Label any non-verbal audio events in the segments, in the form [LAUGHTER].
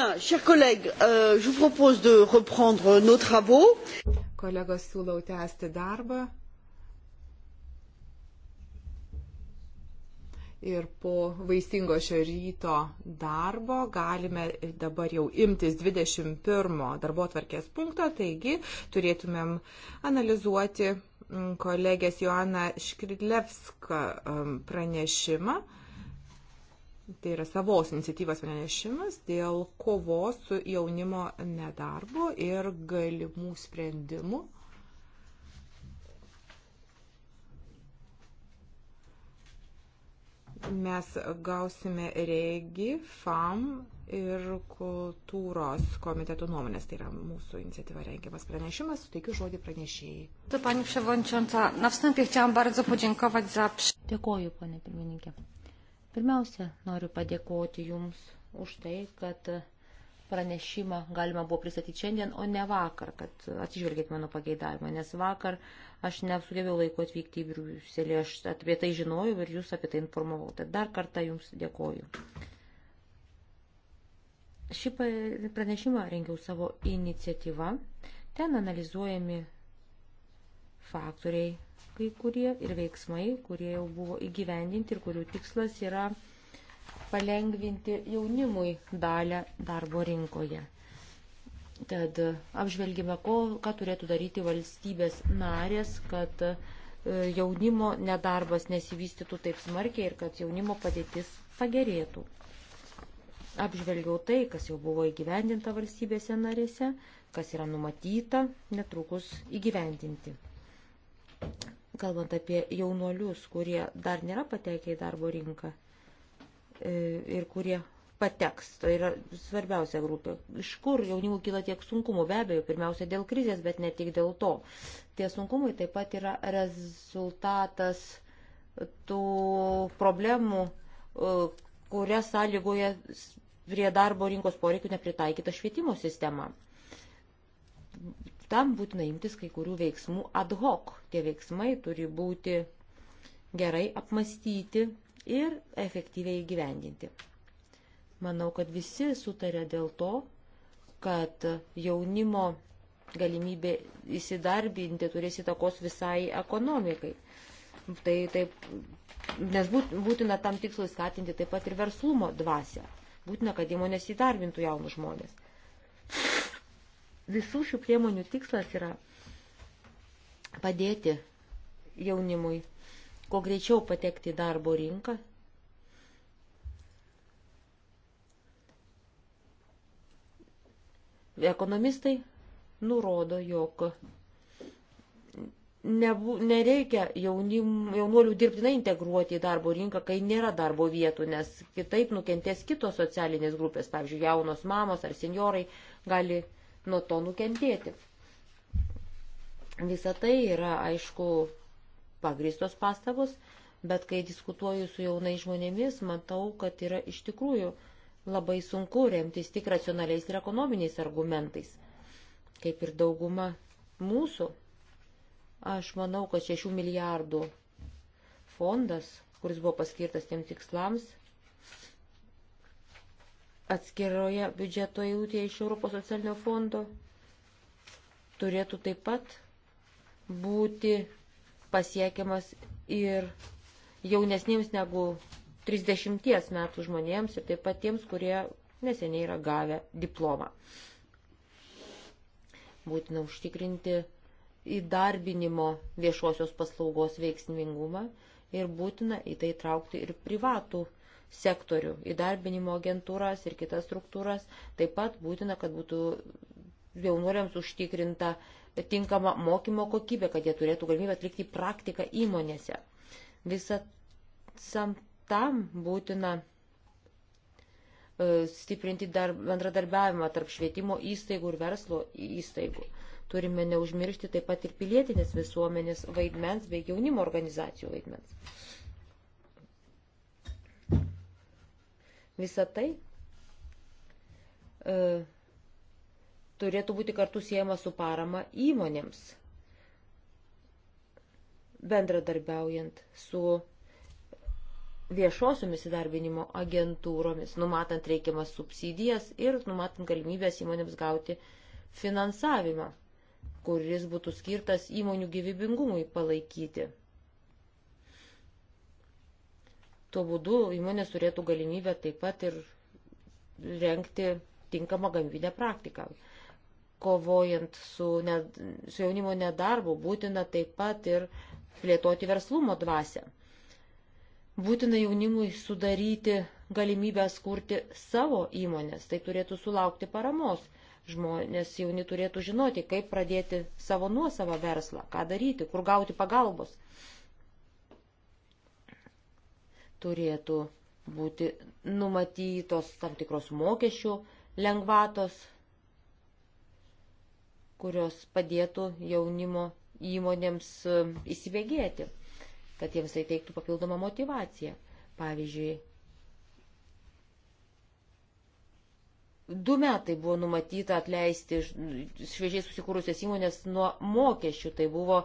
Bien, chers collègues, euh, je vous propose de reprendre nos travaux. Kolegos siūlau tęsti darbą. Ir po vaisingo šio ryto darbo galime dabar jau imtis 21 darbo tvarkės punkto, taigi turėtumėm analizuoti mm, kolegės Joana Škridlevską mm, pranešimą tai yra savos iniciatyvas pranešimas dėl kovos su jaunimo nedarbu ir galimų sprendimų. Mes gausime regi, FAM ir kultūros komiteto nuomonės. Tai yra mūsų iniciatyva rengiamas pranešimas. Suteikiu žodį pranešėjai. Tu, pani Przewodnicząca, na wstępie chciałam bardzo podziękować za... Dėkoju, ponė pirmininkė. Pirmiausia, noriu padėkoti Jums už tai, kad pranešimą galima buvo pristatyti šiandien, o ne vakar, kad atsižvelgėt mano pageidavimą, nes vakar aš nesugebėjau laiko atvykti į Briuselį, aš apie tai žinojau ir Jūs apie tai informavau. Tad dar kartą Jums dėkoju. Šį pranešimą rengiau savo iniciatyvą. Ten analizuojami faktoriai kai kurie ir veiksmai, kurie jau buvo įgyvendinti ir kurių tikslas yra palengvinti jaunimui dalę darbo rinkoje. Tad apžvelgime, ko, ką turėtų daryti valstybės narės, kad e, jaunimo nedarbas nesivystytų taip smarkiai ir kad jaunimo padėtis pagerėtų. Apžvelgiau tai, kas jau buvo įgyvendinta valstybėse narėse, kas yra numatyta netrukus įgyvendinti kalbant apie jaunuolius, kurie dar nėra patekę į darbo rinką e, ir kurie pateks, tai yra svarbiausia grupė. Iš kur jaunimų kyla tiek sunkumų? Be abejo, pirmiausia dėl krizės, bet ne tik dėl to. Tie sunkumai taip pat yra rezultatas tų problemų, e, kurias sąlygoja prie darbo rinkos poreikių nepritaikyta švietimo sistema Tam būtina imtis kai kurių veiksmų ad hoc. Tie veiksmai turi būti gerai apmastyti ir efektyviai įgyvendinti. Manau, kad visi sutarė dėl to, kad jaunimo galimybė įsidarbinti turės įtakos visai ekonomikai. Tai taip, nes būtina tam tikslui skatinti taip pat ir verslumo dvasę. Būtina, kad įmonės įdarbintų jaunus žmonės visų šių priemonių tikslas yra padėti jaunimui kuo greičiau patekti į darbo rinką. Ekonomistai nurodo, jog nebu, nereikia jaunim, jaunuolių dirbtinai integruoti į darbo rinką, kai nėra darbo vietų, nes kitaip nukentės kitos socialinės grupės, pavyzdžiui, jaunos mamos ar seniorai gali nuo to nukentėti. Visą tai yra, aišku, pagristos pastabos, bet kai diskutuoju su jaunai žmonėmis, matau, kad yra iš tikrųjų labai sunku remtis tik racionaliais ir ekonominiais argumentais. Kaip ir dauguma mūsų, aš manau, kad 6 milijardų fondas, kuris buvo paskirtas tiem tikslams, atskiroje biudžeto eilutėje iš Europos socialinio fondo turėtų taip pat būti pasiekiamas ir jaunesniems negu 30 metų žmonėms ir taip pat tiems, kurie neseniai yra gavę diplomą. Būtina užtikrinti įdarbinimo viešosios paslaugos veiksmingumą ir būtina į tai traukti ir privatų sektorių, įdarbinimo agentūras ir kitas struktūras. Taip pat būtina, kad būtų jaunuoliams užtikrinta tinkama mokymo kokybė, kad jie turėtų galimybę atlikti praktiką įmonėse. Visą tam būtina e, stiprinti dar, bendradarbiavimą tarp švietimo įstaigų ir verslo įstaigų. Turime neužmiršti taip pat ir pilietinės visuomenės vaidmens bei jaunimo organizacijų vaidmens. Visą tai e, turėtų būti kartu siejama su parama įmonėms, bendradarbiaujant su viešosiomis įdarbinimo agentūromis, numatant reikiamas subsidijas ir numatant galimybės įmonėms gauti finansavimą, kuris būtų skirtas įmonių gyvybingumui palaikyti. Tuo būdu įmonės turėtų galimybę taip pat ir renkti tinkamą gamybinę praktiką. Kovojant su, ne, su jaunimo nedarbu būtina taip pat ir plėtoti verslumo dvasę. Būtina jaunimui sudaryti galimybę skurti savo įmonės, tai turėtų sulaukti paramos. Žmonės jauni turėtų žinoti, kaip pradėti savo nuosavą verslą, ką daryti, kur gauti pagalbos turėtų būti numatytos tam tikros mokesčių lengvatos, kurios padėtų jaunimo įmonėms um, įsibėgėti, kad jiems tai teiktų papildomą motivaciją. Pavyzdžiui, du metai buvo numatyta atleisti šviežiai susikūrusias įmonės nuo mokesčių, tai buvo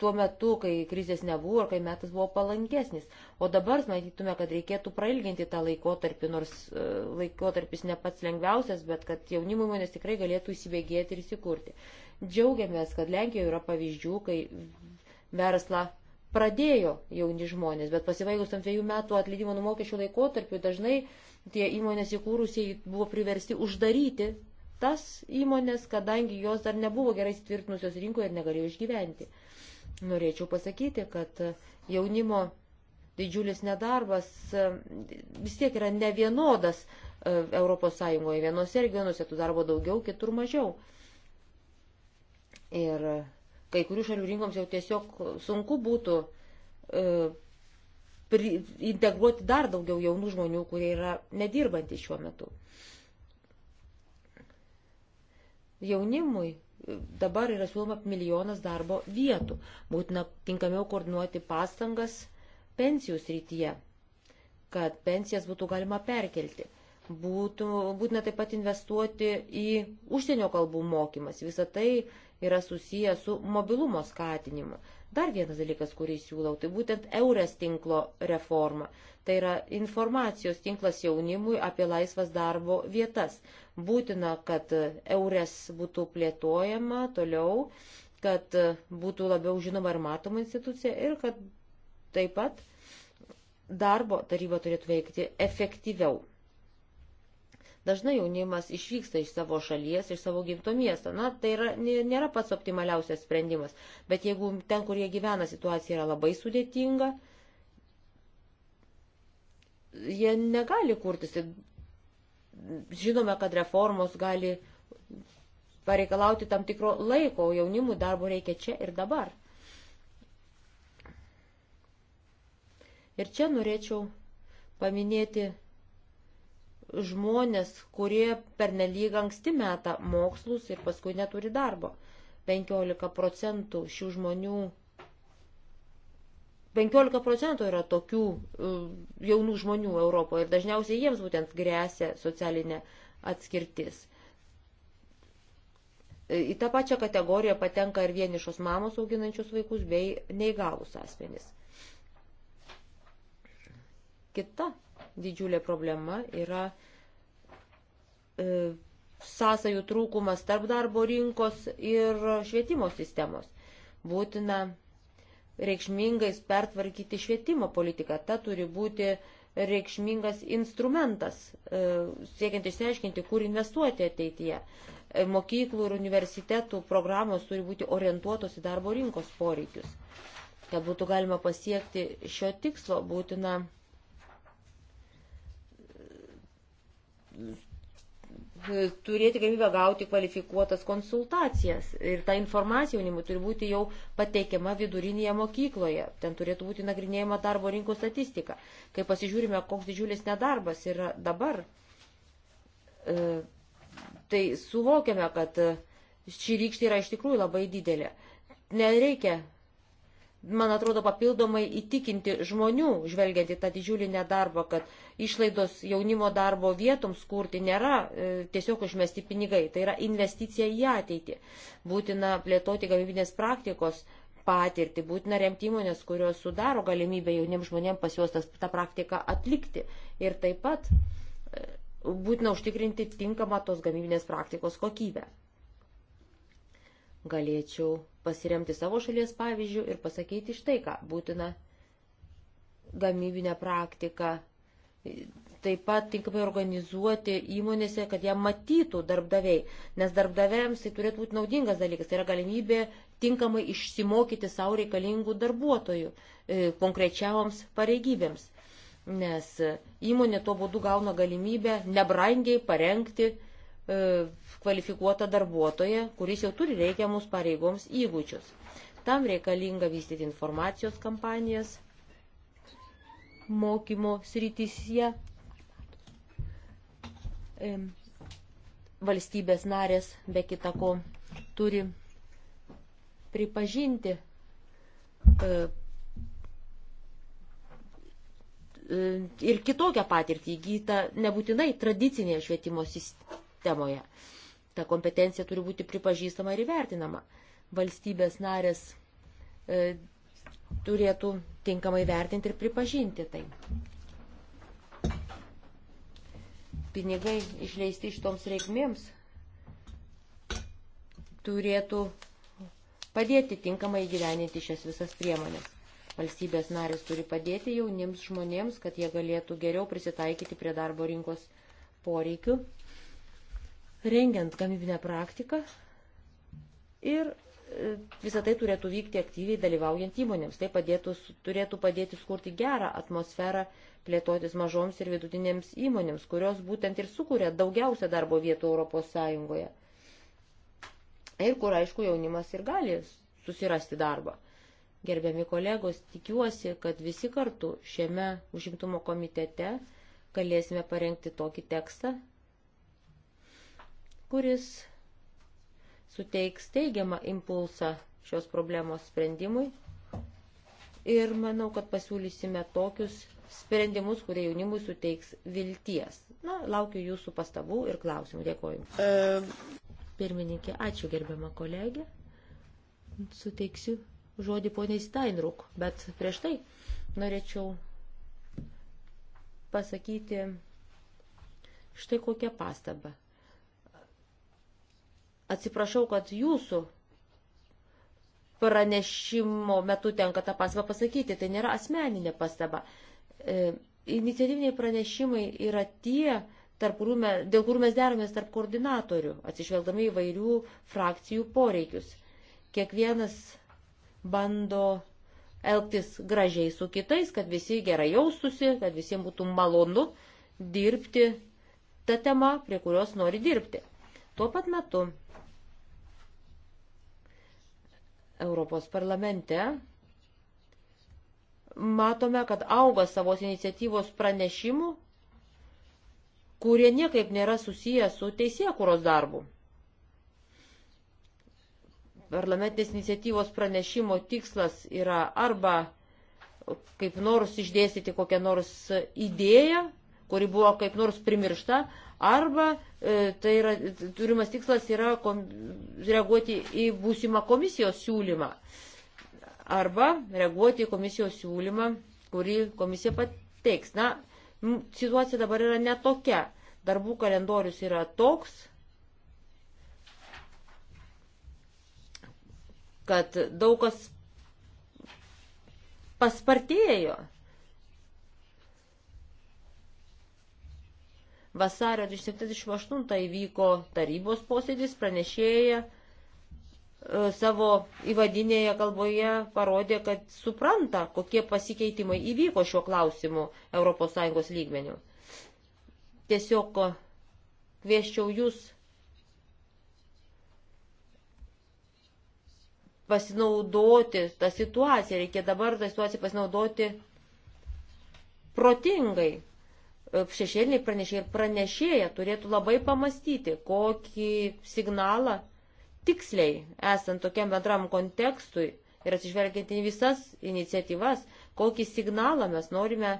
tuo metu, kai krizės nebuvo ir kai metas buvo palankesnis. O dabar matytume, kad reikėtų prailginti tą laikotarpį, nors e, laikotarpis ne pats lengviausias, bet kad jaunimo įmonės tikrai galėtų įsibėgėti ir įsikurti. Džiaugiamės, kad Lenkijoje yra pavyzdžių, kai verslą pradėjo jauni žmonės, bet pasibaigus tam dviejų metų atleidimo nuo mokesčių laikotarpiu dažnai tie įmonės įkūrusieji buvo priversti uždaryti tas įmonės, kadangi jos dar nebuvo gerai įtvirtinusios rinkoje ir negalėjo išgyventi. Norėčiau pasakyti, kad jaunimo didžiulis nedarbas e, vis tiek yra nevienodas ES. Vienose regionuose tų darbo daugiau, kitur mažiau. Ir kai kurių šalių rinkoms jau tiesiog sunku būtų e, integruoti dar daugiau jaunų žmonių, kurie yra nedirbantys šiuo metu. Jaunimui dabar yra siūloma milijonas darbo vietų. Būtina tinkamiau koordinuoti pastangas pensijų srityje, kad pensijas būtų galima perkelti. Būtų, būtina taip pat investuoti į užsienio kalbų mokymas. Visą tai yra susiję su mobilumo skatinimu. Dar vienas dalykas, kurį siūlau, tai būtent eurės tinklo reforma. Tai yra informacijos tinklas jaunimui apie laisvas darbo vietas. Būtina, kad eurės būtų plėtojama toliau, kad būtų labiau žinoma ir matoma institucija ir kad taip pat darbo taryba turėtų veikti efektyviau. Dažnai jaunimas išvyksta iš savo šalies, iš savo gimto miesto. Na, tai yra, nėra pats optimaliausias sprendimas, bet jeigu ten, kur jie gyvena, situacija yra labai sudėtinga, jie negali kurtis žinome, kad reformos gali pareikalauti tam tikro laiko, jaunimui darbo reikia čia ir dabar. Ir čia norėčiau paminėti žmonės, kurie pernelyg anksti meta mokslus ir paskui neturi darbo. 15 procentų šių žmonių 15 procentų yra tokių e, jaunų žmonių Europoje ir dažniausiai jiems būtent grėsia socialinė atskirtis. E, į tą pačią kategoriją patenka ir vienišos mamos auginančius vaikus bei neįgalus asmenys. Kita didžiulė problema yra e, sąsajų trūkumas tarp darbo rinkos ir švietimo sistemos. Būtina reikšmingais pertvarkyti švietimo politiką. Ta turi būti reikšmingas instrumentas, e, siekiant išsiaiškinti, kur investuoti ateityje. E, mokyklų ir universitetų programos turi būti orientuotos į darbo rinkos poreikius. Kad būtų galima pasiekti šio tikslo, būtina turėti galimybę gauti kvalifikuotas konsultacijas. Ir ta informacija jaunimui turi būti jau pateikiama vidurinėje mokykloje. Ten turėtų būti nagrinėjama darbo rinkų statistika. Kai pasižiūrime, koks didžiulis nedarbas yra dabar, e, tai suvokiame, kad šį rykštį yra iš tikrųjų labai didelė. Nereikia man atrodo, papildomai įtikinti žmonių, žvelgiant į tą didžiulį nedarbą, kad išlaidos jaunimo darbo vietoms kurti nėra e, tiesiog užmesti pinigai, tai yra investicija į ateitį. Būtina plėtoti gamybinės praktikos patirtį, būtina remti įmonės, kurios sudaro galimybę jauniems žmonėms pas juos tas, tą praktiką atlikti. Ir taip pat e, būtina užtikrinti tinkamą tos gamybinės praktikos kokybę. Galėčiau pasiremti savo šalies pavyzdžių ir pasakyti štai ką būtina gamybinę praktiką, taip pat tinkamai organizuoti įmonėse, kad ją matytų darbdaviai, nes darbdaviams tai turėtų būti naudingas dalykas, tai yra galimybė tinkamai išsimokyti savo reikalingų darbuotojų e, konkrečiavoms pareigybėms, nes įmonė tuo būdu gauna galimybę nebrangiai parengti E, kvalifikuotą darbuotoją, kuris jau turi reikiamus pareigoms įgūdžius. Tam reikalinga vystyti informacijos kampanijas mokymo srityse. E, valstybės narės be kitako turi pripažinti e, ir kitokią patirtį įgytą nebūtinai tradicinėje švietimo sistemoje sistemoje. Ta kompetencija turi būti pripažįstama ir įvertinama. Valstybės narės e, turėtų tinkamai vertinti ir pripažinti tai. Pinigai išleisti šitoms reikmėms turėtų padėti tinkamai įgyveninti šias visas priemonės. Valstybės narės turi padėti jaunims žmonėms, kad jie galėtų geriau prisitaikyti prie darbo rinkos poreikių rengiant gamybinę praktiką ir e, visą tai turėtų vykti aktyviai dalyvaujant įmonėms. Tai padėtų, turėtų padėti skurti gerą atmosferą plėtotis mažoms ir vidutinėms įmonėms, kurios būtent ir sukuria daugiausia darbo vietų Europos Sąjungoje. Ir kur, aišku, jaunimas ir gali susirasti darbą. Gerbiami kolegos, tikiuosi, kad visi kartu šiame užimtumo komitete galėsime parengti tokį tekstą, kuris suteiks teigiamą impulsą šios problemos sprendimui. Ir manau, kad pasiūlysime tokius sprendimus, kurie jaunimui suteiks vilties. Na, laukiu jūsų pastabų ir klausimų. Dėkoju. E... Pirmininkė, ačiū gerbiamą kolegę. Suteiksiu žodį poniai Steinruk, bet prieš tai norėčiau pasakyti štai kokią pastabą. Atsiprašau, kad jūsų pranešimo metu tenka tą pasvą pasakyti, tai nėra asmeninė pastaba. E, iniciatyviniai pranešimai yra tie, kurių me, dėl kurių mes deramės tarp koordinatorių, atsižvelgdami įvairių frakcijų poreikius. Kiekvienas bando elgtis gražiai su kitais, kad visi gerai jaustusi, kad visiems būtų malonu dirbti tą temą, prie kurios nori dirbti. Tuo pat metu Europos parlamente matome, kad auga savos iniciatyvos pranešimų, kurie niekaip nėra susiję su teisėkuros darbu. Parlamentinės iniciatyvos pranešimo tikslas yra arba kaip nors išdėstyti kokią nors idėją, kuri buvo kaip nors primiršta, arba e, tai yra, turimas tikslas yra kom, reaguoti į būsimą komisijos siūlymą, arba reaguoti į komisijos siūlymą, kurį komisija pateiks. Na, situacija dabar yra netokia. Darbų kalendorius yra toks, kad daug kas paspartėjo. Vasario 78 įvyko tarybos posėdis, pranešėja e, savo įvadinėje kalboje parodė, kad supranta, kokie pasikeitimai įvyko šiuo klausimu ES lygmeniu. Tiesiog e, kvieščiau jūs pasinaudoti tą situaciją, reikia dabar tą situaciją pasinaudoti protingai, šešėliniai pranešėjai ir pranešėja turėtų labai pamastyti, kokį signalą tiksliai, esant tokiam bendram kontekstui ir atsižvelgiant į visas iniciatyvas, kokį signalą mes norime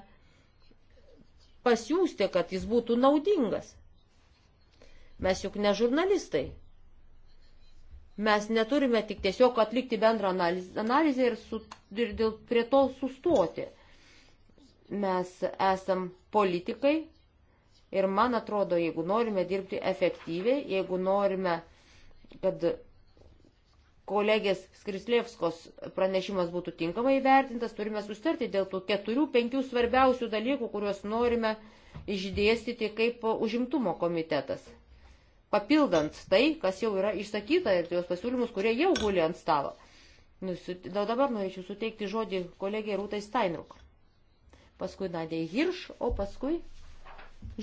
pasiūsti, kad jis būtų naudingas. Mes juk ne žurnalistai. Mes neturime tik tiesiog atlikti bendrą analizę ir, su, ir dėl, prie to sustoti. Mes esam politikai ir man atrodo, jeigu norime dirbti efektyviai, jeigu norime, kad kolegės Skrislevskos pranešimas būtų tinkamai įvertintas, turime sustarti dėl tų keturių, penkių svarbiausių dalykų, kuriuos norime išdėstyti kaip užimtumo komitetas. Papildant tai, kas jau yra išsakyta ir jos pasiūlymus, kurie jau guli ant stalo. Nu, dabar norėčiau suteikti žodį kolegijai Rūtai Steinruk paskui Nadė Hirš, o paskui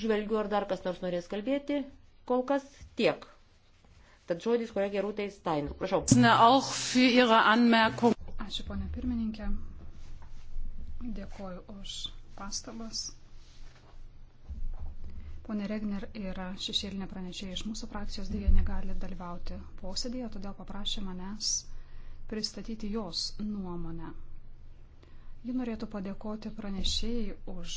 žvelgiu, ar dar kas nors norės kalbėti. Kol kas tiek. Tad žodis kolegė Rūtai Steinruk. Prašau. Ačiū, ponė pirmininkė. Dėkoju už pastabas. Pone Regner yra šešėlinė pranešėja iš mūsų frakcijos, dėja negali dalyvauti posėdėje, todėl paprašė manęs pristatyti jos nuomonę Ji norėtų padėkoti pranešėjai už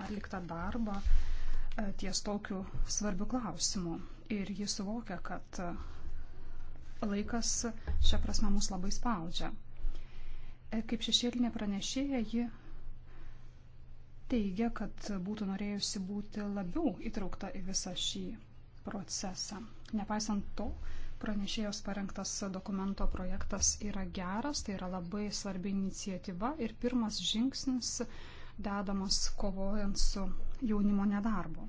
atliktą darbą e, ties tokiu svarbiu klausimu. Ir ji suvokia, kad e, laikas šią prasme mus labai spaudžia. E, kaip šešėlinė pranešėja, ji teigia, kad būtų norėjusi būti labiau įtraukta į visą šį procesą. Nepaisant to, Pranešėjos parengtas dokumento projektas yra geras, tai yra labai svarbi iniciatyva ir pirmas žingsnis dedamas kovojant su jaunimo nedarbu.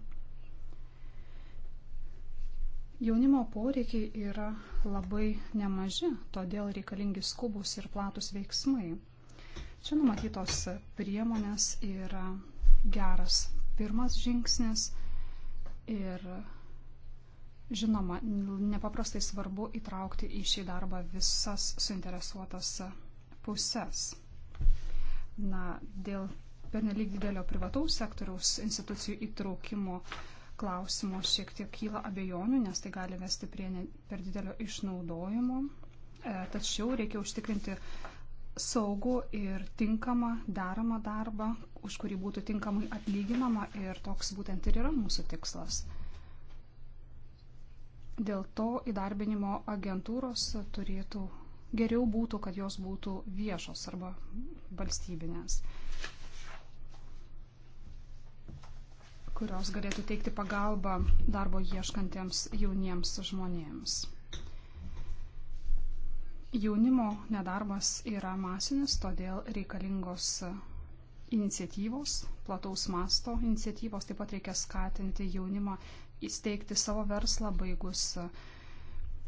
Jaunimo poreikiai yra labai nemaži, todėl reikalingi skubus ir platus veiksmai. Čia numatytos priemonės yra geras pirmas žingsnis ir Žinoma, nepaprastai svarbu įtraukti į šį darbą visas suinteresuotas pusės. Na, dėl pernelyg didelio privataus sektoriaus institucijų įtraukimo klausimo šiek tiek kyla abejonių, nes tai gali vesti prie ne, per didelio išnaudojimo. E, tačiau reikia užtikrinti saugų ir tinkamą, deramą darbą, už kurį būtų tinkamai atlyginama ir toks būtent ir yra mūsų tikslas. Dėl to įdarbinimo agentūros turėtų geriau būtų, kad jos būtų viešos arba valstybinės, kurios galėtų teikti pagalbą darbo ieškantiems jauniems žmonėms. Jaunimo nedarbas yra masinis, todėl reikalingos iniciatyvos, plataus masto iniciatyvos, taip pat reikia skatinti jaunimą įsteigti savo verslą, baigus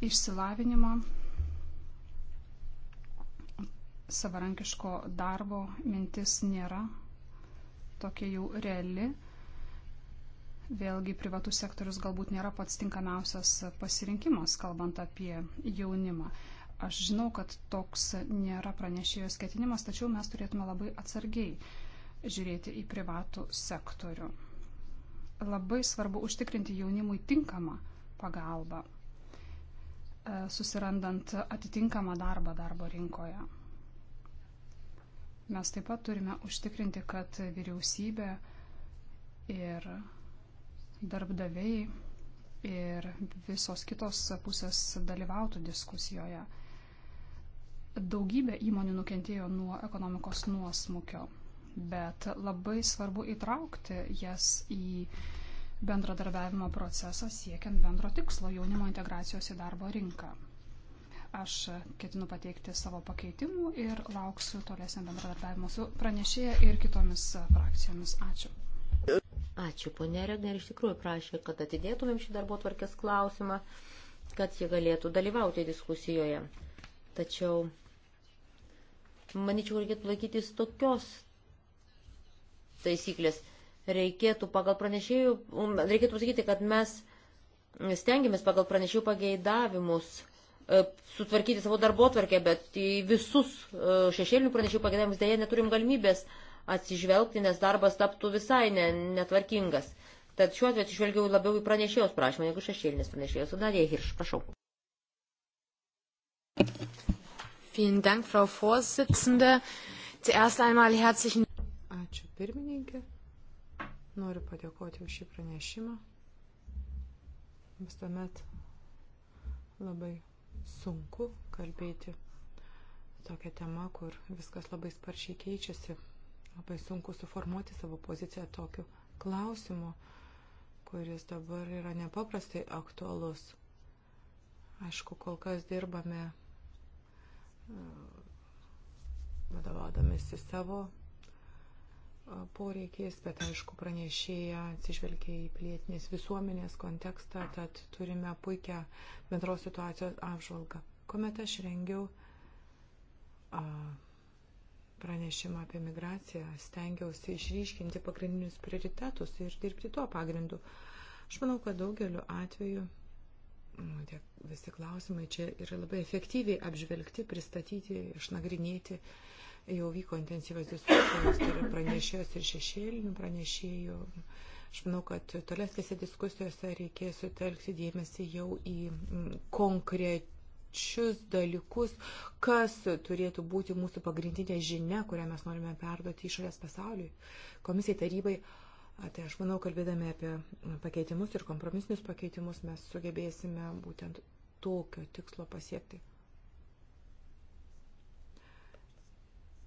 išsilavinimą, savarankiško darbo mintis nėra tokia jau reali. Vėlgi privatus sektorius galbūt nėra pats tinkamiausias pasirinkimas, kalbant apie jaunimą. Aš žinau, kad toks nėra pranešėjos ketinimas, tačiau mes turėtume labai atsargiai žiūrėti į privatų sektorių labai svarbu užtikrinti jaunimui tinkamą pagalbą, e, susirandant atitinkamą darbą darbo rinkoje. Mes taip pat turime užtikrinti, kad vyriausybė ir darbdaviai ir visos kitos pusės dalyvautų diskusijoje. Daugybė įmonių nukentėjo nuo ekonomikos nuosmukio bet labai svarbu įtraukti jas į bendradarbiavimo procesą siekiant bendro tikslo jaunimo integracijos į darbo rinką. Aš ketinu pateikti savo pakeitimų ir lauksiu tolesnio bendradarbiavimo su pranešėja ir kitomis frakcijomis. Ačiū. Ačiū, ponė Regner, iš tikrųjų prašė, kad atidėtumėm šį darbo tvarkės klausimą, kad jie galėtų dalyvauti diskusijoje. Tačiau, manyčiau, reikėtų laikytis tokios taisyklės. Reikėtų pagal pranešėjų, um, reikėtų pasakyti, kad mes stengiamės pagal pranešėjų pageidavimus e, sutvarkyti savo darbo tvarkę, bet į visus e, šešėlinių pranešėjų pageidavimus dėja neturim galimybės atsižvelgti, nes darbas taptų visai ne, netvarkingas. Tad šiuo atveju atsižvelgiau labiau į pranešėjos prašymą, negu šešėlinės pranešėjos. Nadė Hirš, prašau. Vielen Dank, Frau Vorsitzende. Zuerst einmal herzlichen Ačiū pirmininkė. Noriu padėkoti už šį pranešimą. Visuomet labai sunku kalbėti tokią temą, kur viskas labai sparčiai keičiasi. Labai sunku suformuoti savo poziciją tokiu klausimu, kuris dabar yra nepaprastai aktualus. Aišku, kol kas dirbame e, vadovaudamėsi savo poreikiais, bet aišku, pranešėja atsižvelgia į plėtinės visuomenės kontekstą, tad turime puikią bendros situacijos apžvalgą. Komet aš rengiau a, pranešimą apie migraciją, stengiausi išryškinti pagrindinius prioritetus ir dirbti tuo pagrindu. Aš manau, kad daugeliu atveju nu, tie visi klausimai čia yra labai efektyviai apžvelgti, pristatyti, išnagrinėti. A, jau vyko intensyvios diskusijos tarp pranešėjos ir šešėlinių pranešėjų. Aš manau, kad tolesnėse diskusijose reikės sutelkti dėmesį jau į mm, konkrečius dalykus, kas turėtų būti mūsų pagrindinė žinia, kurią mes norime perduoti išorės pasauliui, komisijai, tarybai. Tai aš manau, kalbėdami apie mm, pakeitimus ir kompromisinius pakeitimus, mes sugebėsime būtent tokio tikslo pasiekti.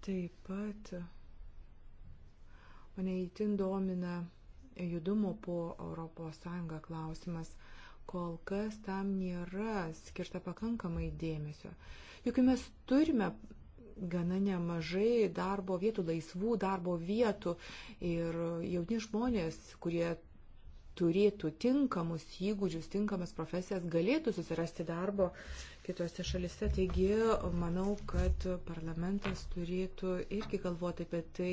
Taip pat mane įtin domina judumo po ES klausimas. Kol kas tam nėra skirta pakankamai dėmesio. Juk mes turime gana nemažai darbo vietų, laisvų darbo vietų ir jauni žmonės, kurie turėtų tinkamus įgūdžius, tinkamas profesijas, galėtų susirasti darbo kitose šalise. Taigi, manau, kad parlamentas turėtų irgi galvoti apie tai,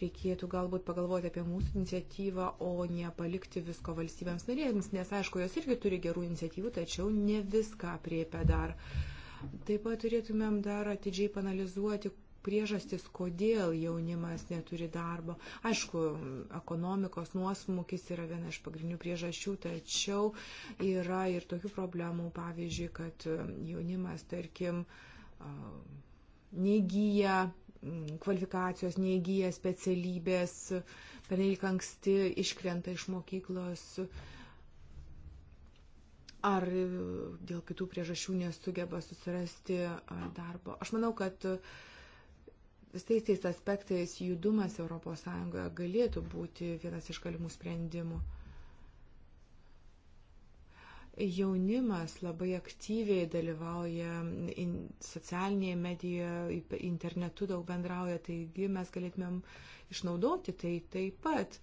reikėtų galbūt pagalvoti apie mūsų iniciatyvą, o ne palikti visko valstybėms narėms, nes, aišku, jos irgi turi gerų iniciatyvų, tačiau ne viską priepia dar. Taip pat turėtumėm dar atidžiai panalizuoti, priežastis, kodėl jaunimas neturi darbo. Aišku, ekonomikos nuosmukis yra viena iš pagrindinių priežasčių, tačiau yra ir tokių problemų, pavyzdžiui, kad jaunimas, tarkim, neįgyja kvalifikacijos, neįgyja specialybės, pernelyg anksti iškrenta iš mokyklos ar dėl kitų priežasčių nesugeba susirasti darbo. Aš manau, kad uh, Visais tais aspektais judumas ES galėtų būti vienas iš galimų sprendimų. Jaunimas labai aktyviai dalyvauja socialinėje medijoje, internetu daug bendrauja, taigi mes galėtumėm išnaudoti tai taip pat,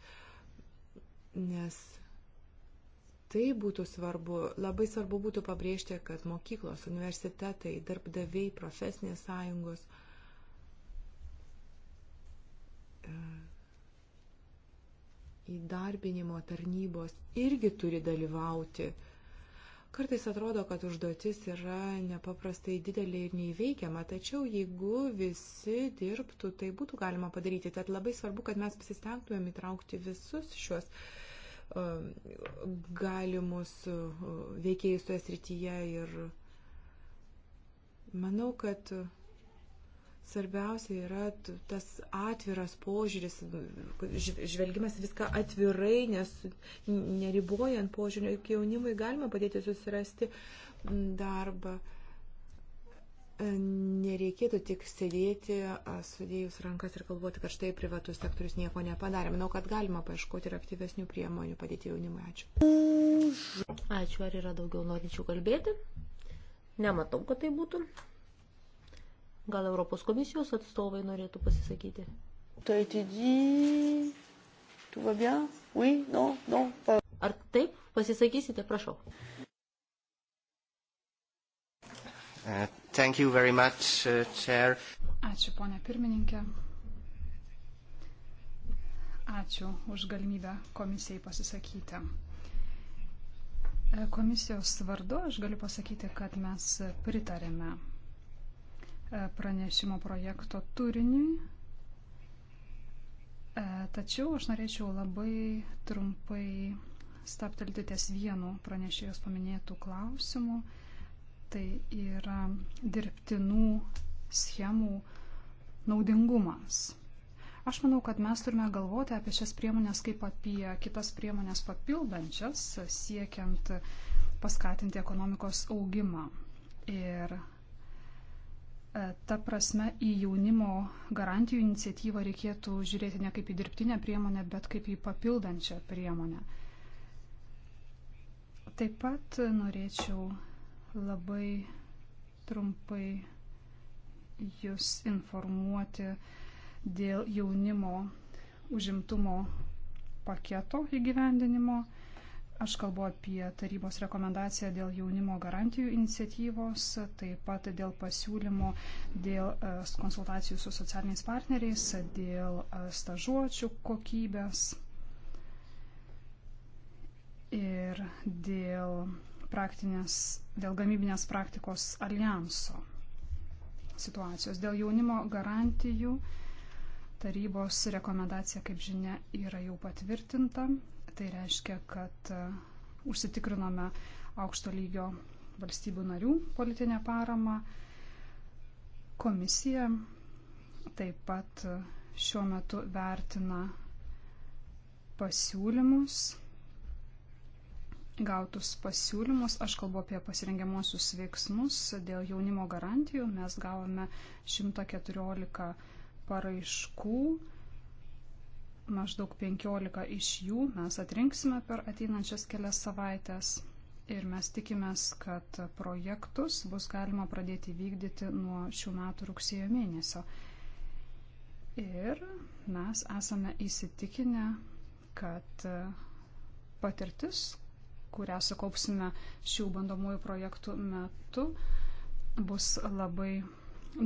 nes tai būtų svarbu, labai svarbu būtų pabrėžti, kad mokyklos, universitetai, darbdaviai, profesinės sąjungos – E, įdarbinimo tarnybos irgi turi dalyvauti. Kartais atrodo, kad užduotis yra nepaprastai didelė ir neįveikiama, tačiau jeigu visi dirbtų, tai būtų galima padaryti. Tad labai svarbu, kad mes pasistengtumėm įtraukti visus šiuos e, galimus e, veikėjus toje srityje ir manau, kad Svarbiausia yra tas atviras požiūris, žvelgimas viską atvirai, nes neribojant požiūrį, jaunimui galima padėti susirasti darbą. E, nereikėtų tik sėdėti, sudėjus rankas ir galvoti, kad štai privatus sektorius nieko nepadarė. Manau, kad galima paieškoti ir aktyvesnių priemonių padėti jaunimui. Ačiū. Ačiū, ar yra daugiau norinčių kalbėti? Nematau, kad tai būtų. Gal Europos komisijos atstovai norėtų pasisakyti? Tai atidį. Tu va bien? Oui, non, non. Pas... Ar taip pasisakysite, prašau. Uh, thank you very much, uh, chair. Ačiū, ponia pirmininkė. Ačiū už galimybę komisijai pasisakyti. E, komisijos vardu aš galiu pasakyti, kad mes pritarėme E, pranešimo projekto turiniui. E, tačiau aš norėčiau labai trumpai staptelti ties vienu pranešėjos paminėtų klausimų. Tai yra dirbtinų schemų naudingumas. Aš manau, kad mes turime galvoti apie šias priemonės kaip apie kitas priemonės papildančias, siekiant paskatinti ekonomikos augimą. Ir E, ta prasme, į jaunimo garantijų iniciatyvą reikėtų žiūrėti ne kaip į dirbtinę priemonę, bet kaip į papildančią priemonę. Taip pat norėčiau labai trumpai jūs informuoti dėl jaunimo užimtumo paketo įgyvendinimo. Aš kalbu apie tarybos rekomendaciją dėl jaunimo garantijų iniciatyvos, taip pat dėl pasiūlymo dėl e, konsultacijų su socialiniais partneriais, dėl e, stažuočių kokybės ir dėl, dėl gamybinės praktikos alijanso situacijos. Dėl jaunimo garantijų tarybos rekomendacija, kaip žinia, yra jau patvirtinta. Tai reiškia, kad e, užsitikrinome aukšto lygio valstybių narių politinę paramą. Komisija taip pat e, šiuo metu vertina pasiūlymus, gautus pasiūlymus. Aš kalbu apie pasirengiamuosius veiksmus dėl jaunimo garantijų. Mes gavome 114 paraiškų Maždaug 15 iš jų mes atrinksime per ateinančias kelias savaitės ir mes tikimės, kad projektus bus galima pradėti vykdyti nuo šių metų rugsėjo mėnesio. Ir mes esame įsitikinę, kad patirtis, kurią sukaupsime šių bandomųjų projektų metu, bus labai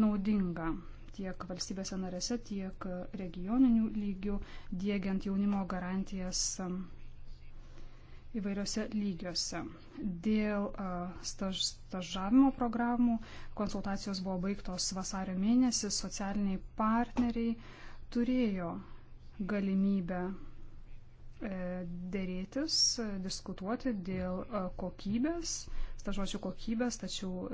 naudinga tiek valstybėse narėse, tiek regioninių lygių, dėgiant jaunimo garantijas um, įvairiose lygiuose. Dėl uh, staž, stažavimo programų konsultacijos buvo baigtos vasario mėnesį, socialiniai partneriai turėjo galimybę e, dėrėtis, e, diskutuoti dėl e, kokybės, stažuočių kokybės, tačiau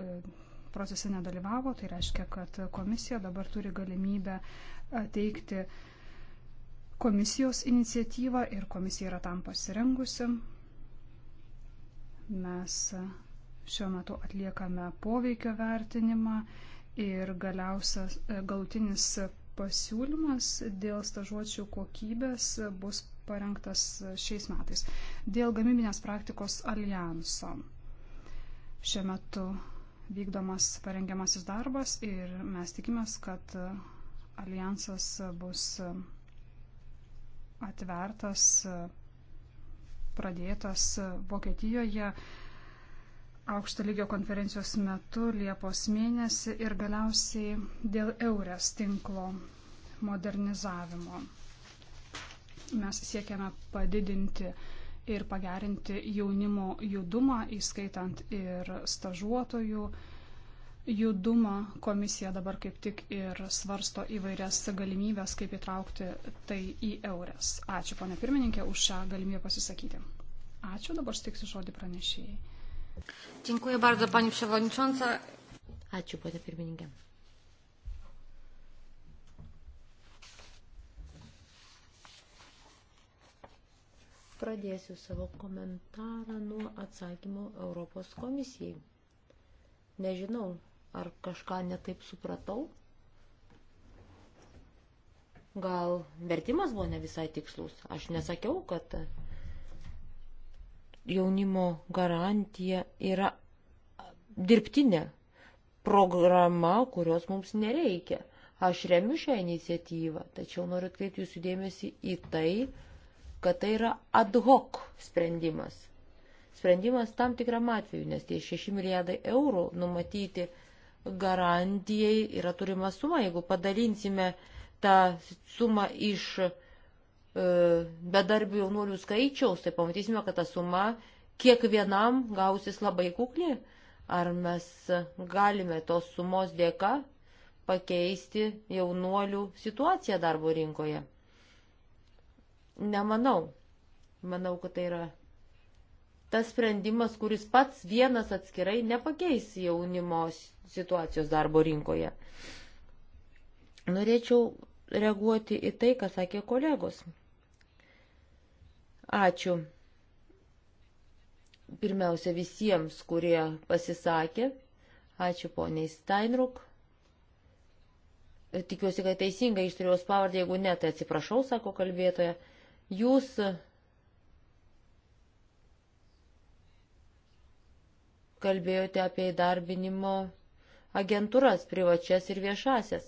procese nedalyvavo, tai reiškia, kad komisija dabar turi galimybę teikti komisijos iniciatyvą ir komisija yra tam pasirengusi. Mes šiuo metu atliekame poveikio vertinimą ir galiausias galutinis pasiūlymas dėl stažuočių kokybės bus parengtas šiais metais. Dėl gamybinės praktikos alijanso. Šiuo metu vykdomas parengiamasis darbas ir mes tikimės, kad e, alijansas bus e, atvertas, e, pradėtas Vokietijoje aukšto lygio konferencijos metu Liepos mėnesį ir galiausiai dėl eurės tinklo modernizavimo. Mes siekiame padidinti uh, ir pagerinti jaunimo judumą, įskaitant ir stažuotojų judumą. Komisija dabar kaip tik ir svarsto įvairias galimybės, kaip įtraukti tai į eurės. Ačiū, ponė pirmininkė, už šią galimybę pasisakyti. Ačiū, dabar stiksiu žodį pranešėjai. Dziękuję bardzo, pani przewodnicząca. Ačiū, ponė pirmininkė. Pradėsiu savo komentarą nuo atsakymo Europos komisijai. Nežinau, ar kažką netaip supratau. Gal vertimas buvo ne visai tikslus. Aš nesakiau, kad jaunimo garantija yra dirbtinė programa, kurios mums nereikia. Aš remiu šią iniciatyvą, tačiau noriu atkreipti jūsų dėmesį į tai, kad tai yra ad hoc sprendimas. Sprendimas tam tikram atveju, nes tie 6 milijardai eurų numatyti garantijai yra turima suma. Jeigu padalinsime tą sumą iš e, bedarbių jaunuolių skaičiaus, tai pamatysime, kad ta suma kiekvienam gausis labai kukli. Ar mes galime tos sumos dėka pakeisti jaunuolių situaciją darbo rinkoje? Nemanau. Manau, kad tai yra tas sprendimas, kuris pats vienas atskirai nepakeis jaunimo situacijos darbo rinkoje. Norėčiau reaguoti į tai, ką sakė kolegos. Ačiū. Pirmiausia visiems, kurie pasisakė. Ačiū poniai Steinruk. Tikiuosi, kad teisingai ištrijos pavardę, jeigu ne, tai atsiprašau, sako kalbėtoja. Jūs kalbėjote apie įdarbinimo agentūras, privačias ir viešasias.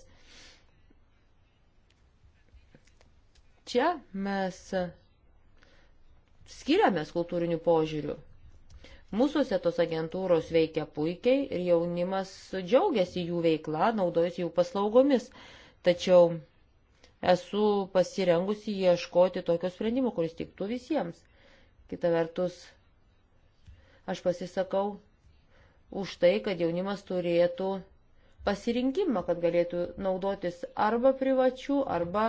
Čia mes skiriamės kultūrinių požiūrių. Mūsųse tos agentūros veikia puikiai ir jaunimas džiaugiasi jų veikla, naudojasi jų paslaugomis. Tačiau esu pasirengusi ieškoti tokio sprendimo, kuris tiktų visiems. Kita vertus, aš pasisakau už tai, kad jaunimas turėtų pasirinkimą, kad galėtų naudotis arba privačių, arba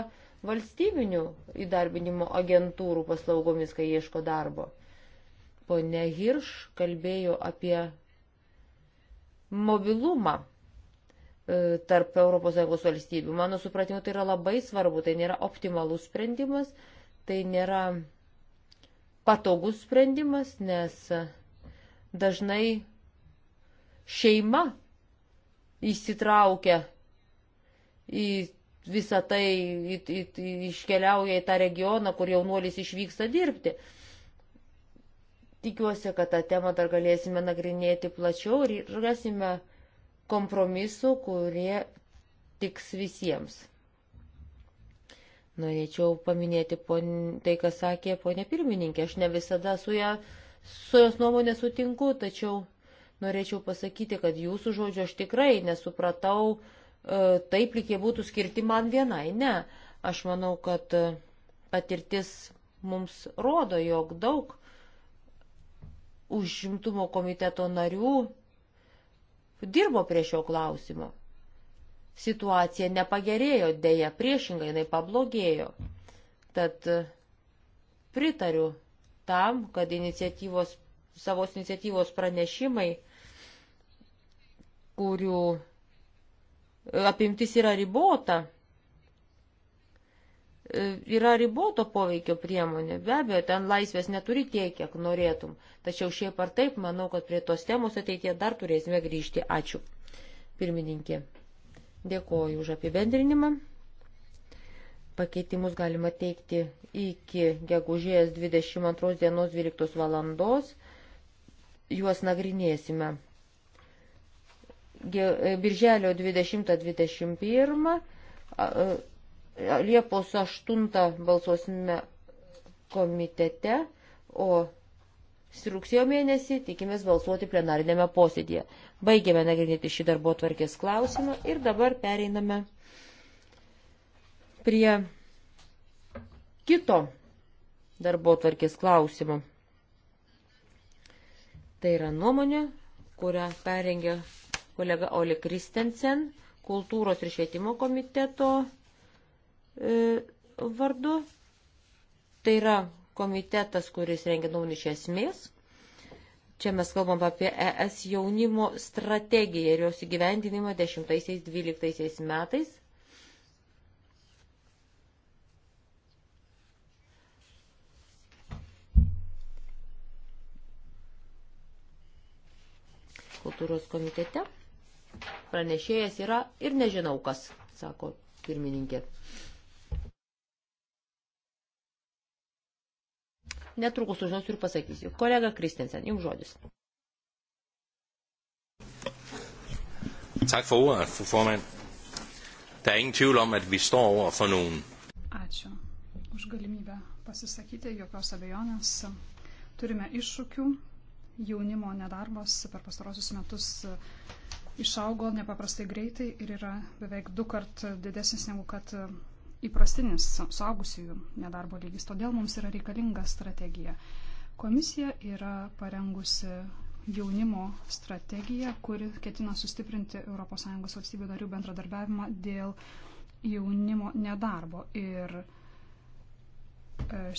valstybinių įdarbinimo agentūrų paslaugomis, kai ieško darbo. Pone Hirš kalbėjo apie mobilumą E, tarp ES valstybių. Mano supratimu, tai yra labai svarbu, tai nėra optimalus sprendimas, tai nėra patogus sprendimas, nes dažnai šeima įsitraukia į visą tai, į, į, į, iškeliauja į tą regioną, kur jaunuolis išvyksta dirbti. Tikiuosi, kad tą temą dar galėsime nagrinėti plačiau ir rasime kompromisų, kurie tiks visiems. Norėčiau paminėti pon... tai, kas sakė ponė pirmininkė. Aš ne visada su, ją, su jos nuomonė sutinku, tačiau norėčiau pasakyti, kad jūsų žodžio aš tikrai nesupratau e, taip, lyg jie būtų skirti man vienai. Ne, aš manau, kad e, patirtis mums rodo, jog daug užimtumo komiteto narių dirbo prie šio klausimo. Situacija nepagerėjo, dėja priešingai jinai pablogėjo. Tad e, pritariu tam, kad iniciatyvos, savos iniciatyvos pranešimai, kurių e, apimtis yra ribota, E, yra riboto poveikio priemonė. Be abejo, ten laisvės neturi tiek, kiek norėtum. Tačiau šiaip ar taip, manau, kad prie tos temos ateitie dar turėsime grįžti. Ačiū. Pirmininkė, dėkoju už apibendrinimą. Pakeitimus galima teikti iki gegužės 22 dienos 12 valandos. Juos nagrinėsime. Birželio 20-21 Liepos 8 balsuosime komitete, o rugsėjo mėnesį tikimės balsuoti plenarinėme posėdėje. Baigėme nagrinėti šį darbo tvarkės klausimą ir dabar pereiname prie kito darbo tvarkės klausimo. Tai yra nuomonė, kurią perengė kolega Oli Kristensen, kultūros ir švietimo komiteto E, vardu. Tai yra komitetas, kuris rengia naują iš esmės. Čia mes kalbam apie ES jaunimo strategiją ir jos įgyvendinimą 10-12 metais. Kultūros komitete pranešėjas yra ir nežinau kas, sako pirmininkė. netrukus užduosiu ir pasakysiu. Kolega Kristensen, jums žodis. Tak for ordet, fru formand. Der er ingen tvivl om, at vi står over for nogen. Ačiū už galimybę pasisakyti, jokios abejonės. Turime iššūkių. Jaunimo nedarbas per pastarosius metus išaugo nepaprastai greitai ir yra beveik du kart didesnis negu kad įprastinis saugusiųjų nedarbo lygis. Todėl mums yra reikalinga strategija. Komisija yra parengusi jaunimo strategiją, kuri ketina sustiprinti ES valstybių narių bendradarbiavimą dėl jaunimo nedarbo. Ir e,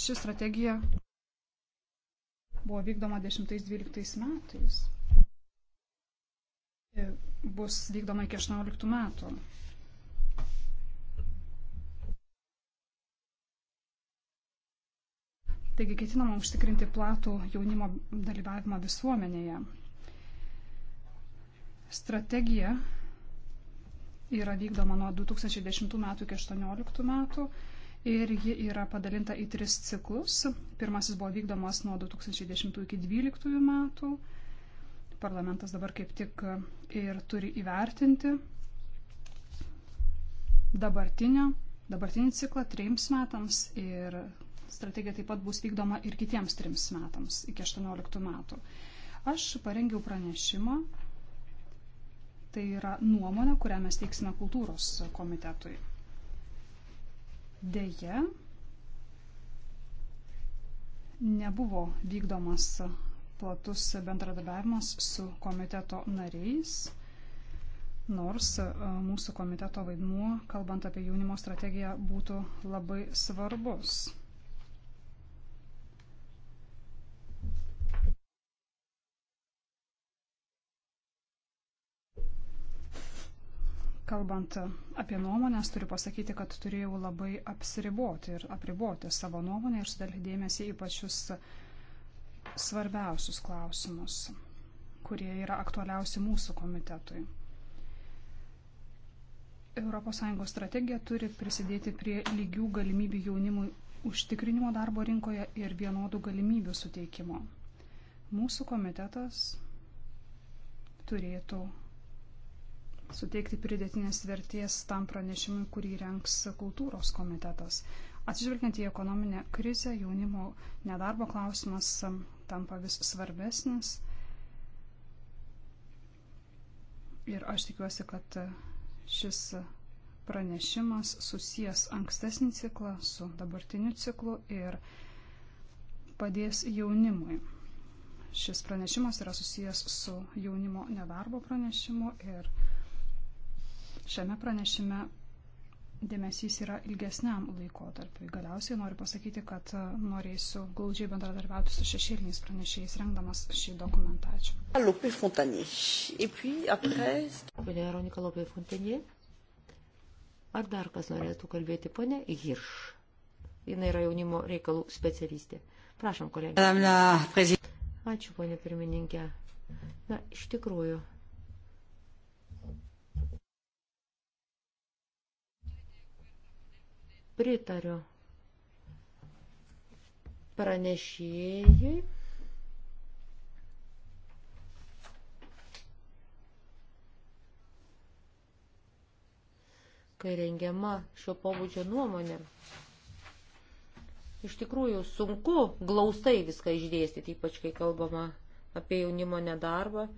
ši strategija buvo vykdoma 10-12 metais. E, bus vykdoma iki 18 metų. Taigi ketinama užtikrinti platų jaunimo dalyvavimą visuomenėje. Strategija yra vykdoma nuo 2010 metų iki 2018 metų ir ji yra padalinta į tris ciklus. Pirmasis buvo vykdomas nuo 2010 iki 2012 metų. Parlamentas dabar kaip tik ir turi įvertinti dabartinį ciklą trims metams ir strategija taip pat bus vykdoma ir kitiems trims metams iki 18 metų. Aš parengiau pranešimą, tai yra nuomonė, kurią mes teiksime kultūros komitetui. Deja, nebuvo vykdomas platus bendradarbiavimas su komiteto nariais, nors e, mūsų komiteto vaidmuo, kalbant apie jaunimo strategiją, būtų labai svarbus. Kalbant apie nuomonės, turiu pasakyti, kad turėjau labai apsiriboti ir apriboti savo nuomonę ir sudėlį dėmesį į pačius svarbiausius klausimus, kurie yra aktualiausi mūsų komitetui. ES strategija turi prisidėti prie lygių galimybių jaunimui užtikrinimo darbo rinkoje ir vienodų galimybių suteikimo. Mūsų komitetas turėtų suteikti pridėtinės vertės tam pranešimui, kurį renks kultūros komitetas. Atsižvelgiant į ekonominę krizę, jaunimo nedarbo klausimas um, tampa vis svarbesnis. Ir aš tikiuosi, kad uh, šis uh, pranešimas susijęs ankstesnį ciklą su dabartiniu ciklu ir padės jaunimui. Šis pranešimas yra susijęs su jaunimo nedarbo pranešimu ir Šiame pranešime dėmesys yra ilgesniam laikotarpiu. Galiausiai noriu pasakyti, kad e, norėsiu glaudžiai bendradarbiauti su šešėliniais pranešėjais, rengdamas šį dokumentą. Ačiū. Ah, Lopė Fontanė. Ir puis après. Pane Veronika Lopė Fontanė. Ar dar kas norėtų kalbėti, ponė Hirš? Jis yra jaunimo reikalų specialistė. Prašom, kolegė. Ačiū, ponė pirmininkė. Na, iš tikrųjų. Pritariu pranešėjai. kai rengiama šio pobūdžio nuomonė. Iš tikrųjų, sunku glaustai viską išdėstyti, ypač kai kalbama apie jaunimo nedarbą.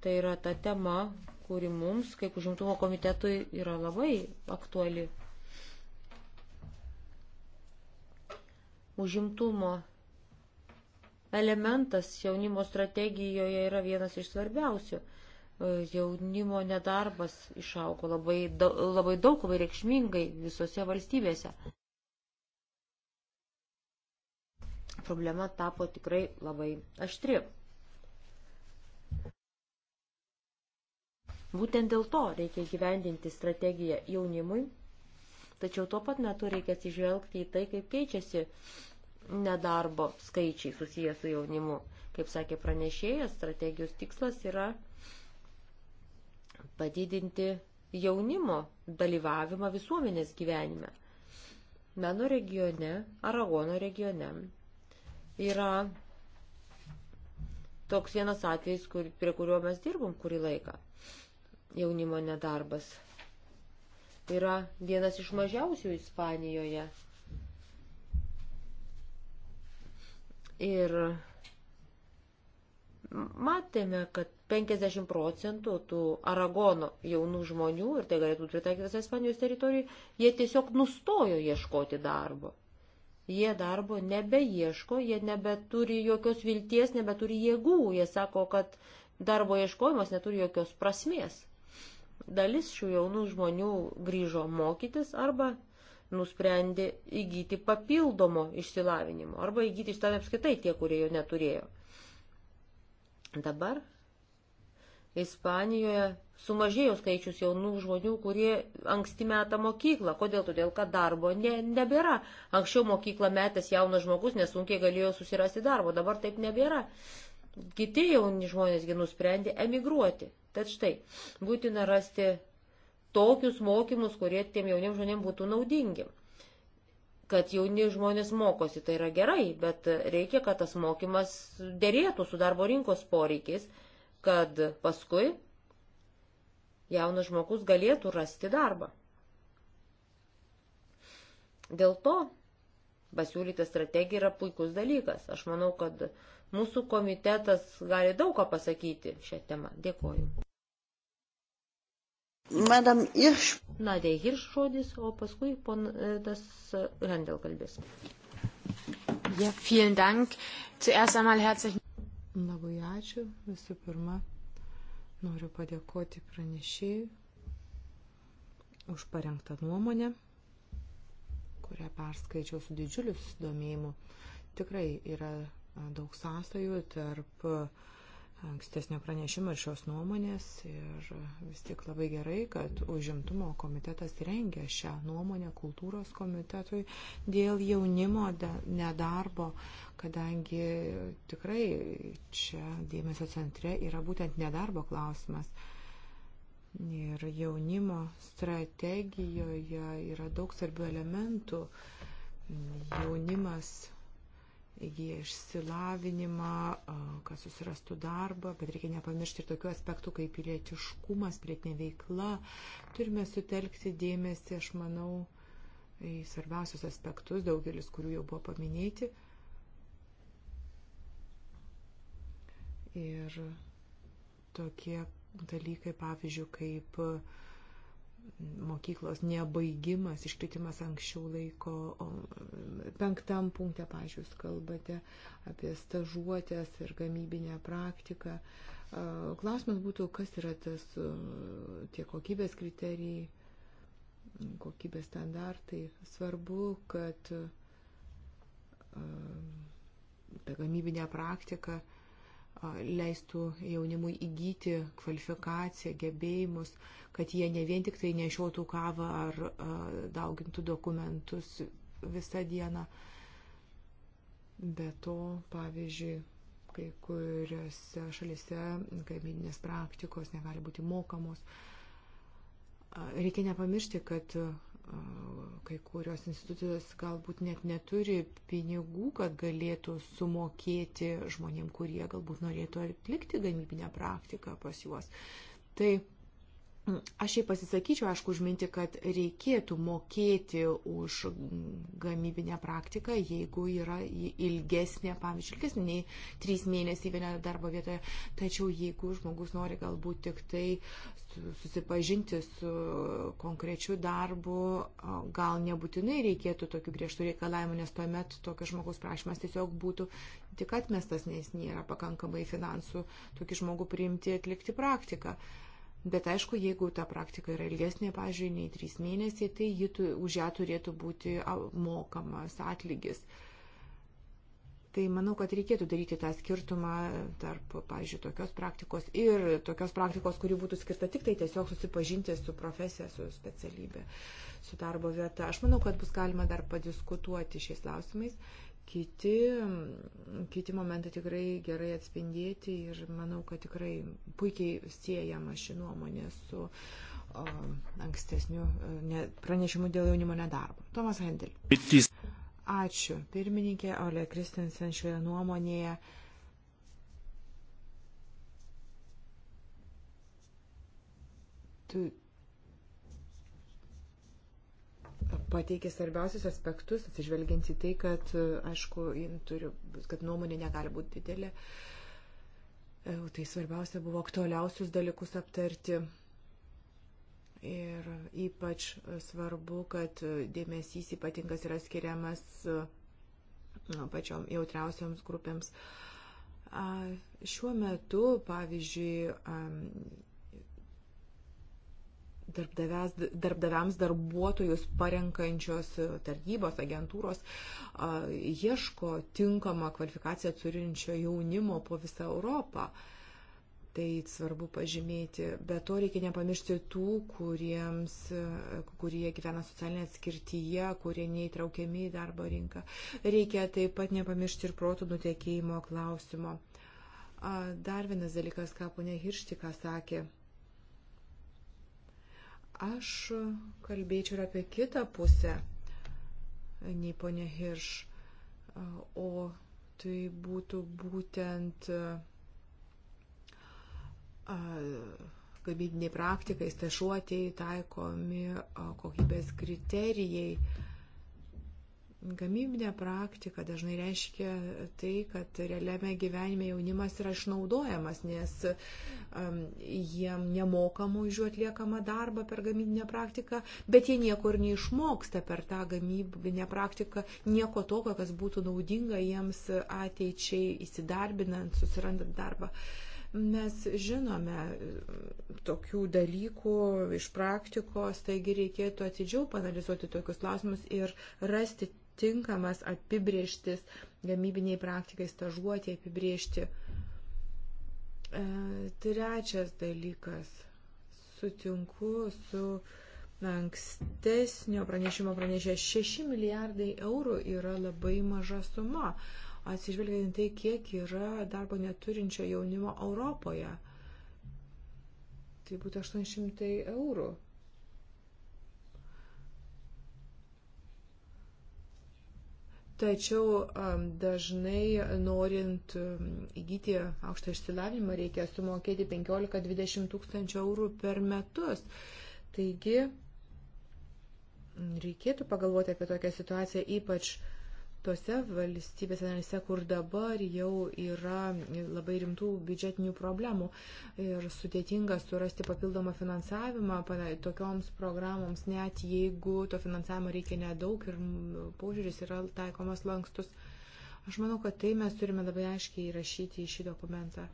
Tai yra ta tema, kuri mums, kaip užimtumo komitetui, yra labai aktuali. Užimtumo elementas jaunimo strategijoje yra vienas iš svarbiausių. E, jaunimo nedarbas išaugo labai, da, labai daug, labai reikšmingai visose valstybėse. Problema tapo tikrai labai aštri. Būtent dėl to reikia gyvendinti strategiją jaunimui Tačiau tuo pat metu reikia atsižvelgti į tai, kaip keičiasi nedarbo skaičiai susiję su jaunimu. Kaip sakė pranešėjas, strategijos tikslas yra padidinti jaunimo dalyvavimą visuomenės gyvenime. Meno regione, Aragono regione yra toks vienas atvejis, kur, prie kurio mes dirbom kurį laiką. Jaunimo nedarbas yra vienas iš mažiausių Ispanijoje. Ir matėme, kad 50 procentų tų Aragono jaunų žmonių, ir tai galėtų pritaikyti visą Ispanijos teritoriją, jie tiesiog nustojo ieškoti darbo. Jie darbo nebeieško, jie nebeturi jokios vilties, nebeturi jėgų, jie sako, kad darbo ieškojimas neturi jokios prasmės. Dalis šių jaunų žmonių grįžo mokytis arba nusprendė įgyti papildomo išsilavinimo arba įgyti išsilavinimą apskritai tie, kurie jo neturėjo. Dabar Ispanijoje sumažėjo skaičius jaunų žmonių, kurie anksti metą mokyklą. Kodėl? Todėl, kad darbo ne, nebėra. Anksčiau mokyklą metęs jaunas žmogus nesunkiai galėjo susirasti darbo, dabar taip nebėra kiti jauni žmonėsgi nusprendė emigruoti. Tad štai, būtina rasti tokius mokymus, kurie tiem jauniems žmonėms būtų naudingi. Kad jauni žmonės mokosi, tai yra gerai, bet reikia, kad tas mokymas dėrėtų su darbo rinkos poreikiais, kad paskui jaunas žmogus galėtų rasti darbą. Dėl to pasiūlyta strategija yra puikus dalykas. Aš manau, kad uh, Mūsų komitetas gali daug ką pasakyti šią temą. Dėkoju. Madam Irš. Nadė tai Irš žodis, o paskui ponas Rendel kalbės. Ja, vielen Dank. Zuerst einmal herzlichen Labai ačiū. Visų pirma, noriu padėkoti pranešėjui už parengtą nuomonę, kurią perskaičiau su didžiuliu susidomėjimu. Tikrai yra daug sąsajų tarp ankstesnio pranešimo ir šios nuomonės. Ir vis tik labai gerai, kad užimtumo komitetas rengia šią nuomonę kultūros komitetui dėl jaunimo nedarbo, kadangi tikrai čia dėmesio centre yra būtent nedarbo klausimas. Ir jaunimo strategijoje yra daug svarbių elementų. Jaunimas įgyja išsilavinimą, kad susirastų darbą, bet reikia nepamiršti ir tokių aspektų kaip pilietiškumas, prietinė veikla. Turime sutelkti dėmesį, aš manau, į svarbiausius aspektus, daugelis kurių jau buvo paminėti. Ir tokie dalykai, pavyzdžiui, kaip uh, mokyklos nebaigimas, iškritimas anksčiau laiko. O penktam punktė, pažiūrėjus, kalbate apie stažuotės ir gamybinę praktiką. Klausimas būtų, kas yra tas, tie kokybės kriterijai, kokybės standartai. Svarbu, kad ta gamybinė praktika uh, leistų jaunimui įgyti kvalifikaciją, gebėjimus, kad jie ne vien tik tai nešiotų kavą ar daugintų dokumentus visą dieną. Be to, pavyzdžiui, kai kuriuose šalise gamybinės praktikos negali būti mokamos. Reikia nepamiršti, kad kai kurios institucijos galbūt net neturi pinigų, kad galėtų sumokėti žmonėm, kurie galbūt norėtų atlikti gamybinę praktiką pas juos. Tai Mm, aš jai pasisakyčiau, aišku, užminti, kad reikėtų mokėti už gamybinę praktiką, jeigu yra ilgesnė, pavyzdžiui, ilgesnė nei trys mėnesiai vienoje darbo vietoje. Tačiau jeigu žmogus nori galbūt tik tai susipažinti su konkrečiu darbu, gal nebūtinai reikėtų tokių griežtų reikalavimų, nes tuomet tokio žmogus prašymas tiesiog būtų tik atmestas, nes nėra pakankamai finansų tokį žmogų priimti atlikti praktiką. Uh, Bet aišku, jeigu ta praktika yra ilgesnė, pažiūrėjau, nei trys mėnesiai, tai ji, už ją turėtų būti mokamas atlygis. Tai manau, kad reikėtų daryti tą skirtumą tarp, pavyzdžiui, tokios praktikos ir tokios praktikos, kuri būtų skirta tik tai tiesiog susipažinti su profesija, su specialybė, su darbo vieta. Aš manau, kad bus galima dar padiskutuoti šiais klausimais. Uh, kiti, mm, kiti momentai tikrai gerai atspindėti ir manau, kad tikrai puikiai siejama ši nuomonė su o, ankstesniu ne, pranešimu dėl jaunimo nedarbo. Tomas Hendel. Ačiū. Pirmininkė Ole Kristinsen šioje nuomonėje. Tu pateikė svarbiausius aspektus, atsižvelgiant į tai, kad, aišku, turi, kad nuomonė negali būti didelė. E, tai svarbiausia buvo aktualiausius dalykus aptarti. Ir ypač svarbu, kad dėmesys ypatingas yra skiriamas nu, pačiom jautriausioms grupėms. Šiuo metu, pavyzdžiui, darbdaviams darbuotojus parenkančios tarnybos, agentūros ieško tinkamą kvalifikaciją turinčio jaunimo po visą Europą. Tai svarbu pažymėti. Be to reikia nepamiršti tų, kuriems, kurie gyvena socialinė atskirtyje, kurie neįtraukiami į darbo rinką. Reikia taip pat nepamiršti ir protų nutekėjimo klausimo. Dar vienas dalykas, ką ponė Hirštika sakė Aš kalbėčiau ir apie kitą pusę, nei ponė Hirš, o tai būtų būtent gamybiniai praktikai, stažuotėjai taikomi kokybės kriterijai Gamybinė praktika dažnai reiškia tai, kad realiame gyvenime jaunimas yra išnaudojamas, nes um, jiem nemokamų už jų atliekamą darbą per gamybinę praktiką, bet jie niekur neišmoksta per tą gamybinę praktiką nieko tokio, kas būtų naudinga jiems ateičiai įsidarbinant, susirandant darbą. Mes žinome tokių dalykų iš praktikos, taigi reikėtų atidžiau panalizuoti tokius klausimus ir rasti tinkamas apibrieštis gamybiniai praktikai stažuoti apibriežti. E, trečias dalykas. Sutinku su ankstesnio pranešimo pranešė 6 milijardai eurų yra labai maža suma, atsižvelgiant tai, kiek yra darbo neturinčio jaunimo Europoje. Tai būtų 800 eurų. Tačiau dažnai norint įgyti aukštą išsilavinimą reikia sumokėti 15-20 tūkstančių eurų per metus. Taigi reikėtų pagalvoti apie tokią situaciją, ypač uh, tose valstybėse narėse, kur dabar jau yra labai rimtų biudžetinių problemų ir sudėtinga surasti papildomą finansavimą tokioms programoms, net jeigu to finansavimo reikia nedaug ir požiūris yra taikomas lankstus. Aš manau, kad tai mes turime labai aiškiai įrašyti į šį dokumentą.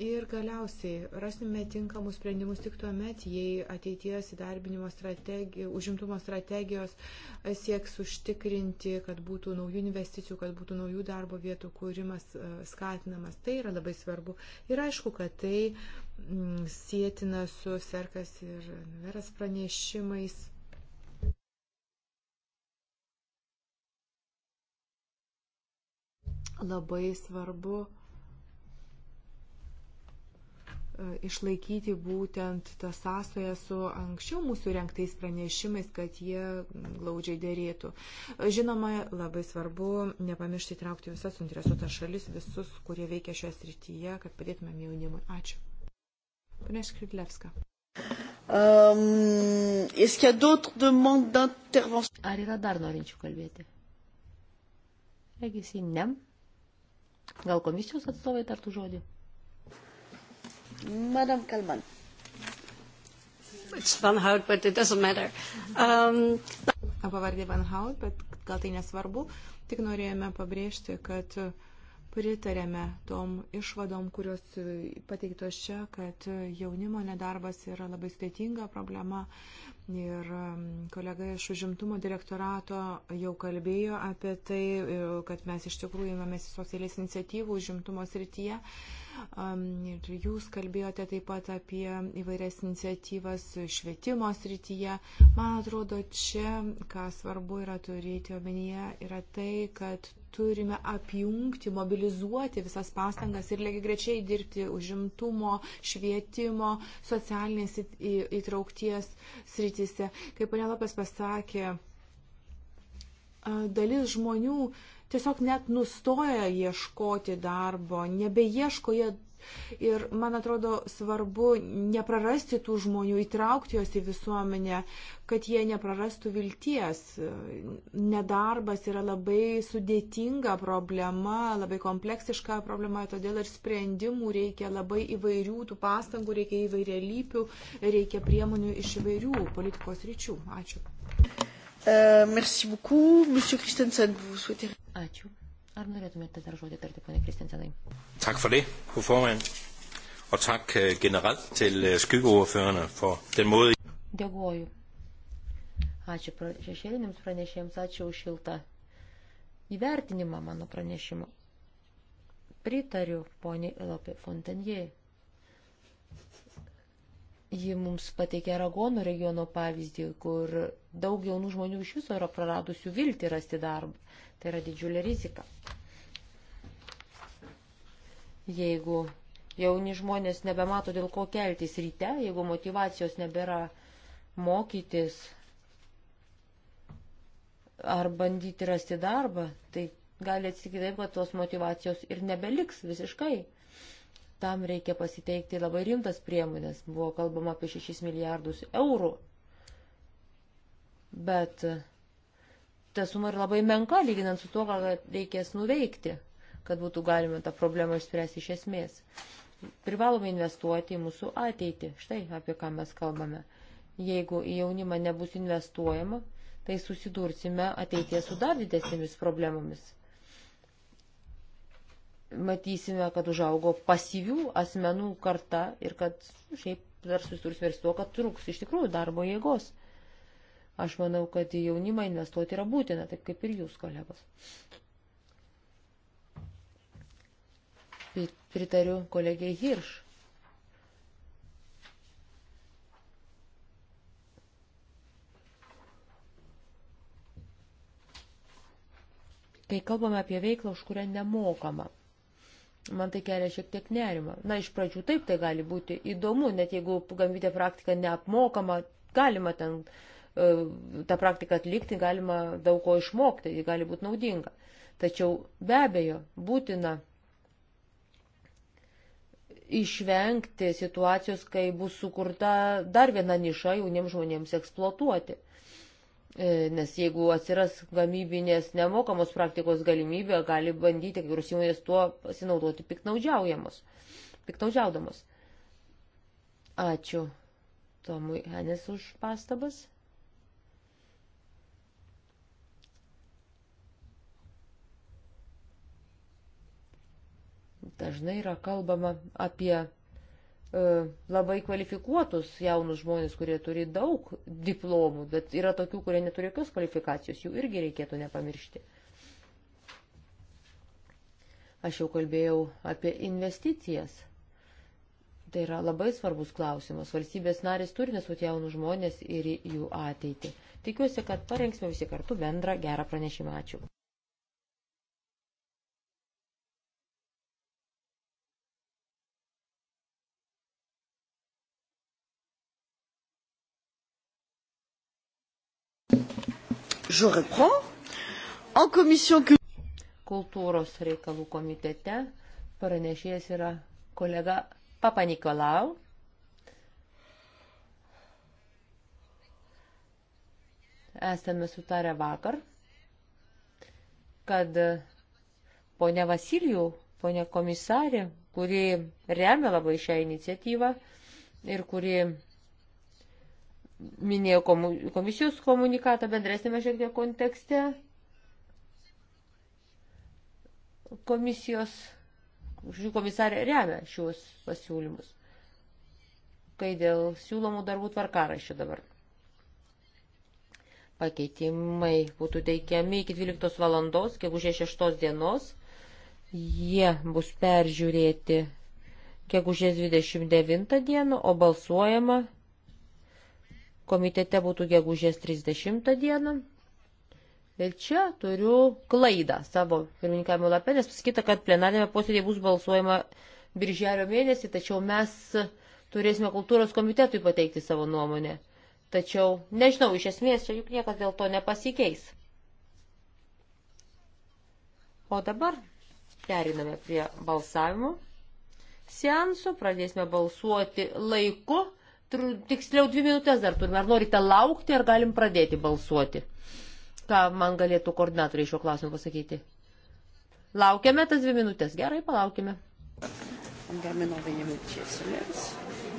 Ir galiausiai rasime tinkamus sprendimus tik tuo met, jei ateities įdarbinimo strategijos, užimtumo strategijos e, sieks užtikrinti, kad būtų naujų investicijų, kad būtų naujų darbo vietų kūrimas e, skatinamas. Tai yra labai svarbu. Ir aišku, kad tai m, mm, sėtina su Serkas ir Veras pranešimais. Labai svarbu E, išlaikyti būtent tą sąsoją su anksčiau mūsų renktais pranešimais, kad jie glaudžiai dėrėtų. E, žinoma, labai svarbu nepamiršti traukti visas suinteresuotas šalis, visus, kurie veikia šioje srityje, kad padėtumėm jaunimui. Ačiū. Pane Škridlevska. Ar yra dar norinčių kalbėti? Regisi, ne. Gal komisijos atstovai tartų žodį? Madam Kalman. It's Van Hout, but it doesn't matter. Um, Pavardė Van Hout, bet gal tai nesvarbu. Tik norėjome pabrėžti, kad uh, pritarėme tom išvadom, kurios e, pateiktos čia, kad e, jaunimo nedarbas yra labai sudėtinga problema. Ir kolega iš užimtumo direktorato jau kalbėjo apie tai, e, kad mes iš tikrųjų įmėmės socialės iniciatyvų užimtumo srityje. Ir jūs kalbėjote taip pat apie įvairias iniciatyvas švietimo srityje. Man atrodo, čia, ką svarbu yra turėti omenyje, yra tai, kad turime apjungti, mobilizuoti visas pastangas ir lygiai grečiai dirbti užimtumo, švietimo, socialinės įtraukties srityse. Kaip ponia Lopes pasakė, dalis žmonių tiesiog net nustoja ieškoti darbo, nebeieško jie Ir man atrodo svarbu neprarasti tų žmonių, įtraukti juos į visuomenę, kad jie neprarastų vilties. Nedarbas yra labai sudėtinga problema, labai kompleksiška problema, todėl ir sprendimų reikia labai įvairių, tų pastangų reikia įvairialypių, reikia priemonių iš įvairių politikos ryčių. Ačiū. Uh, merci beaucoup. Monsieur Christensen, vous souhaitez. Ačiū. Ar norėtumėte dar žodį tarti, ponė Kristensenai? Tak for det, fru formand. Og tak øh, generelt til øh, skyggeordførerne for den måde. Dėkuoju. Ačiū šešėlinėms pranešėjams, ačiū už šiltą įvertinimą mano pranešimo. Pritariu poniai Elopė Fontenjei. Ji mums pateikė Aragono regiono pavyzdį, kur daug jaunų žmonių iš viso yra praradusių viltį rasti darbą. Tai yra didžiulė rizika. Jeigu jauni žmonės nebemato dėl ko keltis ryte, jeigu motivacijos nebėra mokytis ar bandyti rasti darbą, tai gali atsitikti taip, kad tos motivacijos ir nebeliks visiškai. Tam reikia pasiteikti labai rimtas priemonės. Buvo kalbama apie 6 milijardus eurų. Bet e, ta suma yra labai menka, lyginant su to, ką reikės nuveikti, kad būtų galima tą problemą išspręsti iš esmės. Privalome investuoti į mūsų ateitį. Štai apie ką mes kalbame. Jeigu į jaunimą nebus investuojama, tai susidursime ateitie su dar didesnėmis problemomis matysime, kad užaugo pasyvių asmenų karta ir kad šiaip dar susidursime su tuo, kad trūks iš tikrųjų darbo jėgos. Aš manau, kad į jaunimą investuoti yra būtina, taip kaip ir jūs, kolegos. Pritariu kolegiai Hirš. Kai kalbame apie veiklą, už kurią nemokama, Man tai kelia šiek tiek nerima. Na, iš pradžių taip tai gali būti įdomu, net jeigu gamybė praktika neapmokama, galima ten e, tą praktiką atlikti, galima daug ko išmokti, ji gali būti naudinga. Tačiau be abejo būtina išvengti situacijos, kai bus sukurta dar viena niša jauniems žmonėms eksploatuoti. E, nes jeigu atsiras gamybinės nemokamos praktikos galimybė, gali bandyti kai kurios įmonės tuo pasinaudoti piknaudžiaudamos. Ačiū Tomui Henis už pastabas. Dažnai yra kalbama apie E, labai kvalifikuotus jaunus žmonės, kurie turi daug diplomų, bet yra tokių, kurie neturi jokios kvalifikacijos, jų irgi reikėtų nepamiršti. Aš jau kalbėjau apie investicijas. Tai yra labai svarbus klausimas. Valstybės narės turi nesut jaunų žmonės ir jų ateitį. Tikiuosi, kad parengsime visi kartu bendrą gerą pranešimą. Ačiū. je reprends. En commission kultūros reikalų komitete pranešėjas yra kolega Papa Nikolau. Esame sutarę vakar, kad ponia Vasilijų, ponia komisarė, kuri remia labai šią iniciatyvą ir kuri minėjau komisijos komunikatą bendresnėme šiek tiek kontekste. Komisijos, žiūrėjau, komisarė remia šiuos pasiūlymus, kai dėl siūlomų darbų tvarkaraščių dabar. Pakeitimai būtų teikiami iki 12 valandos, gegužės 6 dienos. Jie bus peržiūrėti gegužės 29 dieną, o balsuojama 29 komitete būtų gegužės 30 dieną. Ir čia turiu klaidą savo pirmininkavimo lapę, nes pasakyta, kad plenarinėme posėdėje bus balsuojama birželio mėnesį, tačiau mes turėsime kultūros komitetui pateikti savo nuomonę. Tačiau, nežinau, iš esmės čia juk niekas dėl to nepasikeis. O dabar periname prie balsavimo. Seanso pradėsime balsuoti laiku tiksliau dvi minutės dar turime. Ar norite laukti, ar galim pradėti balsuoti? Ką man galėtų koordinatoriai šiuo klausimu pasakyti? Laukiame tas dvi minutės. Gerai, palaukime. Andiamo 9 minuti e silenzio.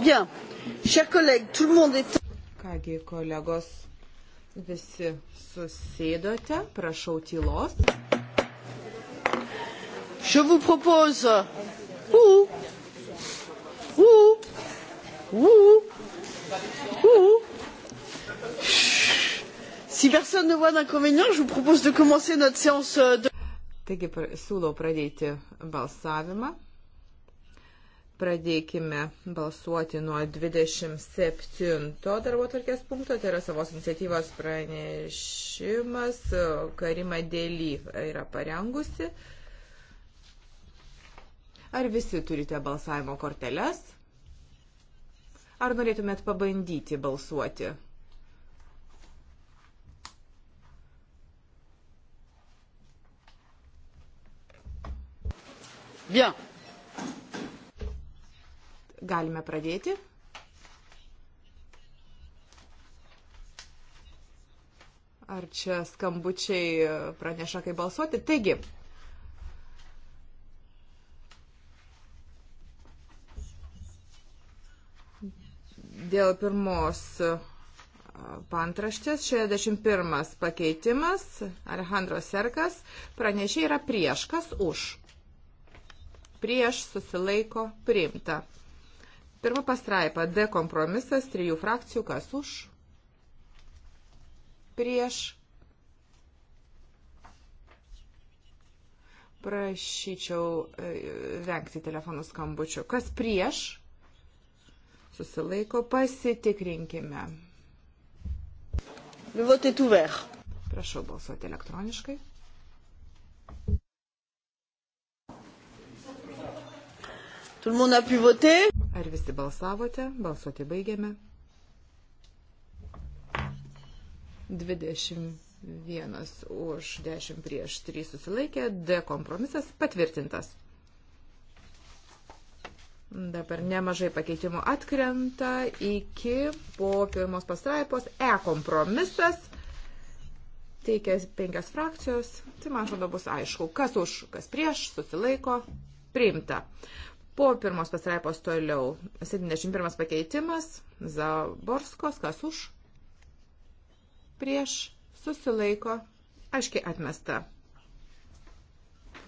Bien, chers collègues, tout le monde est. Kągi, kolegos, visi susėdote, prašau tylos. Je vous propose. Ouh, ouh, ouh, ouh. Si personne ne voit d'inconvénient, je vous propose de commencer notre séance de. Taigi, siūlau pradėti balsavimą. Pradėkime balsuoti nuo 27 darbo tvarkės punkto, tai yra savos iniciatyvos pranešimas, Karima Dėly yra parengusi. Ar visi turite balsavimo korteles? Ar norėtumėt pabandyti balsuoti? Bien. Galime pradėti. Ar čia skambučiai praneša, kaip balsuoti? Taigi, dėl pirmos pantraštės 61 pakeitimas Alejandro Serkas pranešė yra prieš, kas už. Prieš susilaiko priimta. Pirma pastraipa D kompromisas trijų frakcijų, kas už, prieš. Prašyčiau e, vengti telefonų skambučių. Kas prieš? Susilaiko, pasitikrinkime. Le vote est ouvert. Prašau balsuoti elektroniškai. Tout le monde a pu voter? Ar visi balsavote? Balsuoti baigiame. 21 už 10 prieš 3 susilaikė. D kompromisas patvirtintas. Dabar nemažai pakeitimų atkrenta iki po pirmos pastraipos E kompromisas. Teikia penkias frakcijos. Tai man atrodo bus aišku, kas už, kas prieš, susilaiko, priimta. Po pirmos pasraipos toliau 71 pakeitimas Zaborskos, kas už, prieš, susilaiko, aiškiai atmesta.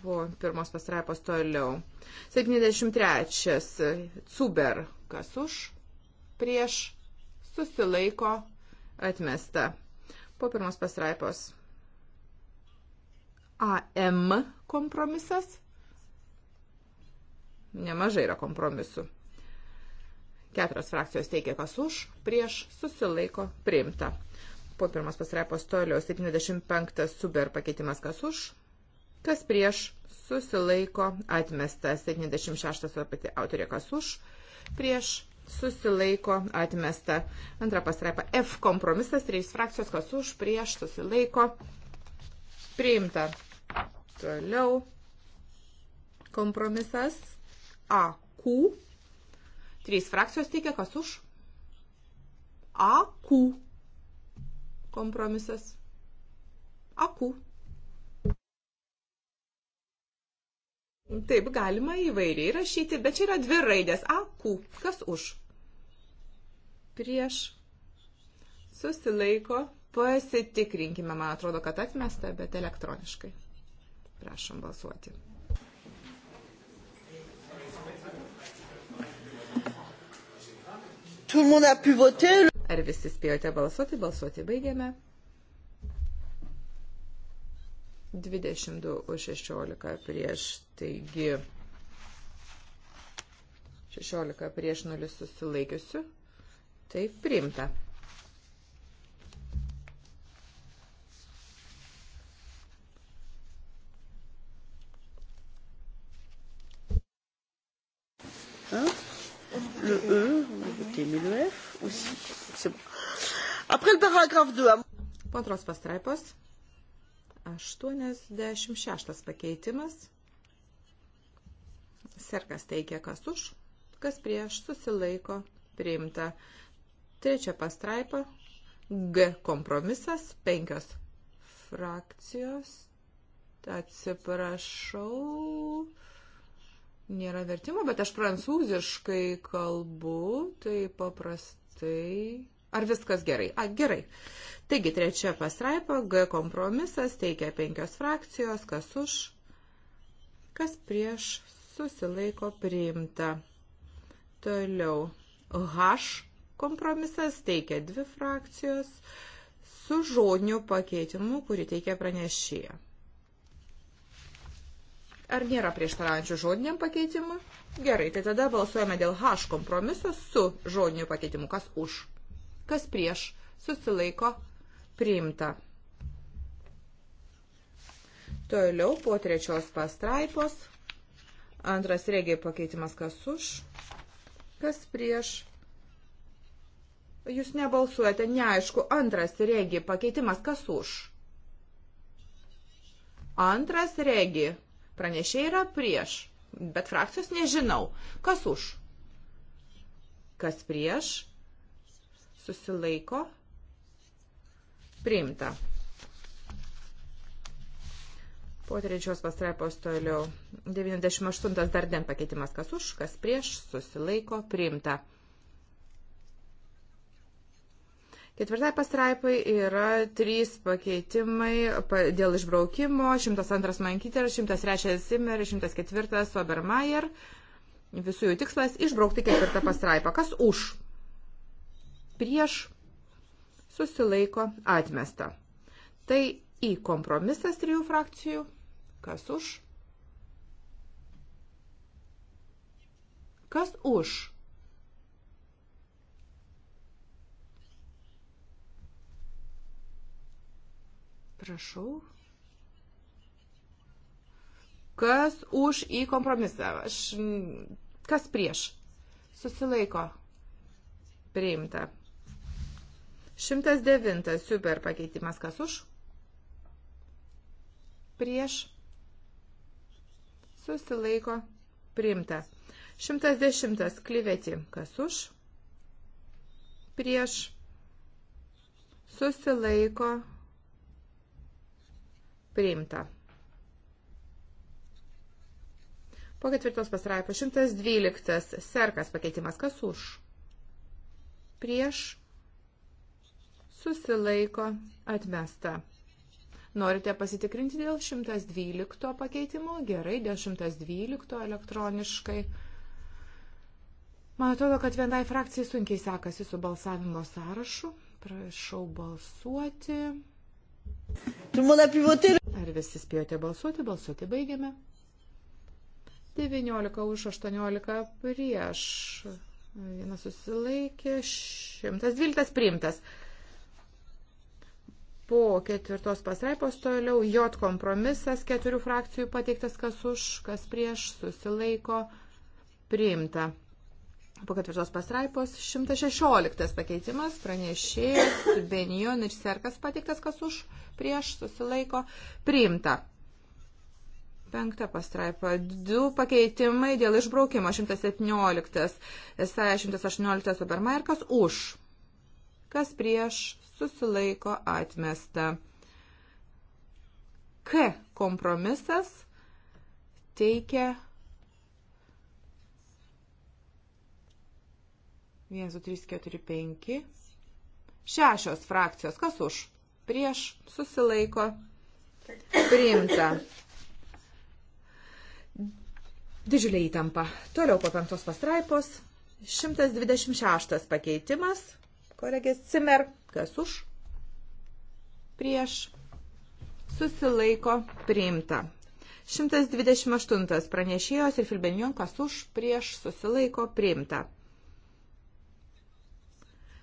Po pirmos pasraipos toliau 73 Cuber, kas už, prieš, susilaiko, atmesta. Po pirmos pasraipos AM kompromisas Nemažai yra kompromisų. Keturios frakcijos teikia, kas už, prieš, susilaiko, priimta. Po pirmas pasraipos toliau 75 super pakeitimas, kas už, kas prieš, susilaiko, atmesta 76 autorė, kas už, prieš, susilaiko, atmesta. Antra pasraipa F kompromisas, trys frakcijos, kas už, prieš, susilaiko, priimta. Toliau kompromisas AQ. Trys frakcijos teikia, kas už? AQ. Kompromisas. AQ. Taip, galima įvairiai rašyti, bet čia yra dvi raidės. A, Q. Kas už? Prieš. Susilaiko. Pasitikrinkime, man atrodo, kad atmesta, bet elektroniškai. Prašom balsuoti. Ar visi spėjote balsuoti? Balsuoti baigiame. 22 už 16 prieš, taigi 16 prieš 0 susilaikiusių. Tai priimta. Huh? le E, vous votez, mais le F aussi. C'est bon. Après le paragraphe 2. Po antros pastraipos 86 pakeitimas. Serkas teikia, kas už, kas prieš, susilaiko, priimta. Trečia pastraipa G kompromisas, penkios frakcijos. Atsiprašau nėra vertimo, bet aš prancūziškai kalbu, tai paprastai. Ar viskas gerai? A, gerai. Taigi, trečia pastraipa, G kompromisas, teikia penkios frakcijos, kas už, kas prieš, susilaiko priimta. Toliau, H kompromisas, teikia dvi frakcijos, su žodiniu pakeitimu, kurį teikia pranešėja ar nėra prieštaraujančių žodiniam pakeitimui? Gerai, tai tada balsuojame dėl H kompromiso su žodiniu pakeitimu. Kas už? Kas prieš? Susilaiko priimta. Toliau po trečios pastraipos. Antras regiai pakeitimas kas už? Kas prieš? Jūs nebalsuojate, neaišku, antras regi pakeitimas kas už? Antras regi Pranešė yra prieš, bet frakcijos nežinau. Kas už? Kas prieš? Susilaiko. Priimta. Po trečios pastraipos toliau. 98 dar den pakeitimas. Kas už, kas prieš, susilaiko, priimta. Ketvirtai pastraipai yra trys pakeitimai dėl išbraukimo, 102 Mankyter, 103 Simmer, 104 Obermeier. Visų jų tikslas - išbraukti ketvirtą pastraipą. Kas už? Prieš susilaiko atmesta. Tai į kompromisas trijų frakcijų. Kas už? Kas už? Prašau. Kas už į kompromisą? Aš, kas prieš? Susilaiko. Priimta. 109. Super pakeitimas. Kas už? Prieš. Susilaiko. Priimta. 110. Klyveti. Kas už? Prieš. Susilaiko. Priimta. Po ketvirtos pastraipos 112 serkas pakeitimas. Kas už? Prieš susilaiko atmesta. Norite pasitikrinti dėl 112 pakeitimo? Gerai, dėl 112 elektroniškai. Man atrodo, kad vienai frakcijai sunkiai sekasi su balsavimo sąrašu. Prašau balsuoti. Ar visi spėjote balsuoti? Balsuoti baigiame. 19 už 18 prieš. Vienas susilaikė, 112 priimtas. Po ketvirtos pasraipos toliau J kompromisas keturių frakcijų pateiktas, kas už, kas prieš, susilaiko, priimta. Po ketvirtos pastraipos 116 pakeitimas, pranešėjas, Benion ir Serkas pateiktas, kas už, prieš, susilaiko, priimta. Penkta pastraipa. Du pakeitimai dėl išbraukimo 117, esą 118 supermarkas už. Kas prieš, susilaiko, atmesta. K kompromisas teikia 1, 2, 3, 4, 5. Šešios frakcijos. Kas už? Prieš susilaiko. Priimta. Didžiulė įtampa. Toliau po penktos pastraipos. 126 pakeitimas. Kolegės Cimer. Kas už? Prieš. Susilaiko. Priimta. 128 pranešėjos ir Filbenion. Kas už? Prieš. Susilaiko. Priimta.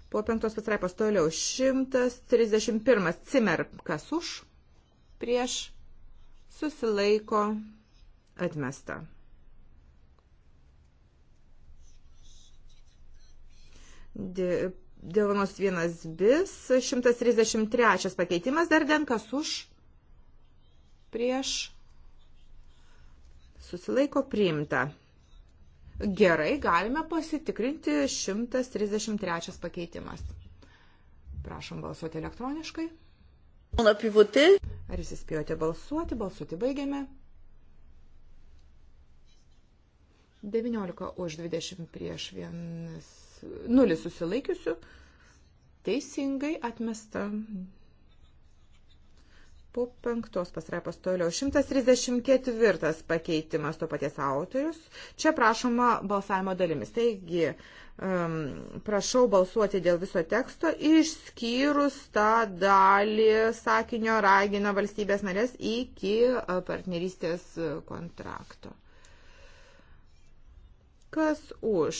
Po penktos pastraipos toliau 131 cimer, kas už, prieš, susilaiko, atmesta. Dėl vienos vienas bis, 133 pakeitimas dar denkas už, prieš, susilaiko, priimta. Gerai, galime pasitikrinti 133 pakeitimas. Prašom balsuoti elektroniškai. Ar įsispėjote balsuoti? Balsuoti baigiame. 19 už 20 prieš 1, 0 susilaikiusių. Teisingai atmesta po penktos pasraipos toliau. 134 pakeitimas to paties autorius. Čia prašoma balsavimo dalimis. Taigi, um, prašau balsuoti dėl viso teksto, išskyrus tą dalį sakinio ragina valstybės narės iki uh, partnerystės uh, kontrakto. Kas už?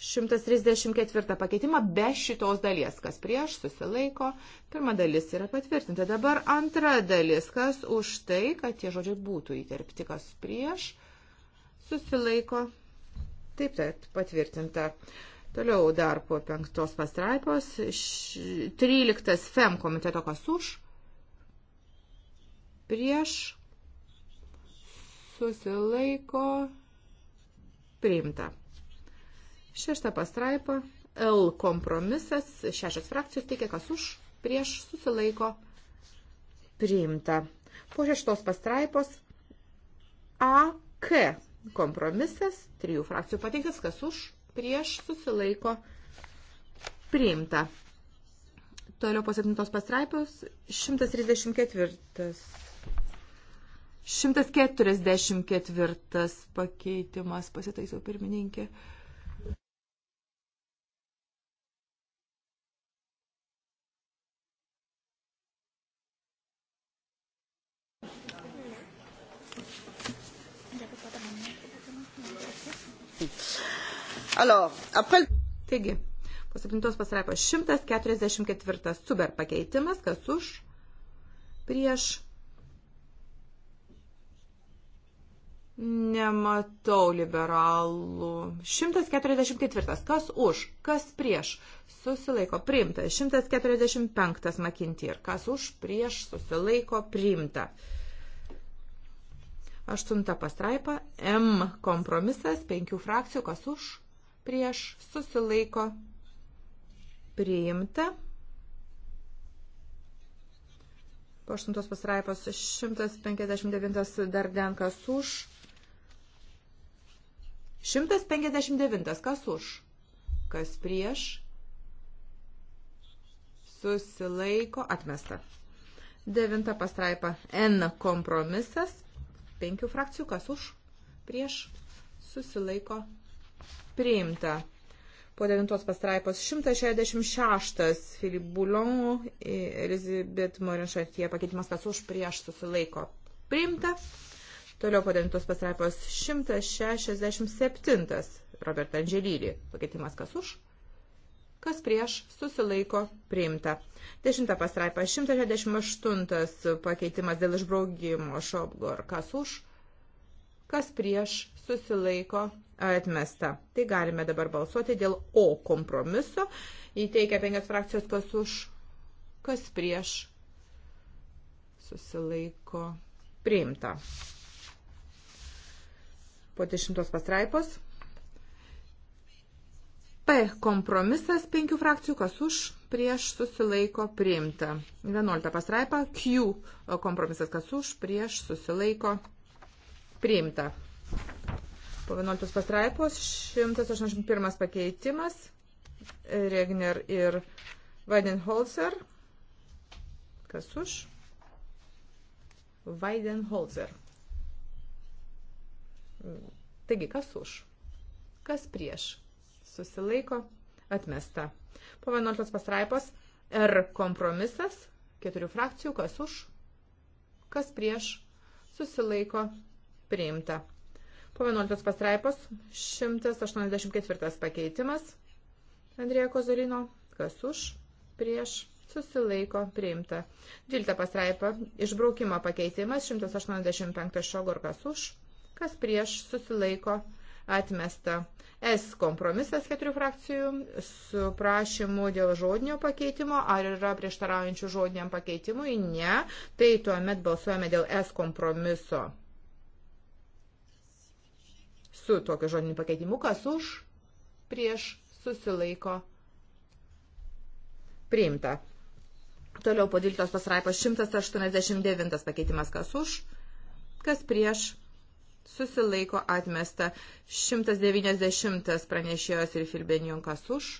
134 pakeitimą be šitos dalies. Kas prieš susilaiko, pirma dalis yra patvirtinta. Dabar antra dalis, kas už tai, kad tie žodžiai būtų įterpti, kas prieš susilaiko. Taip, taip, patvirtinta. Toliau dar po penktos pastraipos. 13 FEM komiteto kas už. Prieš susilaiko priimta. Šešta pastraipa. L kompromisas. Šešios frakcijos teikia, kas už, prieš, susilaiko, priimta. Po šeštos pastraipos AK kompromisas. Trijų frakcijų pateiktas, kas už, prieš, susilaiko, priimta. Toliau po septintos pastraipos 134. 144 pakeitimas pasitaisiau pirmininkė. Alors, après... Taigi, po 7 pasraipos 144 super pakeitimas, kas už, prieš. Nematau liberalų. 144. Kas už, kas prieš? Susilaiko priimta. 145. Makinti ir kas už, prieš, susilaiko priimta. Aštunta pastraipa. M kompromisas. Penkių frakcijų. Kas už, prieš susilaiko priimta. Po 8 pasraipos 159 Dardenkas už. 159 kas už, kas prieš susilaiko atmesta. Devinta pastraipa N kompromisas. Penkių frakcijų kas už, prieš susilaiko priimta. Po 9 pastraipos 166 Filip Boulon, Elizabeth Morinšatie pakeitimas, kas už prieš susilaiko priimta. Toliau po 9 pastraipos 167 Robert Angelylį pakeitimas, kas už kas prieš susilaiko priimta. Dešimta pastraipa, 168 pakeitimas dėl išbraugimo šobgor, kas už, kas prieš susilaiko atmesta. Tai galime dabar balsuoti dėl O kompromiso. Įteikia penkias frakcijos, kas už, kas prieš susilaiko priimta. Po dešimtos pastraipos. P kompromisas penkių frakcijų, kas už, prieš susilaiko priimta. 11 pastraipa. Q kompromisas, kas už, prieš susilaiko priimta Priimta. Po 11 pastraipos 181 pakeitimas. Regner ir Weidenholzer. Kas už? Weidenholzer. Taigi, kas už? Kas prieš? Susilaiko. Atmesta. Po 11 pastraipos R kompromisas. Keturių frakcijų. Kas už? Kas prieš? Susilaiko priimta. Po 11 pastraipos 184 pakeitimas Andrėja Kozolino, kas už, prieš, susilaiko, priimta. 12 pastraipa išbraukimo pakeitimas 185 šogor, kas už, kas prieš, susilaiko, atmesta. S kompromisas keturių frakcijų su prašymu dėl žodinio pakeitimo, ar yra prieštaraujančių žodiniam pakeitimui, ne, tai tuomet balsuojame dėl S kompromiso su tokiu žodiniu pakeitimu, kas už, prieš, susilaiko, priimta. Toliau po 12 pasraipos 189 pakeitimas, kas už, kas prieš, susilaiko, atmesta. 190 pranešėjos ir Filbenion, kas už,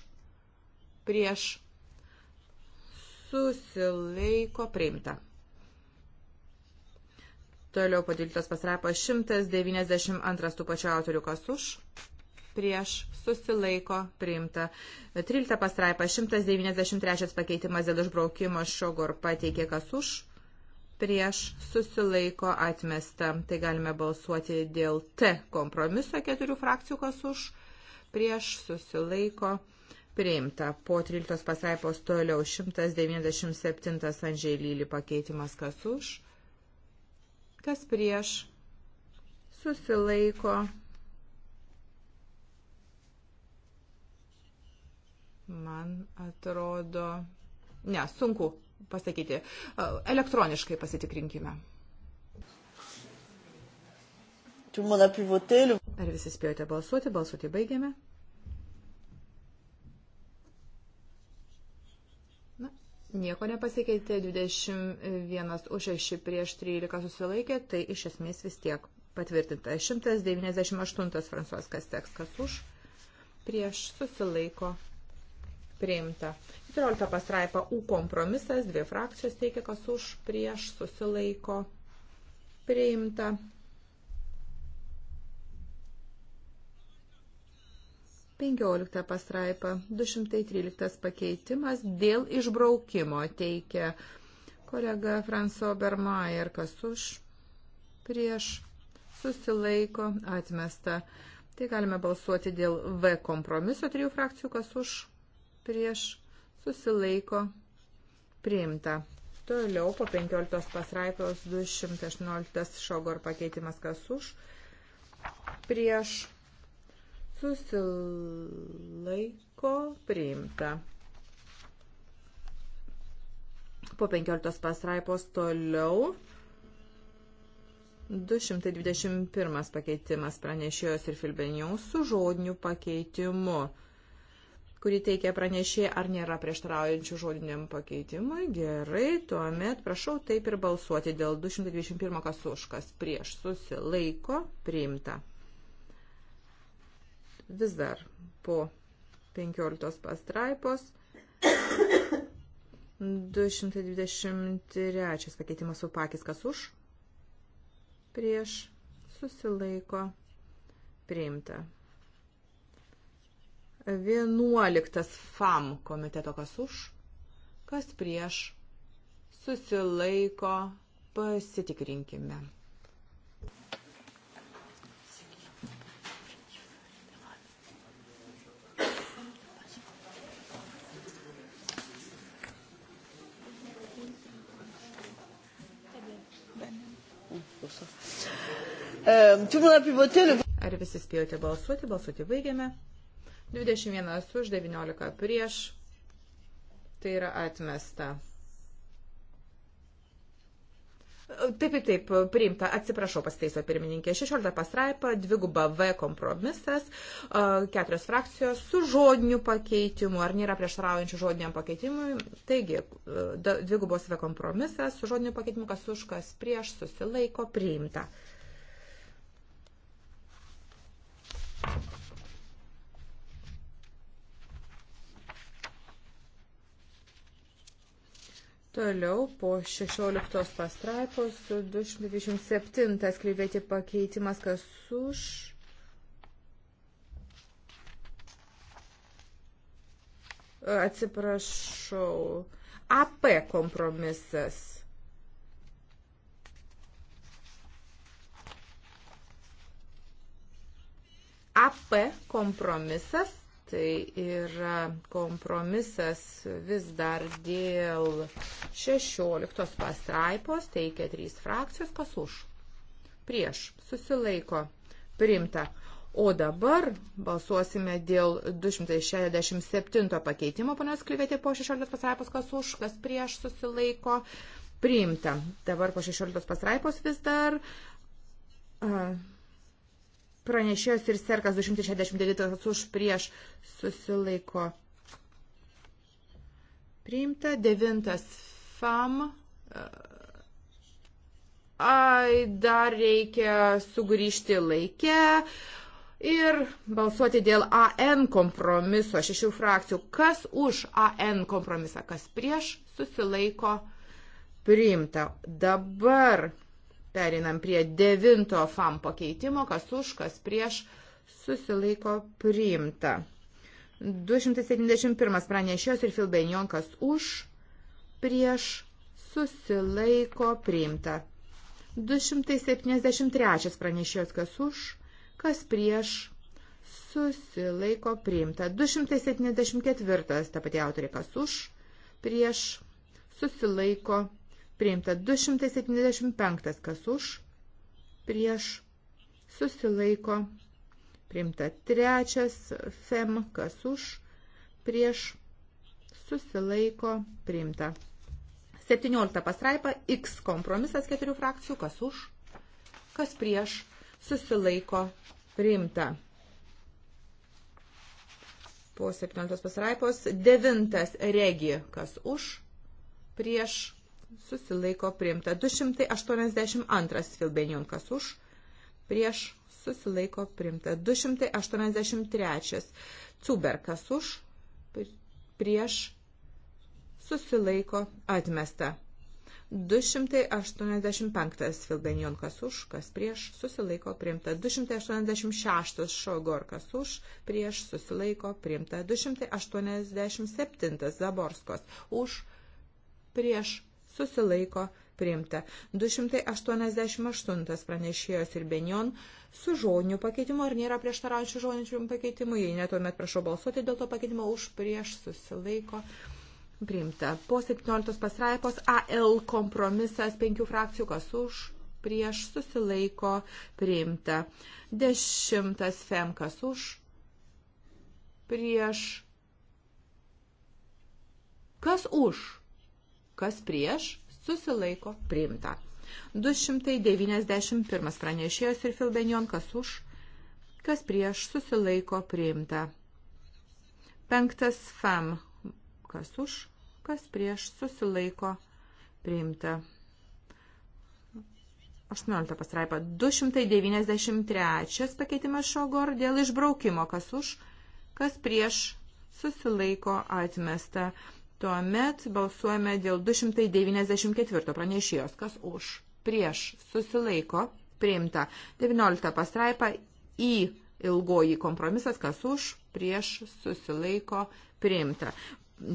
prieš, susilaiko, priimta. Toliau padėlytas pasraipas 192 tų pačių autorių, kas už, prieš, susilaiko, priimta. 13 pasraipas 193 pakeitimas dėl išbraukimo šogor pateikė, kas už, prieš, susilaiko, atmesta. Tai galime balsuoti dėl T kompromiso keturių frakcijų, kas už, prieš, susilaiko, atmesta priimta. Po 13 pasraipos toliau 197 Andžiai Lyli pakeitimas kas už, kas prieš, susilaiko. Man atrodo, ne, sunku pasakyti. Elektroniškai pasitikrinkime. Ar visi spėjote balsuoti? Balsuoti baigiame. Nieko nepasikeitė, 21 už 6 prieš 13 susilaikė, tai iš esmės vis tiek patvirtinta. 198 Fransuos Kasteks, kas už, prieš susilaiko priimta. 14 pastraipa U kompromisas, dvi frakcijos teikia, kas už, prieš susilaiko priimta. 15 pastraipa, 213 pakeitimas dėl išbraukimo teikia kolega Franso Bermajer, kas už, prieš, susilaiko, atmesta. Tai galime balsuoti dėl V kompromiso trijų frakcijų, kas už, prieš, susilaiko, priimta. Toliau po 15 pasraipos 218 šogor pakeitimas, kas už, prieš, susilaiko priimta. Po 15 pasraipos toliau 221 pakeitimas pranešėjos ir filbeniau su žodiniu pakeitimu, kurį teikia pranešėjai, ar nėra prieštaraujančių žodiniam pakeitimui. Gerai, tuomet prašau taip ir balsuoti dėl 221 kas už, kas prieš susilaiko priimta vis dar po 15 pastraipos 223 pakeitimas upakis kas už prieš susilaiko priimta 11 FAM komiteto kas už kas prieš susilaiko pasitikrinkime Euh, ar visi spėjote balsuoti? Balsuoti baigiame. 21 už 19 prieš. Tai yra atmesta. Taip, taip, taip, priimta, atsiprašau, pasteiso pirmininkė. 16 pastraipa, 2 V kompromisas, keturios frakcijos su žodiniu pakeitimu, ar nėra prieštaraujančių žodiniam pakeitimui. Taigi, 2 V kompromisas su žodiniu pakeitimu, kas už, kas prieš, susilaiko, priimta. Toliau po 16 pastraipos 227 kreivėti pakeitimas, kas už. Atsiprašau. AP kompromisas. AP kompromisas, tai yra kompromisas vis dar dėl 16 pastraipos, teikia trys frakcijos, kas už, prieš, susilaiko, primta. O dabar balsuosime dėl 267 pakeitimo, panas kliuvetė po 16 pastraipos, kas už, kas prieš susilaiko, priimta. Dabar po 16 pastraipos vis dar. Uh, pranešėjos ir serkas 269 už prieš susilaiko. Priimta devintas fam. Ai, dar reikia sugrįžti laikę ir balsuoti dėl AN kompromiso šešių frakcijų. Kas už AN kompromisą, kas prieš susilaiko priimta. Dabar Perinam prie devinto FAM pakeitimo, kas už, kas prieš susilaiko priimta. 271 pranešėjos ir Filbenjonkas už, prieš susilaiko priimta. 273 pranešėjos kas už, kas prieš susilaiko priimta. 274 ta pati autorė kas už, prieš susilaiko priimta Priimta 275, kas už, prieš, susilaiko. Priimta trečias, fem, kas už, prieš, susilaiko. Priimta. 17 pastraipa, X kompromisas keturių frakcijų, kas už, kas prieš, susilaiko. Priimta po 17 pasraipos. Devintas regi, kas už, prieš, susilaiko priimta. 282 Filbeniunkas už, prieš susilaiko priimta. 283 Cuberkas už, prieš susilaiko atmesta. 285 Filbenionkas už, kas prieš, susilaiko priimta. 286 Šogorkas už, prieš, susilaiko priimta. 287 Zaborskos už, prieš, susilaiko priimta. 288 pranešėjos ir Benion su žodiniu pakeitimu, ar nėra prieštaraujančių žodinių pakeitimų, jei netuomet prašau balsuoti dėl to pakeitimo už prieš susilaiko. Priimta. Po 17 pasraipos AL kompromisas penkių frakcijų, kas už, prieš susilaiko, priimta. Dešimtas FEM, kas už, prieš. Kas už? kas prieš, susilaiko priimta. 291 pranešėjos ir Filbenion, kas už, kas prieš, susilaiko priimta. Penktas FEM, kas už, kas prieš, susilaiko priimta. 18 pastraipa. 293 pakeitimas šogor dėl išbraukimo, kas už, kas prieš, susilaiko atmesta. Tuomet balsuojame dėl 294 pranešėjos, kas už, prieš, susilaiko, priimta. 19 pastraipa į ilgoji kompromisas, kas už, prieš, susilaiko, priimta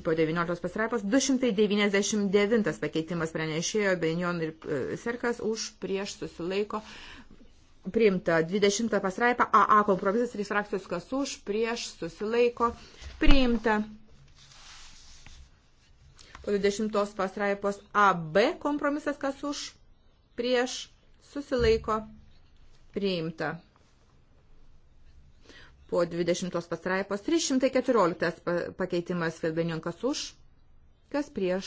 po 19 pasraipos 299 pakeitimas pranešėjo Benjon ir e, Serkas už prieš susilaiko. Priimta 20 pasraipą AA kompromisas ir frakcijos kas už prieš susilaiko. Priimta Po 20 pastraipos AB kompromisas kas už, prieš, susilaiko, priimta. Po 20 pastraipos 314 pakeitimas Filbeniunkas už, kas prieš,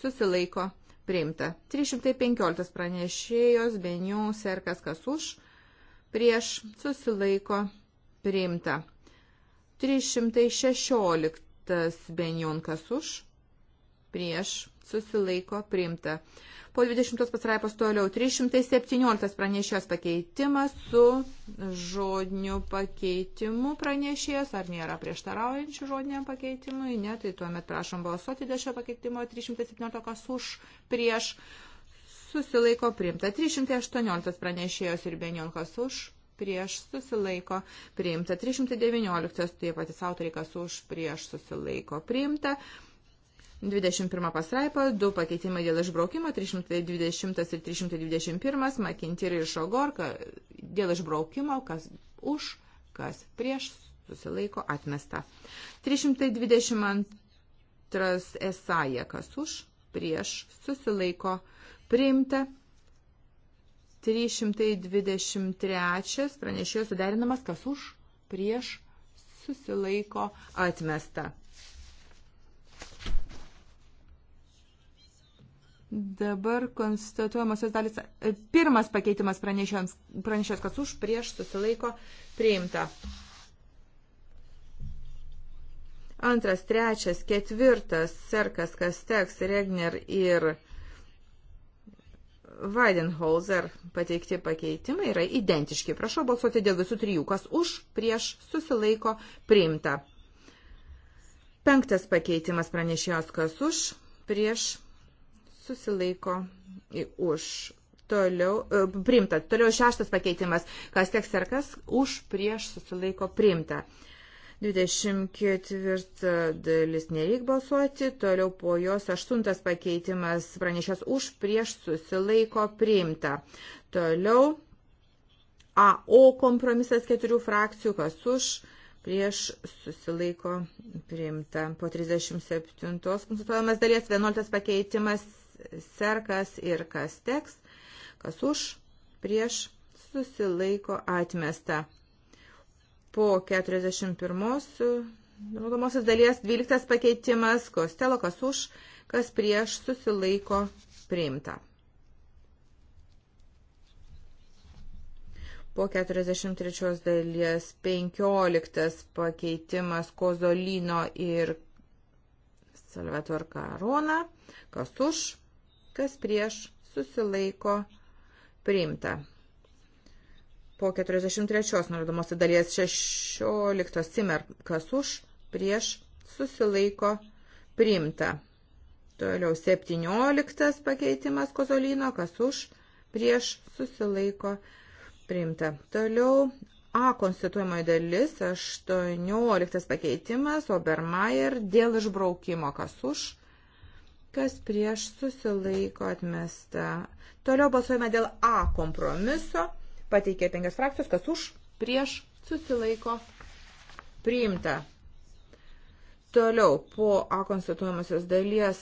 susilaiko, priimta. 315 pranešėjos, Benių, Serkas, kas už, prieš, susilaiko, priimta. 316 Benjonkas už, prieš susilaiko priimta. Po 20 pasraipos toliau 317 pranešėjos pakeitimas su žodiniu pakeitimu pranešėjas. Ar nėra prieštaraujančių žodiniam pakeitimui? Ne, tai tuomet prašom balsuoti dėl šio pakeitimo 317 kas už prieš susilaiko priimta. 318 pranešėjos ir Benionkos už prieš susilaiko priimta. 319 tie patys autoriai kas už prieš susilaiko priimta. 21 pasraipa, 2 pakeitimai dėl išbraukimo, 320 ir 321, Makintyri ir Šogorka dėl išbraukimo, kas už, kas prieš, susilaiko atmesta. 322 esaja, kas už, prieš, susilaiko priimta. 323 pranešėjo suderinamas, kas už, prieš, susilaiko atmesta. Dabar konstatuojamosios dalis. E, pirmas pakeitimas pranešės, kas už, prieš, susilaiko, priimta. Antras, trečias, ketvirtas, serkas, kas teks, Regner ir Weidenholzer pateikti pakeitimai yra identiški. Prašau balsuoti dėl visų trijų, kas už, prieš, susilaiko, priimta. Penktas pakeitimas pranešėjos, kas už, prieš, susilaiko už. Toliau, e, primta. Toliau šeštas pakeitimas. Kas teks ar kas už prieš susilaiko primta. 24 dalis nereik balsuoti. Toliau po jos aštuntas pakeitimas pranešęs už prieš susilaiko primta. Toliau AO kompromisas keturių frakcijų, kas už prieš susilaiko priimta. Po 37 konsultuojamas dalies 11 pakeitimas serkas ir kas teks, kas už, prieš, susilaiko atmesta. Po 41 rodomosios dalies 12 pakeitimas, kostelo, kas už, kas prieš, susilaiko priimta. Po 43 dalies 15 pakeitimas Kozolino ir Salvator Karona, kas už, kas prieš susilaiko priimta. Po 43 nurodomos dalies 16 simer, kas už, prieš susilaiko priimta. Toliau 17 pakeitimas kozolino, kas už, prieš susilaiko priimta. Toliau A konstituojamoji dalis, 18 pakeitimas, Obermeier dėl išbraukimo, kas už, kas prieš susilaiko atmesta. Toliau balsuojame dėl A kompromiso. Pateikė penkias frakcijos, kas už, prieš susilaiko priimta. Toliau po A konstatuojamosios dalies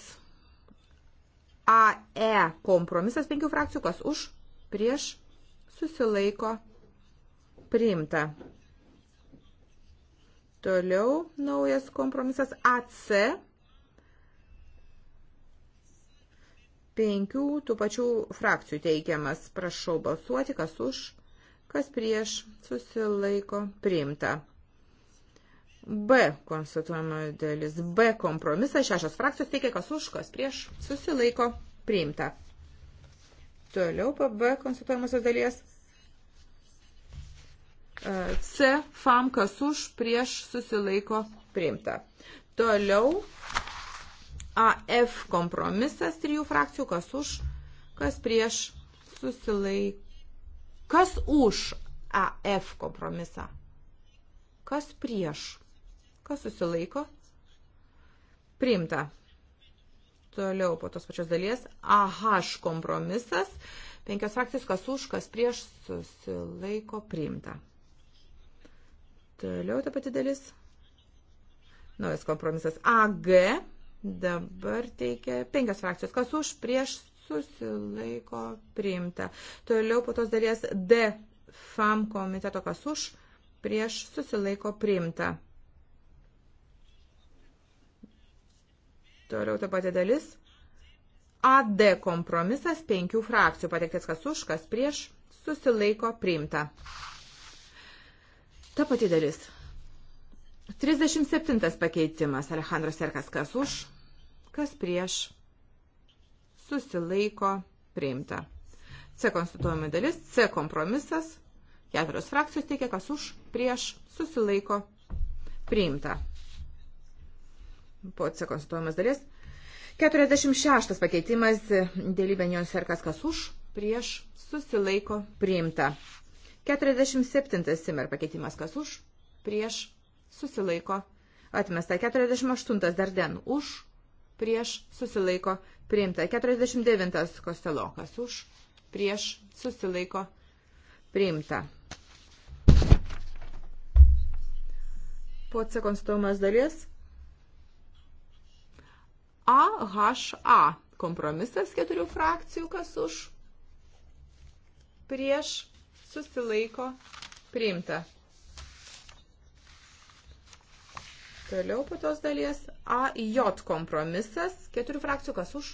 AE kompromisas penkių frakcijų, kas už, prieš susilaiko priimta. Toliau naujas kompromisas AC penkių tų pačių frakcijų teikiamas. Prašau balsuoti, kas už, kas prieš, susilaiko, priimta. B konstatuojamoji dalis. B kompromisas. Šešios frakcijos teikia, kas už, kas prieš, susilaiko, priimta. Toliau B konstatuojamosios dalies. E, C, FAM, kas už, prieš, susilaiko, priimta. Toliau AF kompromisas trijų frakcijų, kas už, kas prieš susilaik. Kas už AF kompromisą? Kas prieš? Kas susilaiko? Priimta. Toliau po tos pačios dalies AH kompromisas. Penkios frakcijos, kas už, kas prieš susilaiko priimta. Toliau ta pati dalis. Naujas kompromisas AG Dabar teikia penkios frakcijos. Kas už, prieš, susilaiko, priimta. Toliau po tos dalies D. FAM komiteto kas už, prieš, susilaiko, priimta. Toliau ta pati dalis. AD kompromisas penkių frakcijų. Pateiktas kas už, kas prieš, susilaiko, priimta. Ta pati dalis. 37 pakeitimas. Alejandro Serkas kas už, kas prieš, susilaiko, priimta. C konstituojama dalis, C kompromisas, keturios frakcijos teikia, kas už, prieš, susilaiko, priimta. Po C konstituojamas dalies. 46 pakeitimas dėl įbenios ir kas kas už, prieš, susilaiko, priimta. 47 simer pakeitimas kas už, prieš, susilaiko, atmesta. 48 dar den už, prieš susilaiko priimta. 49 Kostelokas už prieš susilaiko priimta. Po atsakonstuomas dalies AHA kompromisas keturių frakcijų, kas už prieš susilaiko priimta. Toliau po tos dalies AJ kompromisas. Keturių frakcijų kas už,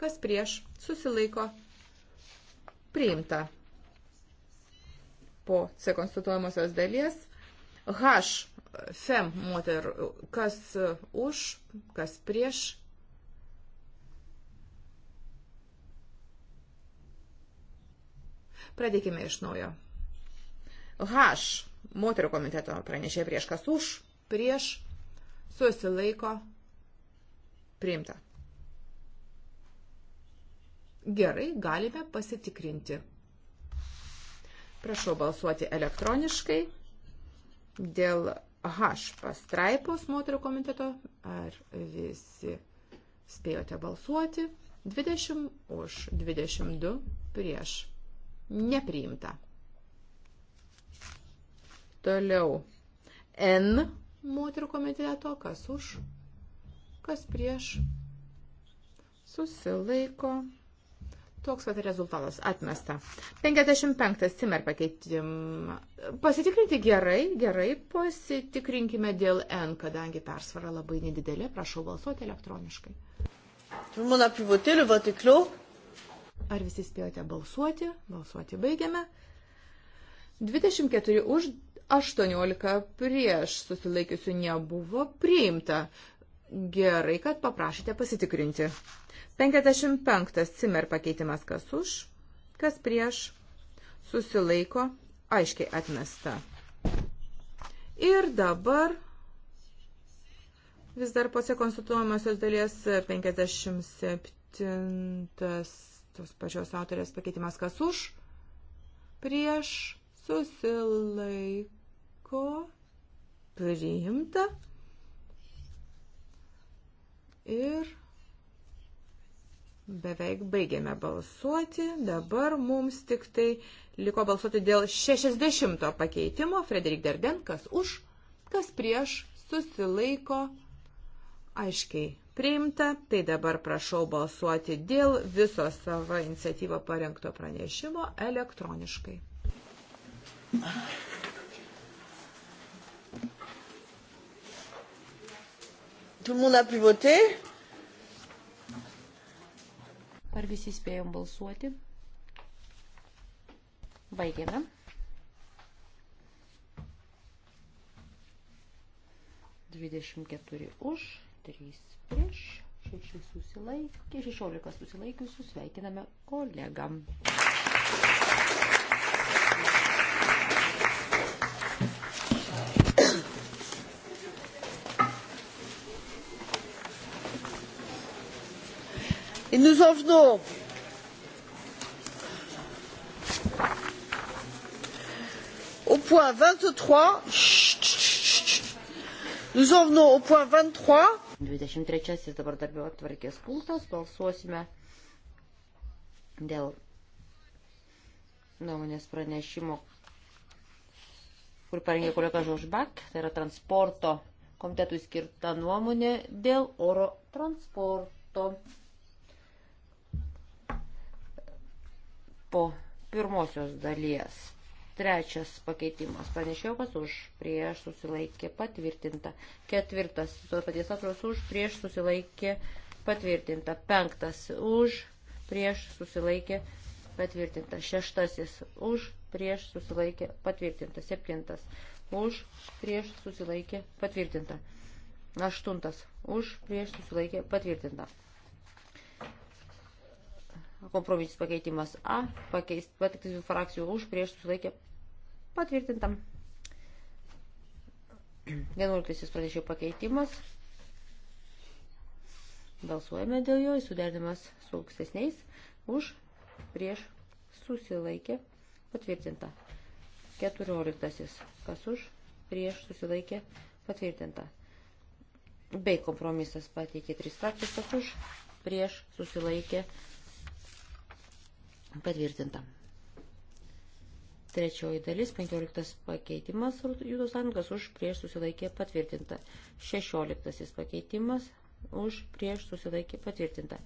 kas prieš, susilaiko, priimta. Po C konstatuojamosios dalies H fem moter, kas už, kas prieš, Pradėkime iš naujo. H. Moterų komiteto pranešė prieš kas už, prieš susilaiko priimta. Gerai, galime pasitikrinti. Prašau balsuoti elektroniškai dėl H pastraipos moterų komiteto. Ar visi spėjote balsuoti? 20 už 22 prieš. Nepriimta. Toliau. N moterų komiteto, kas už, kas prieš, susilaiko. Toks pat rezultatas atmesta. 55 cimer pakeitim. Pasitikrinti gerai, gerai, pasitikrinkime dėl N, kadangi persvara labai nedidelė, prašau balsuoti elektroniškai. Ar visi spėjote balsuoti? Balsuoti baigiame. 24 už, 18 prieš susilaikiusių nebuvo priimta. Gerai, kad paprašėte pasitikrinti. 55 cimer pakeitimas kas už, kas prieš, susilaiko, aiškiai atmesta. Ir dabar vis dar pose konsultuojamosios dalies 57 tos pačios autorės pakeitimas kas už, prieš, susilaiko susilaiko priimta. Ir beveik baigėme balsuoti. Dabar mums tik tai liko balsuoti dėl 60 pakeitimo. Frederik Derden, kas už, kas prieš, susilaiko aiškiai priimta. Tai dabar prašau balsuoti dėl viso savo iniciatyvą parengto pranešimo elektroniškai. Tout le monde a pu voter? Ar visi spėjom balsuoti? Baigėme. Dvidešimt keturi už, trys prieš, šeši susilaikė, šešiolika susilaikiusių sveikiname kolegam. Et nous en venons au point vingt trois nous en venons au point vingt trois dvidešimt trečiasis dabar darbotvarkės punktas balsuosime dėl nuomonės pranešimo kur parengė kolega Žožbak, tai yra transporto komitetui skirta nuomonė dėl oro transporto. po pirmosios dalies. Trečias pakeitimas. Pranešėjau, kas už prieš susilaikė patvirtinta. Ketvirtas. To paties atros už prieš susilaikė patvirtinta. Penktas. Už prieš susilaikė patvirtinta. Šeštasis. Už prieš susilaikė patvirtinta. Septintas. Už prieš susilaikė patvirtinta. Aštuntas. Už prieš susilaikė patvirtinta kompromisis pakeitimas A, pakeist, patiktis frakcijų už, prieš susilaikė patvirtintam. 11 pranešėjo pakeitimas. Balsuojame dėl jo, suderinimas su aukstesniais, už, prieš susilaikė patvirtinta. 14. Kas už, prieš susilaikė patvirtinta. Bei kompromisas pateikė 3 frakcijas, kas už, prieš susilaikė patvirtinta Patvirtinta. Trečioji dalis, 15 pakeitimas, Jūdos Angas už prieš susilaikė patvirtinta. 16 pakeitimas už prieš susilaikė patvirtinta.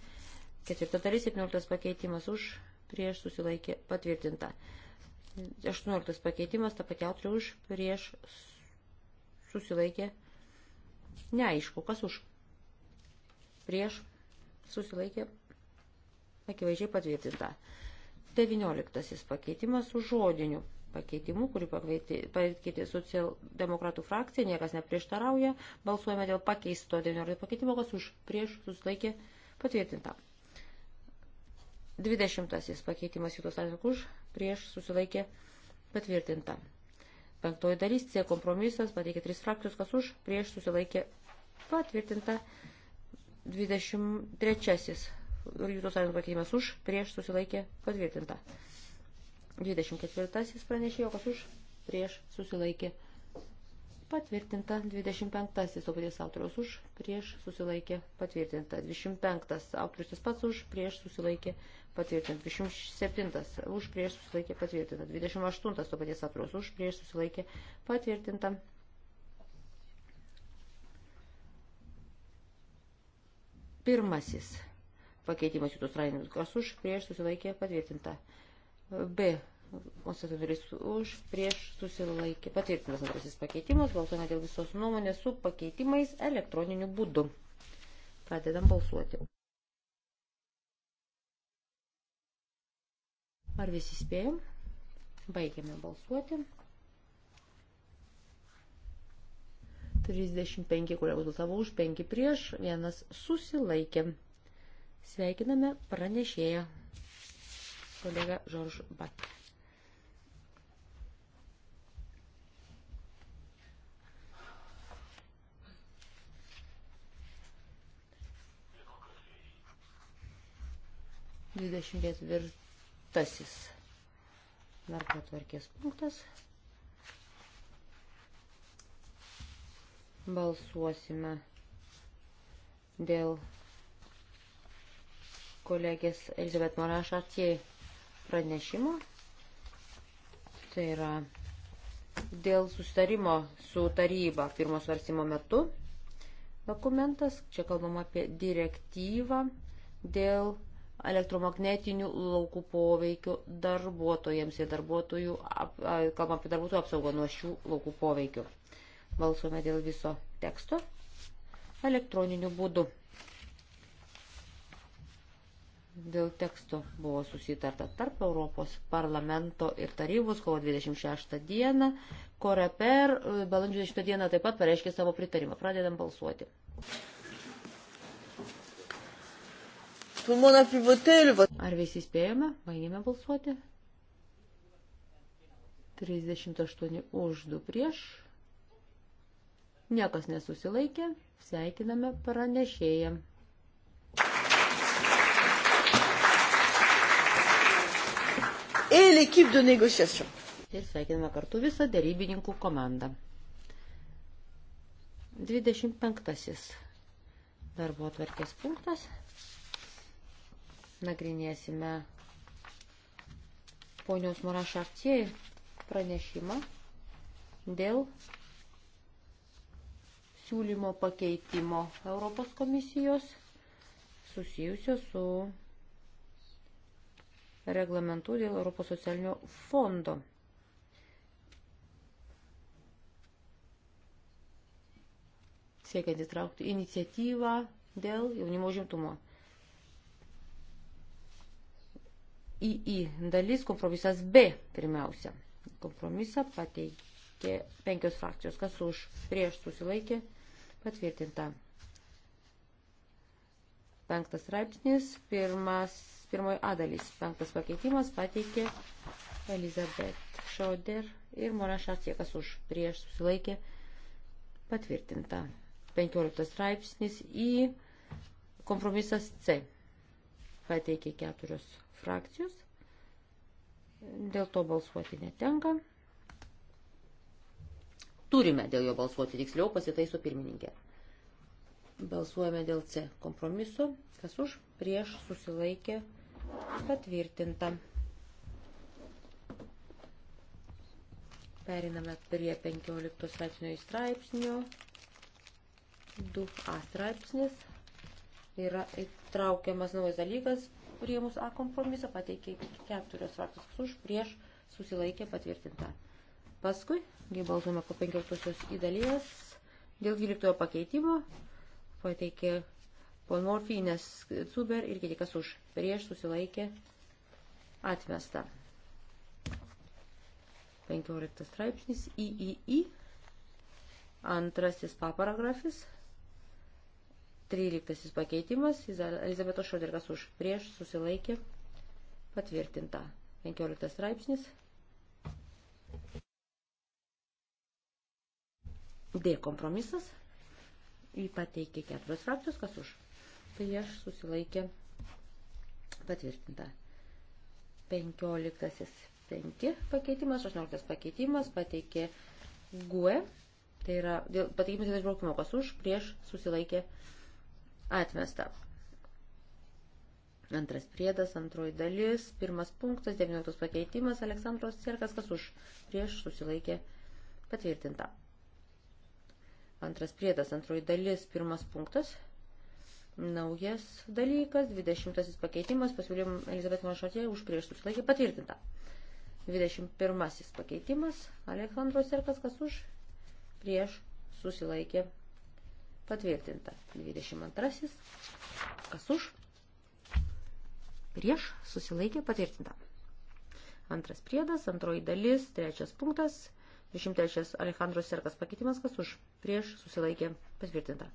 Ketvirta dalis, 17 pakeitimas už prieš susilaikė patvirtinta. 18 pakeitimas, ta pati autorė už prieš susilaikė. Neaišku, kas už prieš susilaikė akivaizdžiai patvirtinta. 19 pakeitimas su žodiniu pakeitimu, kurį pakeitė socialdemokratų frakcija, niekas neprieštarauja. Balsuojame dėl pakeisto 19 pakeitimo, kas už prieš susilaikė patvirtinta. 20 pakeitimas Jūtos Alvik už prieš susilaikė patvirtinta. Penktoji dalis C kompromisas pateikė tris frakcijos, kas už prieš susilaikė patvirtinta. 23 Liūtų sąjungos pakeitimas už, prieš susilaikė patvirtinta. 24 pranešėjo, kas už, prieš susilaikė patvirtinta. 25 to paties autoriaus už, prieš susilaikė patvirtinta. 25 autorius tas pats už, prieš susilaikė patvirtinta. 27 už, prieš susilaikė patvirtinta. 28 to paties autoriaus už, prieš susilaikė patvirtinta. Pirmasis pakeitimas jūtų strainius, kas už, prieš susilaikė patvirtinta. B. Konstatuotoris už, prieš susilaikė patvirtintas antrasis pakeitimas, balsuojame dėl visos nuomonės su pakeitimais elektroniniu būdu. Pradedam balsuoti. Ar visi spėjom? Baigiame balsuoti. 35, kurie balsavo už, 5 prieš, vienas susilaikė. Sveikiname pranešėją, kolega Žoržu Bat. Dvidešimt ketvirtasis narkotvarkės punktas. Balsuosime dėl kolegės Elizabet Morašatie pranešimo. Tai yra dėl sustarimo su taryba pirmo svarstymo metu dokumentas. Čia kalbama apie direktyvą dėl elektromagnetinių laukų poveikio darbuotojams ir darbuotojų, ap, kalbam apie darbuotojų apsaugą nuo šių laukų poveikio. Balsuome dėl viso teksto elektroniniu būdu dėl teksto buvo susitarta tarp Europos parlamento ir tarybos kovo 26 dieną. Koreper e, balandžio 20 dieną taip pat pareiškė savo pritarimą. Pradedam balsuoti. Ar visi spėjome? Baigėme balsuoti. 38 už 2 prieš. Niekas nesusilaikė. Sveikiname pranešėjam. et l'équipe de négociation. Ir sveikiname kartu visą dėrybininkų komandą. 25. Darbo atvarkės punktas. Nagrinėsime ponios Morašakcijai pranešimą dėl siūlymo pakeitimo Europos komisijos susijusio su reglamentų dėl Europos socialinio fondo. Siekiant įtraukti iniciatyvą dėl jaunimo žimtumo. II dalis kompromisas B pirmiausia. Kompromisą pateikė penkios frakcijos, kas už prieš susilaikė patvirtinta. Penktas straipsnis, pirmas pirmoji A dalis. Penktas pakeitimas pateikė Elizabeth Schroeder ir Morešas siekas už prieš susilaikė patvirtinta. 15 straipsnis į kompromisas C. Pateikė keturios frakcijos. Dėl to balsuoti netenka. Turime dėl jo balsuoti tiksliau, pasitaiso pirmininkė. Balsuojame dėl C kompromiso. Kas už? Prieš susilaikė patvirtinta Patvirtinta. Periname prie 15 straipsnio įstraipsnio. 2a straipsnis yra įtraukiamas naujas dalykas, kurie mus A kompromisą pateikė keturios frakcijos už, prieš susilaikė patvirtinta. Paskui, kai balsuome po 15 įdalies, dėl 12 pakeitimo pateikė Von Morfinės Zuber ir kiti kas už. Prieš susilaikė atmesta. 15 straipsnis III. Antrasis paparagrafis. 13 pakeitimas. Elizabeto Šodergas už. Prieš susilaikė patvirtinta. 15 straipsnis. D kompromisas. Jį pateikė keturios frakcijos, kas už prieš susilaikė patvirtinta. 15.5 pakeitimas, 18 pakeitimas pateikė GUE, tai yra dėl pateikimas dėl išbraukimo, kas už, prieš susilaikė atmesta. Antras priedas, antroji dalis, pirmas punktas, 19 pakeitimas, Aleksandros cirkas, kas už, prieš susilaikė patvirtinta. Antras priedas, antroji dalis, pirmas punktas, 19 Naujas dalykas, 20 pakeitimas, pasiūlym Elizabeth Manšatė už prieš susilaikė patvirtinta. 21 pakeitimas, Aleksandros Serkas, kas už prieš susilaikė patvirtinta. 22 kas už prieš susilaikė patvirtinta. Antras priedas, antroji dalis, trečias punktas, 23 Alejandro Serkas pakeitimas, kas už prieš susilaikė patvirtinta.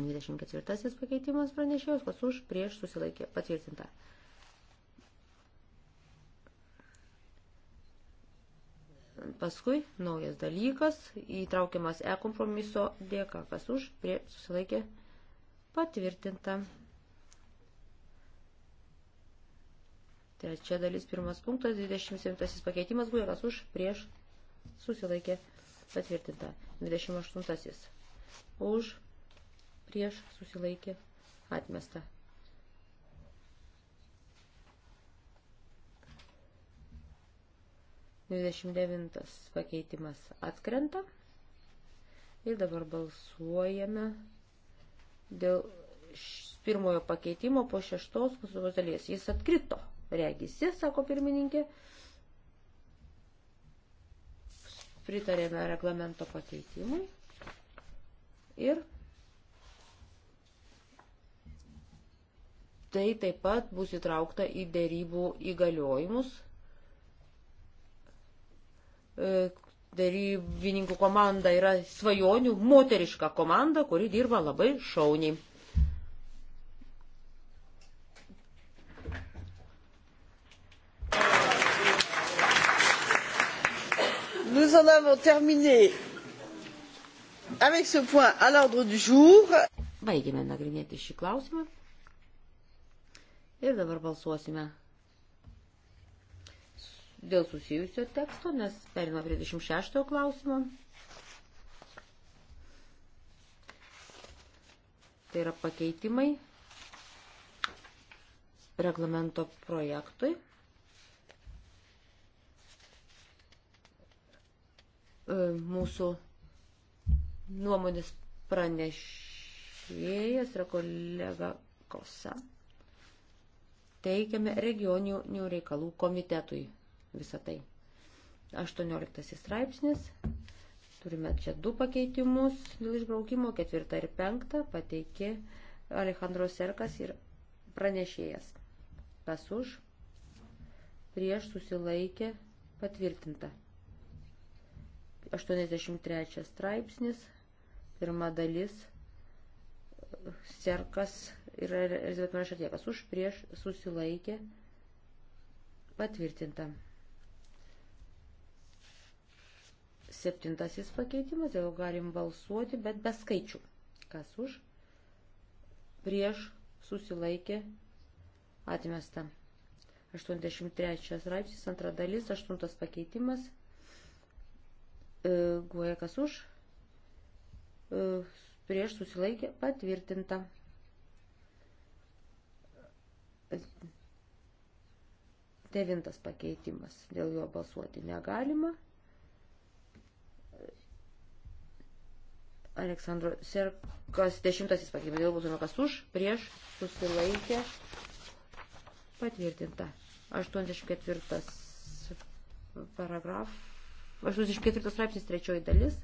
24 pakeitimas pranešėjos, kas už, prieš susilaikė, patvirtinta. Paskui naujas dalykas, įtraukiamas E kompromiso dėka, kas už, prieš susilaikė, patvirtinta. Trečia dalis, pirmas punktas, 27 pakeitimas buvo, kas už, prieš susilaikė, patvirtinta. 28 už, prieš susilaikė atmesta. Dvidešimt devintas pakeitimas atkrenta. Ir dabar balsuojame dėl pirmojo pakeitimo po šeštos konstitucijos dalies. Jis atkrito, regisi, sako pirmininkė. Pritarėme reglamento pakeitimui ir Tai taip pat bus įtraukta į dėrybų įgaliojimus. E, dėrybininkų komanda yra svajonių moteriška komanda, kuri dirba labai šauniai. nous en avons terminé avec ce point à l'ordre du jour. Baigėme nagrinėti šį klausimą. Ir dabar balsuosime dėl susijusio teksto, nes perima prie 26 klausimo. Tai yra pakeitimai reglamento projektui. E, mūsų nuomonės pranešėjas yra kolega Kosa teikiame regioninių reikalų komitetui visą tai. 18 straipsnis. Turime čia du pakeitimus dėl išbraukimo, ketvirtą ir penktą pateikė Alejandro Serkas ir pranešėjas. Kas už? Prieš susilaikė patvirtinta. 83 straipsnis, pirma dalis, Serkas ir Elizabeth Maraš atliekas už prieš susilaikė patvirtinta. Septintasis pakeitimas, jau galim balsuoti, bet be skaičių. Kas už? Prieš susilaikė atmesta. 83 straipsnis, antra dalis, aštuntas pakeitimas. E, Guoja kas už? E, prieš susilaikė patvirtinta. Devintas pakeitimas. Dėl jo balsuoti negalima. Aleksandro Serkas dešimtasis pakeitimas. Dėl balsuojama kas už, prieš, susilaikė, patvirtinta. 84 paragraf. 84 straipsnis trečioji dalis.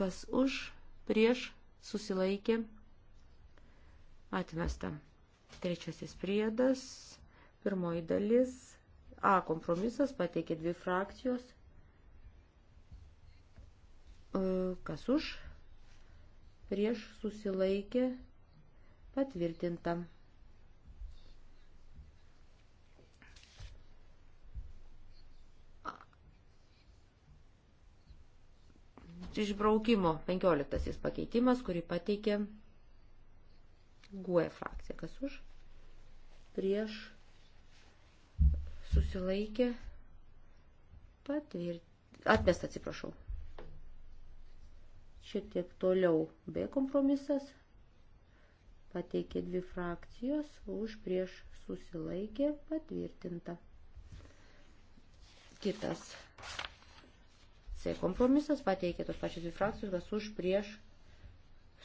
Kas už, prieš, susilaikė, patvirtinta Atmesta. Trečiasis priedas, pirmoji dalis. A kompromisas pateikė dvi frakcijos. E, kas už? Prieš susilaikė patvirtinta. Išbraukimo 15 pakeitimas, kurį pateikė GUE frakcija. Kas už? Prieš susilaikė patvirt... Atmest atsiprašau. Šiek tiek toliau B kompromisas. Pateikė dvi frakcijos. Už prieš susilaikė patvirtinta. Kitas C kompromisas pateikė tos pačios dvi frakcijos, kas už prieš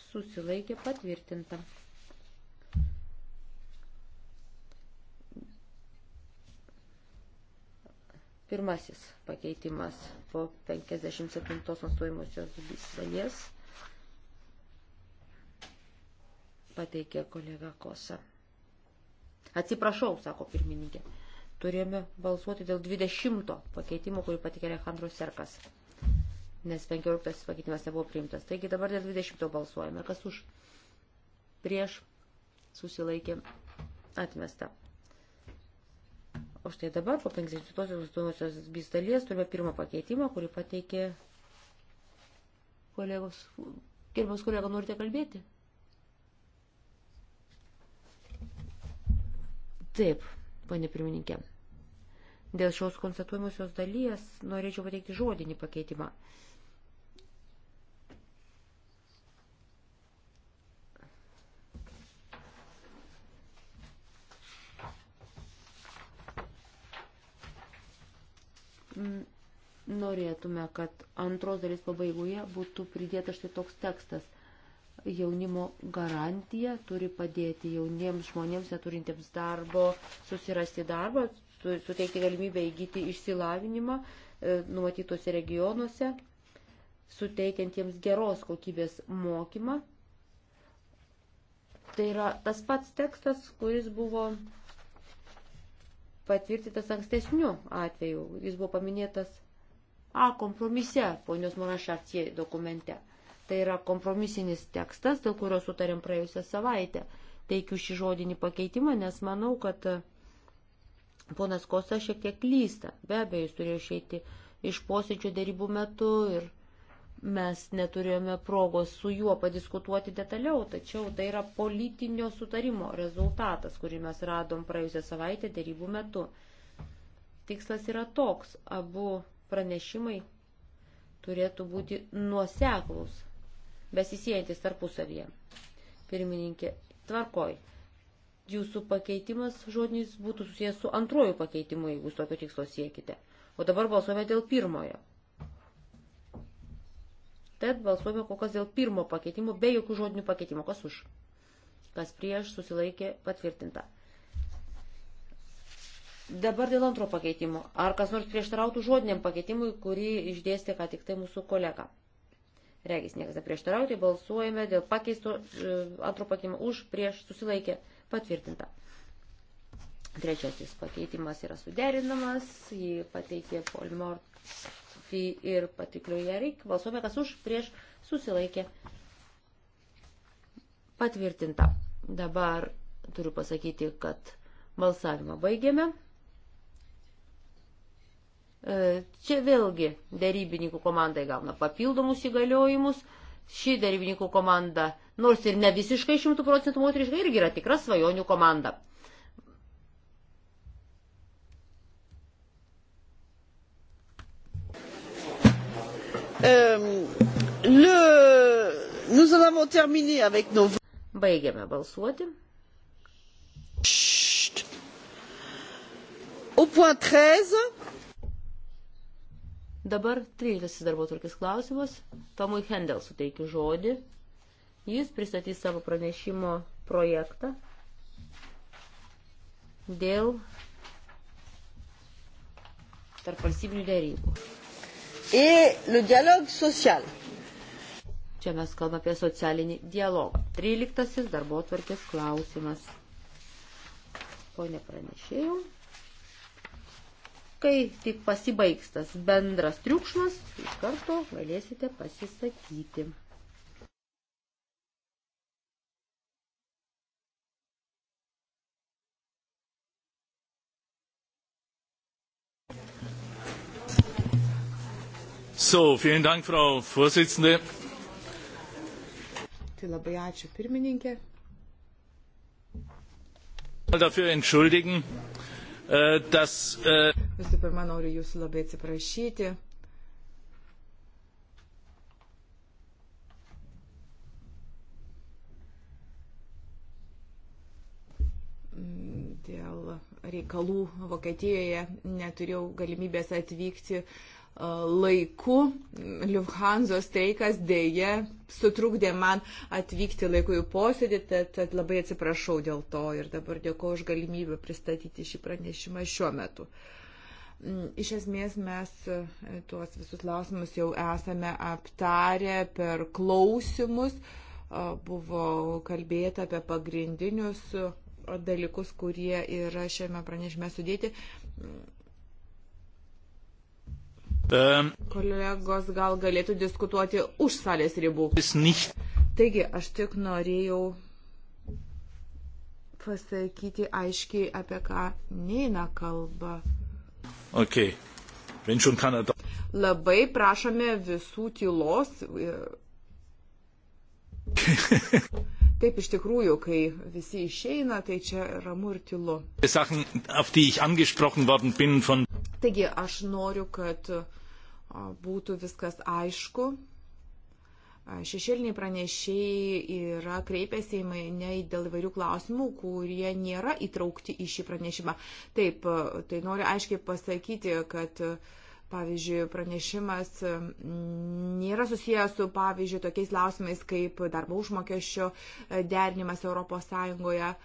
susilaikė patvirtinta. Pirmasis pakeitimas po 57 nustojimusios dalies pateikė kolega Kosa. Atsiprašau, sako pirmininkė. Turėjome balsuoti dėl 20 pakeitimo, kurį patikė Alejandro Serkas. Nes 15 pakeitimas nebuvo priimtas. Taigi dabar dėl 20 balsuojame. Kas už? Prieš susilaikė atmesta. O štai dabar po 52 bis dalies turime pirmą pakeitimą, kurį pateikė kolegos. Gerbiamas kolega, norite kalbėti? Taip, ponė pirmininkė. Dėl šios konstatuojamosios dalies norėčiau pateikti žodinį pakeitimą. norėtume, kad antros dalis pabaigoje būtų pridėta štai toks tekstas. Jaunimo garantija turi padėti jauniems žmonėms neturintiems darbo susirasti darbą, suteikti galimybę įgyti išsilavinimą e, numatytose regionuose, suteikiantiems geros kokybės mokymą. Tai yra tas pats tekstas, kuris buvo patvirtintas ankstesniu atveju. Jis buvo paminėtas A kompromise, ponios Monašartie dokumente. Tai yra kompromisinis tekstas, dėl kurio sutarėm praėjusią savaitę. Teikiu šį žodinį pakeitimą, nes manau, kad e, ponas Kosa šiek tiek klysta. Be abejo, jis turėjo išeiti iš posėdžio darybų metu ir Mes neturėjome progos su juo padiskutuoti detaliau, tačiau tai yra politinio sutarimo rezultatas, kurį mes radom praėjusią savaitę dėrybų metu. Tikslas yra toks, abu pranešimai turėtų būti nuoseklus, besisėjantis tarpusavyje. Pirmininkė, tvarkoj. Jūsų pakeitimas žodinis būtų susijęs su antroju pakeitimu, jeigu jūs tokio tikslo siekite. O dabar balsuojame dėl pirmojo bet balsuojame kol kas dėl pirmo pakeitimo, be jokių žodinių pakeitimų. Kas už? Kas prieš susilaikė patvirtinta. Dabar dėl antro pakeitimo. Ar kas nors prieštarautų žodiniam pakeitimui, kurį išdėstė ką tik tai mūsų kolega? Regis niekas neprieštarauti, balsuojame dėl pakeisto e, antro pakeitimo už, prieš, susilaikė, patvirtinta. Trečiasis pakeitimas yra suderinamas, jį pateikė Polmort Murphy ir patiklių Jarik. Balsuome, kas už, prieš, susilaikė. Patvirtinta. Dabar turiu pasakyti, kad balsavimą baigėme. E, čia vėlgi darybininkų komandai gauna papildomus įgaliojimus. Ši darybininkų komanda, nors ir ne visiškai 100 procentų moteriška, irgi yra tikra svajonių komanda. Euh, Baigiame balsuoti. Dabar 13 darbo turkis klausimas. Tomui Hendel suteikiu žodį. Jis pristatys savo pranešimo projektą dėl tarp valstybinių dėrybų et le dialogue social. Čia mes kalbame apie socialinį dialogą. 13 darbo tvarkės klausimas. Pone pranešėjau. Kai tik pasibaigstas bendras triukšmas, iš karto galėsite pasisakyti. So, vielen Dank, Frau Vorsitzende. Tai labai ačiū pirmininkė. Dafür entschuldigen, äh, dass. Äh, Visų pirma, noriu jūsų labai atsiprašyti. Dėl reikalų Vokietijoje neturėjau galimybės atvykti uh, laiku. Lufthansa streikas dėje sutrukdė man atvykti laiku į posėdį, tad, tad labai atsiprašau dėl to ir dabar dėkoju už galimybę pristatyti šį pranešimą šiuo metu. Iš esmės mes e, tuos visus klausimus jau esame aptarę per klausimus, buvo kalbėta apie pagrindinius dalykus, kurie yra šiame pranešime sudėti Um, Kolegos gal galėtų diskutuoti už salės ribų. Taigi, aš tik norėjau pasakyti aiškiai, apie ką neina kalba. Okay. Kanada... Labai prašome visų tylos. [LAUGHS] [LAUGHS] Taip iš tikrųjų, kai visi išeina, tai čia ramu ir tylu. Taigi aš noriu, kad būtų viskas aišku. Šešėliniai pranešėjai yra kreipęsi į mane dėl įvairių klausimų, kurie nėra įtraukti į šį pranešimą. Taip, tai noriu aiškiai pasakyti, kad uh, Pavyzdžiui, pranešimas nėra susijęs su, pavyzdžiui, tokiais klausimais kaip darbo užmokesčio e, derinimas ES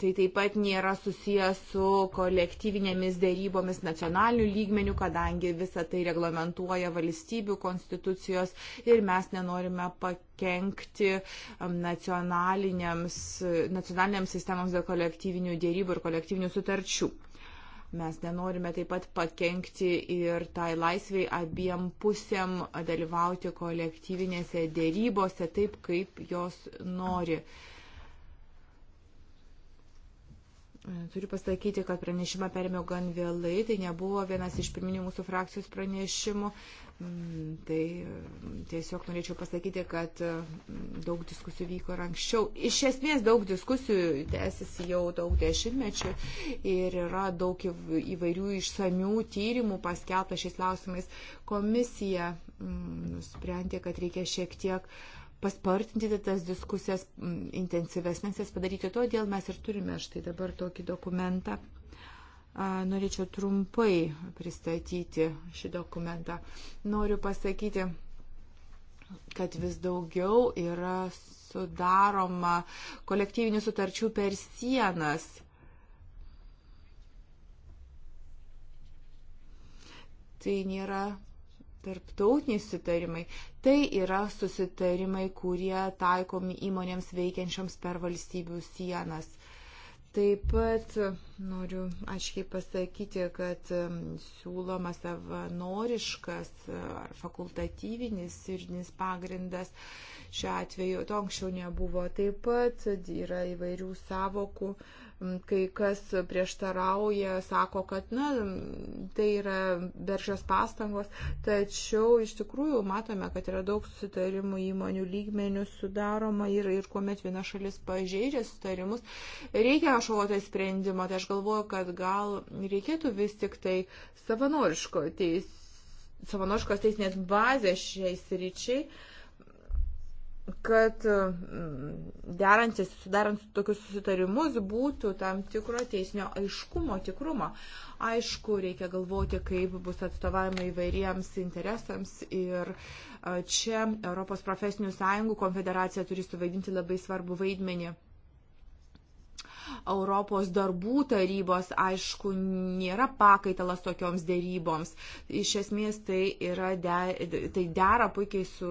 Tai taip pat nėra susijęs su kolektyvinėmis dėrybomis nacionaliniu lygmeniu, kadangi visa tai reglamentuoja valstybių konstitucijos ir mes nenorime pakengti um, nacionaliniams, nacionaliniams sistemams dėl kolektyvinių dėrybų ir kolektyvinių sutarčių. Mes nenorime taip pat pakengti ir tai laisviai abiem pusėm dalyvauti kolektyvinėse dėrybose taip, kaip jos nori. Uh, Turiu pasakyti, kad pranešimą perėmiau gan vėlai, tai nebuvo vienas iš pirminių mūsų frakcijos pranešimų. Mm, tai mm, tiesiog norėčiau pasakyti, kad mm, daug diskusijų vyko ir anksčiau. Iš esmės daug diskusijų tęsiasi jau daug dešimtmečių ir yra daug įvairių išsamių tyrimų paskelbta šiais klausimais. Komisija nusprendė, kad reikia šiek tiek uh, paspartinti tas diskusijas, intensyvesnės jas padaryti. Todėl mes ir turime štai dabar tokį dokumentą. Norėčiau trumpai pristatyti šį dokumentą. Noriu pasakyti, kad vis daugiau yra sudaroma kolektyvinių sutarčių per sienas. Tai nėra tarptautiniai susitarimai, tai yra susitarimai, kurie taikomi įmonėms veikiančioms per valstybių sienas. Taip pat noriu aiškiai pasakyti, kad siūlomas savanoriškas e, ar fakultatyvinis sirinis pagrindas šiuo atveju to anksčiau nebuvo. Taip pat yra įvairių savokų, uh, Mm, kai kas prieštarauja, sako, kad na, tai yra beržas pastangos, tačiau iš tikrųjų matome, kad yra daug susitarimų įmonių lygmenių sudaroma ir, ir kuomet viena šalis pažeidžia susitarimus, reikia kažkokio tai sprendimo, tai aš galvoju, kad gal reikėtų vis tik tai savanoriško teis, savanoriškos teisinės bazės šiais ryčiai. Uh, kad mm, derantis, sudarant tokius susitarimus būtų tam tikro teisinio aiškumo, tikrumo. Aišku, reikia galvoti, kaip bus atstovavimai įvairiems interesams ir čia Europos profesinių sąjungų konfederacija turi suvaidinti labai svarbu vaidmenį. Europos darbų tarybos, aišku, nėra pakaitalas tokioms dėryboms. Iš esmės tai, yra, de, tai dera puikiai su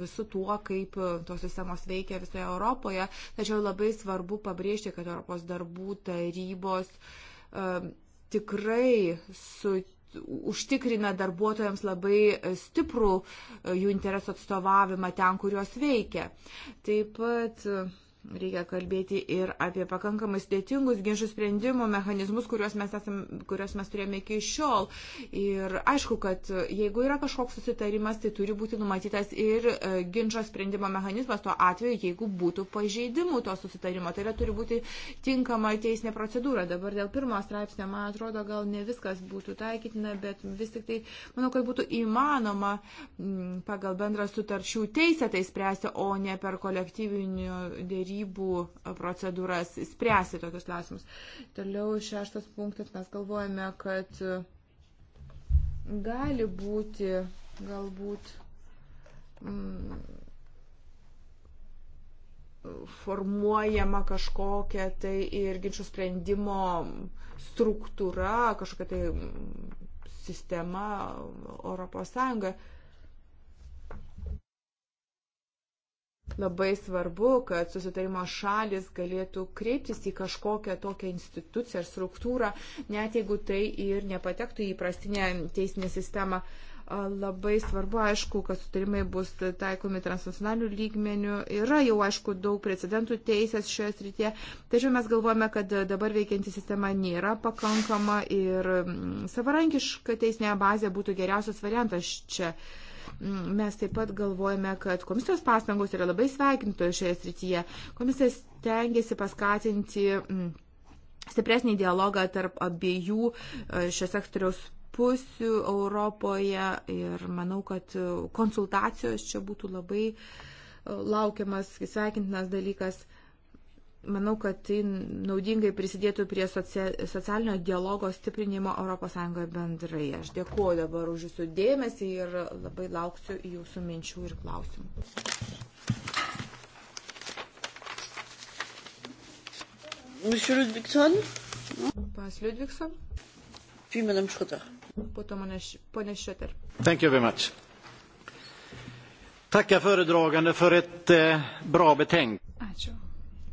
visu tuo, kaip e, tos sistemos veikia visoje Europoje, tačiau labai svarbu pabrėžti, kad Europos darbų tarybos um, tikrai su užtikrina darbuotojams labai e, stiprų jų interesų atstovavimą ten, kur jos veikia. Taip pat Reikia kalbėti ir apie pakankamai sudėtingus ginčių sprendimo mechanizmus, kuriuos mes, esam, kuriuos mes turėjome iki šiol. Ir aišku, kad jeigu yra kažkoks susitarimas, tai turi būti numatytas ir e, ginčio sprendimo mechanizmas tuo atveju, jeigu būtų pažeidimų to susitarimo. Tai yra turi būti tinkama teisinė procedūra. Dabar dėl pirmo straipsnio, man atrodo, gal ne viskas būtų taikytina, bet vis tik tai, manau, kad būtų įmanoma mm, pagal bendrą sutarčių teisę tai spręsti, o ne per kolektyvinių dėrybų dėrybų procedūras, spręsti tokius klausimus. Toliau šeštas punktas, mes galvojame, kad gali būti galbūt mm, formuojama kažkokia tai ir ginčių sprendimo struktūra, kažkokia tai mm, sistema Europos Sąjungoje Labai svarbu, kad susitarimo šalis galėtų kreiptis į kažkokią tokią instituciją ar struktūrą, net jeigu tai ir nepatektų į įprastinę teisinę sistemą labai svarbu, aišku, kad sutarimai bus taikomi transnacionalių lygmenių. Yra jau, aišku, daug precedentų teisės šioje srityje, tačiau mes galvojame, kad dabar veikianti sistema nėra pakankama ir mm, savarankiška teisinė bazė būtų geriausias variantas čia. Uh, Mes taip pat galvojame, kad komisijos pastangos yra labai sveikintojos šioje srityje. Komisija stengiasi paskatinti mm, stipresnį dialogą tarp abiejų e, šio sektoriaus pusių Europoje ir manau, kad e, konsultacijos čia būtų labai e, laukiamas, sveikintinas dalykas. Manau, kad tai naudingai prisidėtų prie socialinio dialogo stiprinimo ES bendrai. Aš dėkuoju dabar už Jūsų dėmesį ir labai lauksiu Jūsų minčių ir klausimų. Monsieur Ludvigson. Pas Ludvigson. Puis Madame Schroeder. Po to ponia Schroeder. Thank you very much. Tackar föredragande för ett eh, bra betänkande. Ačiū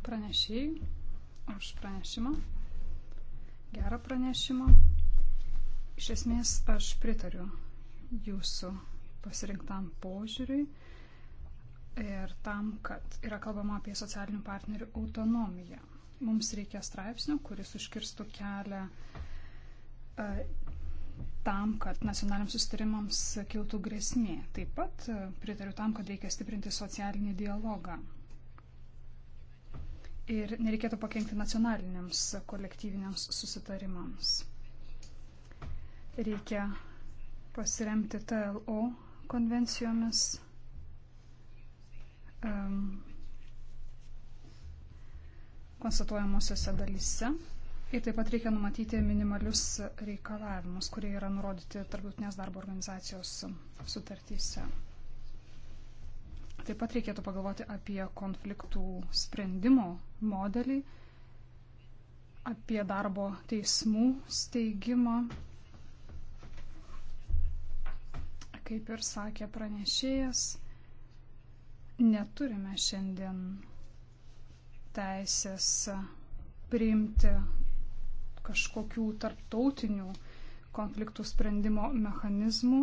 pranešėjai už pranešimą, gerą pranešimą. Iš esmės aš pritariu jūsų pasirinktam požiūriui ir tam, kad yra kalbama apie socialinių partnerių autonomiją. Mums reikia straipsnių, kuris užkirstų kelią e, tam, kad nacionaliniams sustarimams kiltų grėsmė. Taip pat e, pritariu tam, kad reikia stiprinti socialinį dialogą ir nereikėtų pakengti nacionaliniams kolektyviniams susitarimams. Reikia pasiremti TLO konvencijomis. Um, konstatuojamosiose dalyse. Ir taip pat reikia numatyti minimalius reikalavimus, kurie yra nurodyti Tarptautinės darbo organizacijos sutartyse. Taip pat reikėtų pagalvoti apie konfliktų sprendimo modelį, apie darbo teismų steigimą. Kaip ir sakė pranešėjas, neturime šiandien teisės priimti kažkokių tarptautinių konfliktų sprendimo mechanizmų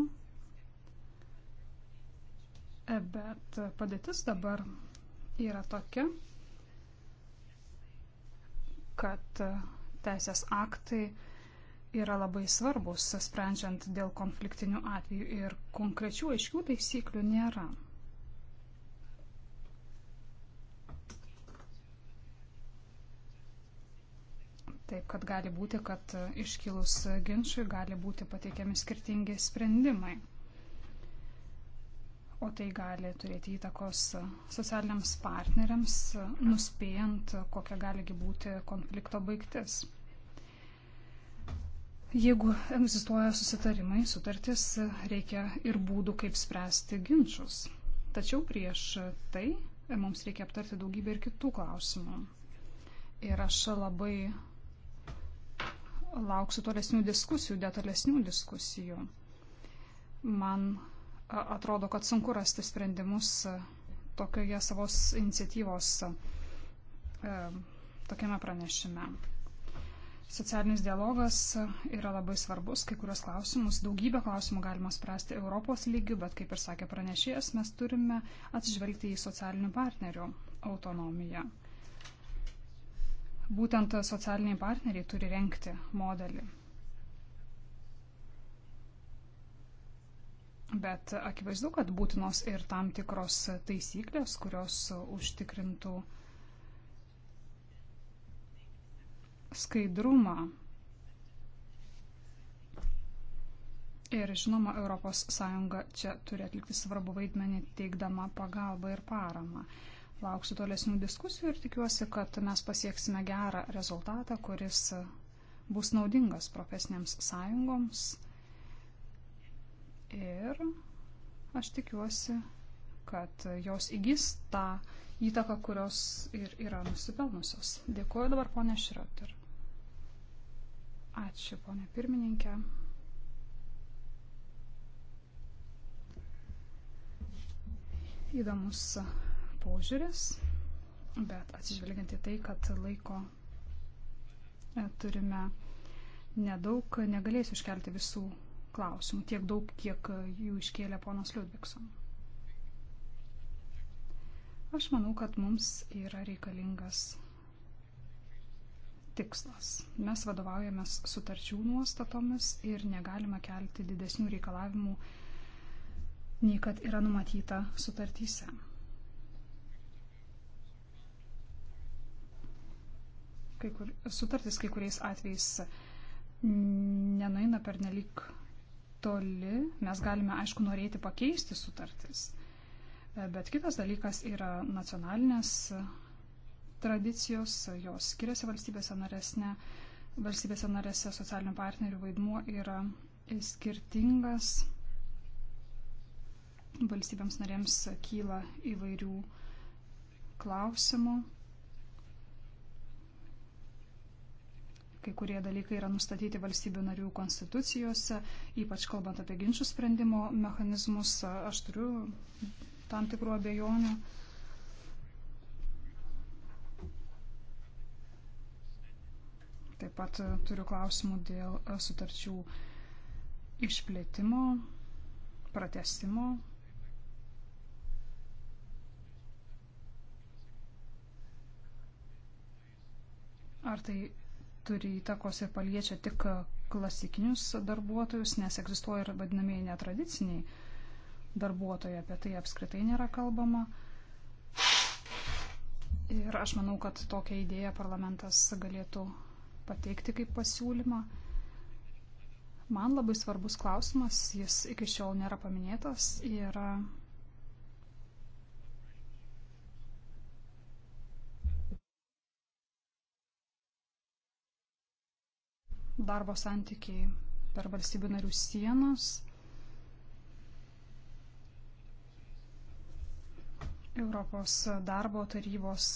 E, bet padėtis dabar yra tokia, kad teisės aktai yra labai svarbus, sprendžiant dėl konfliktinių atvejų ir konkrečių aiškių taisyklių nėra. Taip, kad gali būti, kad iškilus ginčiui gali būti pateikiami skirtingi sprendimai o tai gali turėti įtakos socialiniams partneriams, nuspėjant, kokia galigi būti konflikto baigtis. Jeigu egzistuoja susitarimai, sutartis, reikia ir būdų, kaip spręsti ginčius. Tačiau prieš tai mums reikia aptarti daugybę ir kitų klausimų. Ir aš labai lauksiu tolesnių diskusijų, detalesnių diskusijų. Man atrodo, kad sunku rasti sprendimus e, tokioje savos iniciatyvos e, tokiame pranešime. Socialinis dialogas e, yra labai svarbus, kai kurios klausimus, daugybę klausimų galima spręsti Europos lygių, bet kaip ir sakė pranešėjas, mes turime atsižvelgti į socialinių partnerių autonomiją. Būtent socialiniai partneriai turi renkti modelį Bet akivaizdu, kad būtinos ir tam tikros taisyklės, kurios užtikrintų skaidrumą. Ir žinoma, ES čia turi atlikti svarbu vaidmenį teikdama pagalbą ir paramą. Lauksiu tolesnių diskusijų ir tikiuosi, kad mes pasieksime gerą rezultatą, kuris bus naudingas profesinėms sąjungoms Ir aš tikiuosi, kad jos įgys tą įtaką, kurios ir yra nusipelnusios. Dėkuoju dabar ponė Šrioter. Ačiū ponė pirmininkė. Įdomus požiūris, bet atsižvelgiant į tai, kad laiko e, turime nedaug, negalėsiu iškelti visų klausimų, tiek daug, kiek e, jų iškėlė ponas Liudvikson. Aš manau, kad mums yra reikalingas tikslas. Mes vadovaujamės sutarčių nuostatomis ir negalime kelti didesnių reikalavimų, nei kad yra numatyta sutartyse. Kai kur, sutartys kai kuriais atvejais nenaina per nelik toli, mes galime, aišku, norėti pakeisti sutartis. E, bet kitas dalykas yra nacionalinės tradicijos, jos skiriasi valstybėse narėse, valstybėse narėse socialinių partnerių vaidmuo yra skirtingas, valstybėms narėms kyla įvairių klausimų. Kai kurie dalykai yra nustatyti valstybių narių konstitucijose, ypač kalbant apie ginčių sprendimo mechanizmus. Aš turiu tam tikrų abejonių. Taip pat turiu klausimų dėl sutarčių išplėtimo, pratestimo, Ar tai turi įtakos ir paliečia tik klasikinius darbuotojus, nes egzistuoja ir vadinamieji netradiciniai darbuotojai, apie tai apskritai nėra kalbama. Ir aš manau, kad tokią idėją parlamentas galėtų pateikti kaip pasiūlymą. Man labai svarbus klausimas, jis iki šiol nėra paminėtas, yra darbo santykiai per valstybių narių sienas. Europos darbo tarybos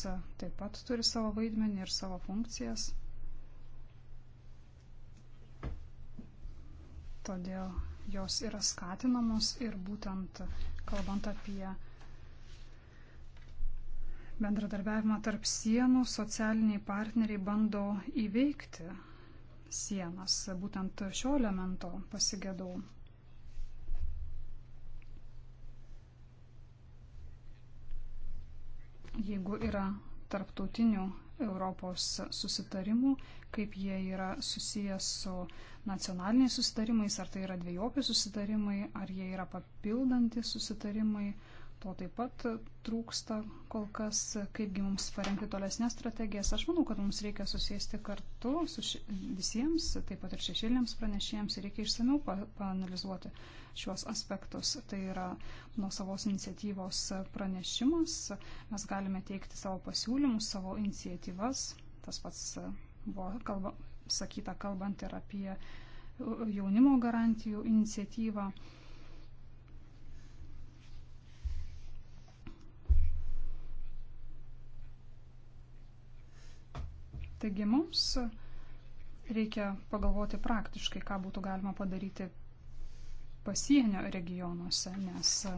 taip pat turi savo vaidmenį ir savo funkcijas. Todėl jos yra skatinamos ir būtent kalbant apie bendradarbiavimą tarp sienų, socialiniai partneriai bando įveikti sienas. Būtent šio elemento pasigėdau. Jeigu yra tarptautinių Europos susitarimų, kaip jie yra susijęs su nacionaliniais susitarimais, ar tai yra dviejopi susitarimai, ar jie yra papildanti susitarimai. Uh, to taip pat trūksta kol kas, kaipgi mums parengti tolesnės strategijas. Aš manau, kad mums reikia susėsti kartu su ši, visiems, taip pat ir šešėlėms pranešėjams, ir reikia išsamiau pa, paanalizuoti šiuos aspektus. Tai yra nuo savos iniciatyvos pranešimas, mes galime teikti savo pasiūlymus, savo iniciatyvas, tas pats buvo kalba, sakyta kalbant ir apie jaunimo garantijų iniciatyvą. Taigi mums reikia pagalvoti praktiškai, ką būtų galima padaryti pasienio regionuose, nes e,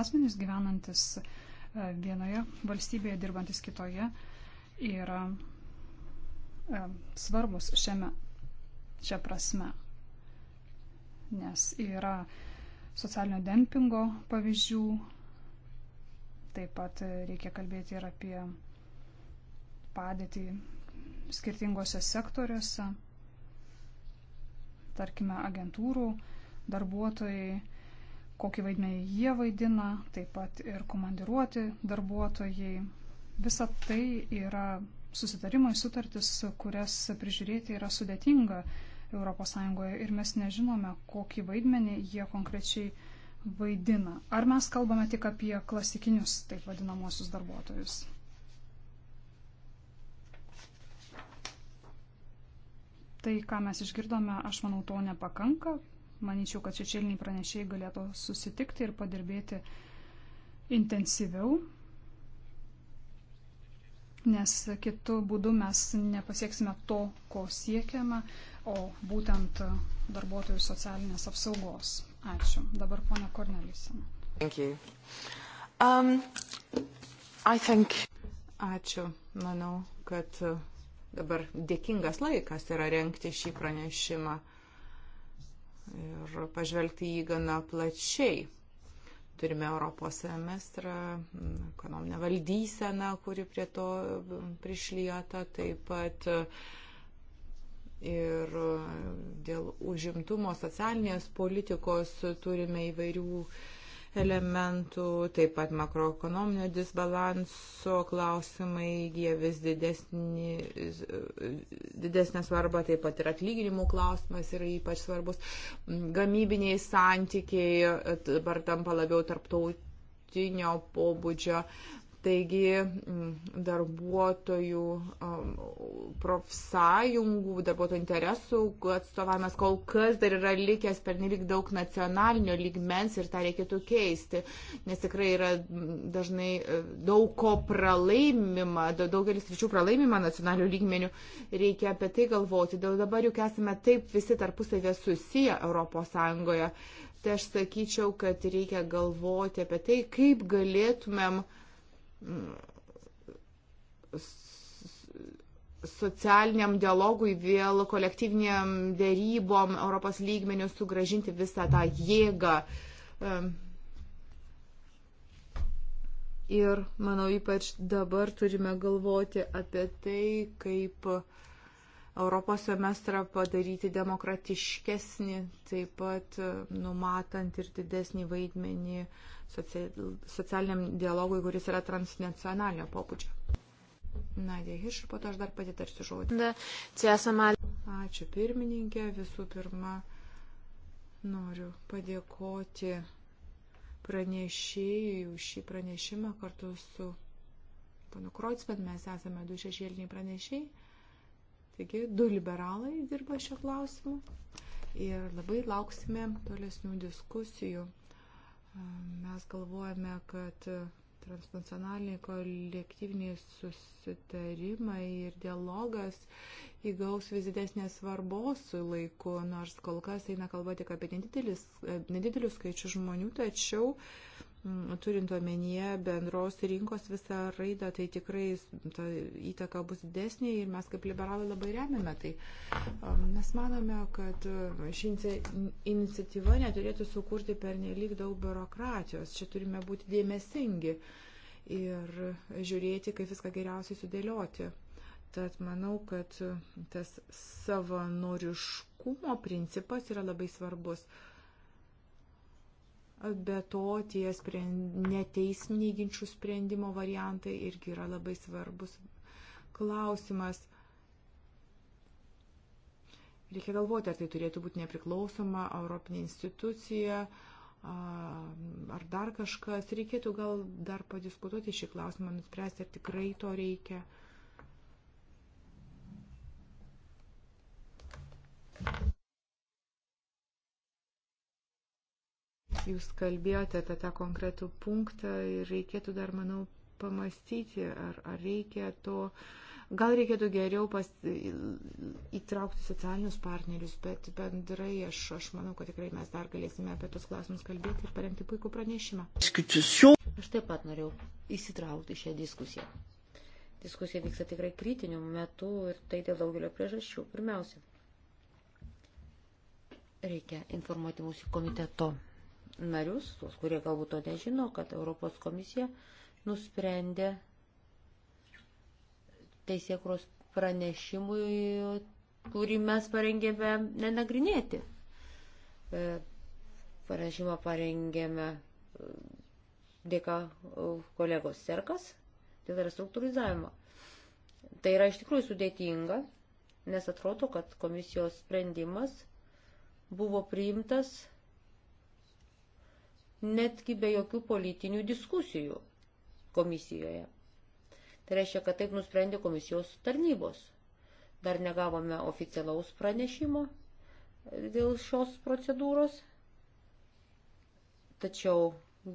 asmenys gyvenantis e, vienoje valstybėje, dirbantis kitoje, yra e, svarbus šiame, čia prasme. Nes yra socialinio dempingo pavyzdžių, taip pat reikia kalbėti ir apie padėtį skirtingose sektoriuose, tarkime, agentūrų darbuotojai, kokį vaidmenį jie vaidina, taip pat ir komandiruoti darbuotojai. Visa tai yra susitarimai, sutartis, kurias prižiūrėti yra sudėtinga ES ir mes nežinome, kokį vaidmenį jie konkrečiai vaidina. Ar mes kalbame tik apie klasikinius, taip vadinamosius darbuotojus? Tai, ką mes išgirdome, aš manau, to nepakanka. Manyčiau, kad šešėliniai pranešėjai galėtų susitikti ir padirbėti intensyviau, nes kitų būdų mes nepasieksime to, ko siekiame, o būtent darbuotojų socialinės apsaugos. Ačiū. Dabar ponia Kornelysen. Um, think... Ačiū. Manau, kad dabar dėkingas laikas yra renkti šį pranešimą ir pažvelgti jį gana plačiai. Turime Europos semestrą, ekonominę valdyseną, kuri prie to prišlieta, taip pat ir dėl užimtumo socialinės politikos turime įvairių uh, elementų, taip pat makroekonominio disbalanso klausimai įgyja vis didesnį, didesnę svarbą, taip pat ir atlyginimų klausimas yra ypač svarbus. Gamybiniai santykiai dabar tampa labiau tarptautiniai politinio pobūdžio Taigi mm, darbuotojų profsąjungų, darbuotojų interesų atstovavimas kol kas dar yra likęs per nelik daug nacionalinio lygmens ir tą reikėtų keisti, nes tikrai yra dažnai e, daug ko pralaimima, daugelis ryčių pralaimima nacionalinių lygmenių, reikia apie tai galvoti. Dabar juk esame taip visi tarpusavė susiję Europos Sąjungoje. Tai aš sakyčiau, kad reikia galvoti apie tai, kaip galėtumėm uh, socialiniam dialogui, vėl kolektyviniam dėrybom Europos lygmenių sugražinti visą tą jėgą. Ir manau, ypač dabar turime galvoti apie tai, kaip Europos semestrą padaryti demokratiškesnį, taip pat numatant ir didesnį vaidmenį uh, socialiniam dialogui, kuris yra transnacionalinio pobūdžio. Nadė Hiš, po to aš dar pati tarsiu žodį. Ačiū pirmininkė, visų pirma noriu padėkoti pranešėjai už šį pranešimą kartu su panu Kroitsman, mes esame du šešėliniai pranešėjai, taigi du liberalai dirba šio klausimu ir labai lauksime tolesnių diskusijų. Mes galvojame, kad transnacionaliniai kolektyviniai susitarimai ir dialogas įgaus vis didesnės svarbos su laiku, nors kol kas eina kalba tik apie nedidelius skaičius žmonių, tačiau uh, Mm, turint omenyje bendros rinkos visą raidą, tai tikrai ta įtaka bus didesnė ir mes kaip liberalai labai remiame tai. Um, mes manome, kad uh, ši iniciatyva neturėtų sukurti per nelik daug biurokratijos. Čia turime būti dėmesingi ir žiūrėti, kaip viską geriausiai sudėlioti. Tad manau, kad uh, tas savanoriškumo principas yra labai svarbus. Uh, Be to, tie neteisminiai ginčių sprendimo variantai irgi yra labai svarbus klausimas. Reikia galvoti, ar tai turėtų būti nepriklausoma Europinė institucija, ar dar kažkas. Reikėtų gal dar padiskutuoti šį klausimą, nuspręsti, ar tikrai to reikia. Jūs kalbėjote apie tą konkretų punktą ir reikėtų dar, manau, pamastyti, ar, ar reikia to. Gal reikėtų geriau pas, įtraukti socialinius partnerius, bet bendrai aš, aš manau, kad tikrai mes dar galėsime apie tos klausimus kalbėti ir parengti puikų pranešimą. Aš taip pat norėjau įsitraukti šią diskusiją. Diskusija vyksta tikrai kritiniu metu ir tai dėl daugelio priežasčių. Pirmiausia, reikia informuoti mūsų komiteto narius, tuos, kurie galbūt to nežino, kad Europos komisija nusprendė teisėkros pranešimui, kurį mes parengėme nenagrinėti. E, pranešimą parengėme e, dėka e, kolegos Serkas dėl tai restruktūrizavimo. Tai yra iš tikrųjų sudėtinga, nes atrodo, kad komisijos sprendimas buvo priimtas netgi be jokių politinių diskusijų komisijoje. Tai reiškia, kad taip nusprendė komisijos tarnybos. Dar negavome oficialaus pranešimo dėl šios procedūros, tačiau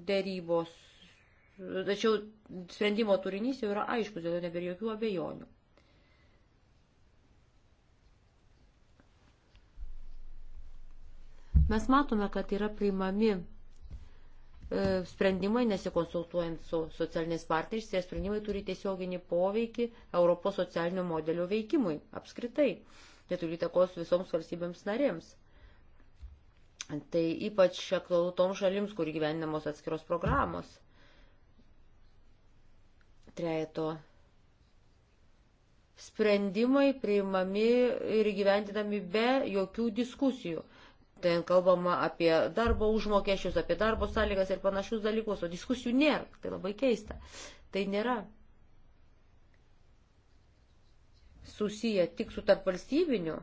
dėrybos, tačiau sprendimo turinys jau yra aiškus, dėl to nebėra jokių abejonių. Mes matome, kad yra priimami E, sprendimai, nesikonsultuojant su socialiniais partneriais, tie sprendimai turi tiesioginį poveikį Europos socialinio modelio veikimui apskritai. Tai turi įtakos visoms valstybėms narėms. Tai ypač aktualu toms šalims, kur gyvenamos atskiros programos. Trejeto sprendimai priimami ir gyventinami be jokių diskusijų Ten kalbama apie darbo užmokesčius, apie darbo sąlygas ir panašius dalykus, o diskusijų nėra. Tai labai keista. Tai nėra susiję tik su tarp valstybiniu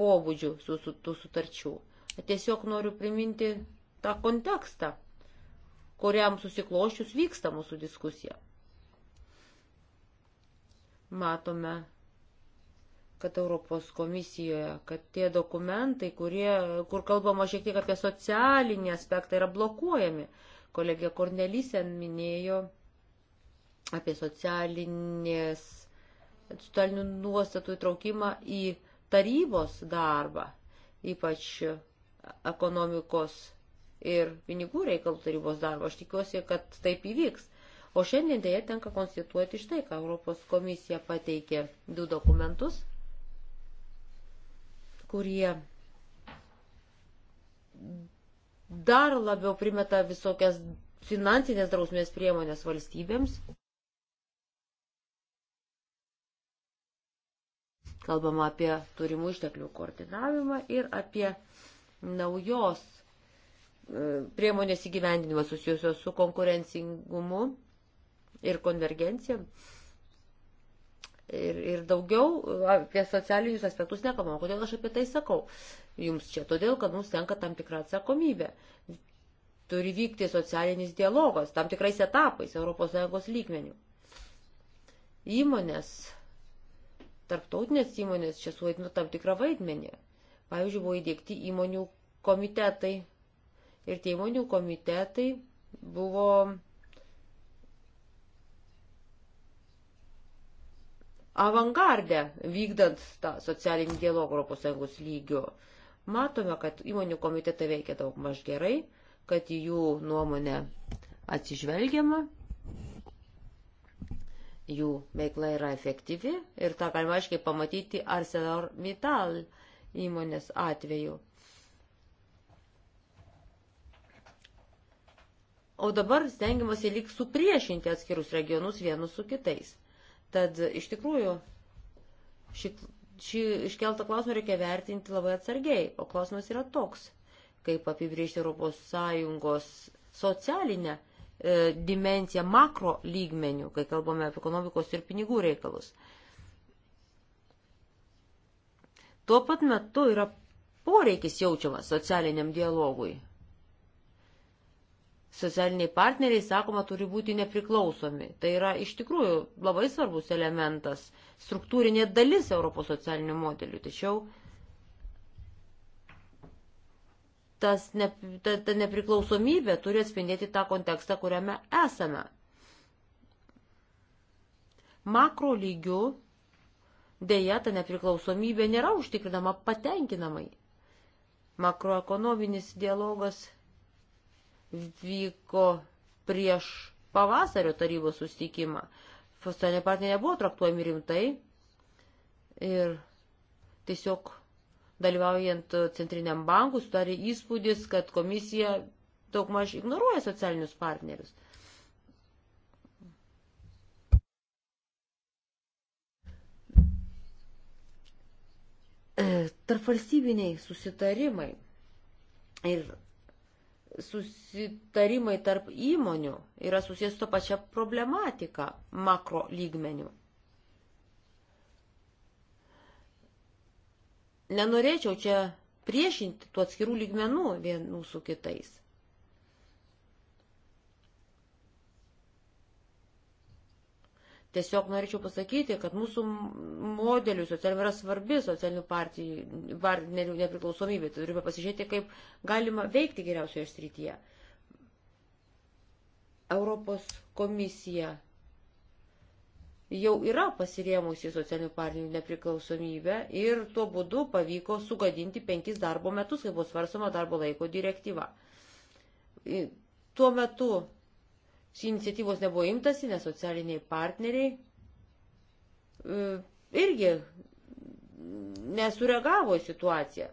pobūdžiu su, su tų sutarčių. Tiesiog noriu priminti tą kontekstą, kuriam susikloščius vyksta mūsų diskusija. Matome kad Europos komisijoje, kad tie dokumentai, kurie, kur kalbama šiek tiek apie socialinį aspektą, yra blokuojami. Kolegė Kornelysen minėjo apie socialinės, socialinių nuostatų įtraukimą į tarybos darbą, ypač ekonomikos ir pinigų reikalų tarybos darbą. Aš tikiuosi, kad taip įvyks. O šiandien dėja tenka konstituoti štai, ką Europos komisija pateikė du dokumentus – kurie dar labiau primeta visokias finansinės drausmės priemonės valstybėms. Kalbama apie turimų išteklių koordinavimą ir apie naujos e, priemonės įgyvendinimas susijusios su konkurencingumu ir konvergencija ir, ir daugiau apie socialinius aspektus nekalbama. Kodėl aš apie tai sakau? Jums čia todėl, kad mums tenka tam tikrą atsakomybę. Turi vykti socialinis dialogas tam tikrais etapais ES lygmenių. Įmonės, tarptautinės įmonės čia suvaidino tam tikrą vaidmenį. Pavyzdžiui, buvo įdėkti įmonių komitetai. Ir tie įmonių komitetai buvo avangardę vykdant tą socialinį dialogą ES lygiu. Matome, kad įmonių komitetai veikia daug maž gerai, kad jų nuomonė atsižvelgiama, jų veikla yra efektyvi ir tą galima aiškiai pamatyti ArcelorMittal įmonės atveju. O dabar stengiamasi lyg supriešinti atskirus regionus vienus su kitais. Tad iš tikrųjų šį, šį iškeltą klausimą reikia vertinti labai atsargiai, o klausimas yra toks, kaip apibriežti ES socialinę e, dimenciją makro lygmenių, kai kalbame apie ekonomikos ir pinigų reikalus. Tuo pat metu yra poreikis jaučiamas socialiniam dialogui socialiniai partneriai, sakoma, turi būti nepriklausomi. Tai yra iš tikrųjų labai svarbus elementas, struktūrinė dalis Europos socialinių modelių. Tačiau tas ne, ta, ta nepriklausomybė turi atspindėti tą kontekstą, kuriame esame. Makro lygių dėja ta nepriklausomybė nėra užtikrinama patenkinamai. Makroekonominis dialogas vyko prieš pavasario tarybos sustikimą. Fastanė partija nebuvo traktuojami rimtai ir tiesiog dalyvaujant centriniam bankui sudarė įspūdis, kad komisija daugmaž ignoruoja socialinius partnerius. Tarp valstybiniai susitarimai ir susitarimai tarp įmonių yra susijęs su to pačia problematika makro lygmenių. Nenorėčiau čia priešinti tų atskirų lygmenų vienų su kitais. Tiesiog norėčiau pasakyti, kad mūsų modelių socialinių yra svarbi socialinių partijų, partnerių nepriklausomybė. Turime pasižiūrėti, kaip galima veikti geriausioje srityje. Europos komisija jau yra pasirėmusi socialinių partijų nepriklausomybę ir tuo būdu pavyko sugadinti penkis darbo metus, kai buvo svarsoma darbo laiko direktyva. Tuo metu Šį iniciatyvos nebuvo imtasi, nes socialiniai partneriai e, irgi nesureagavo į situaciją.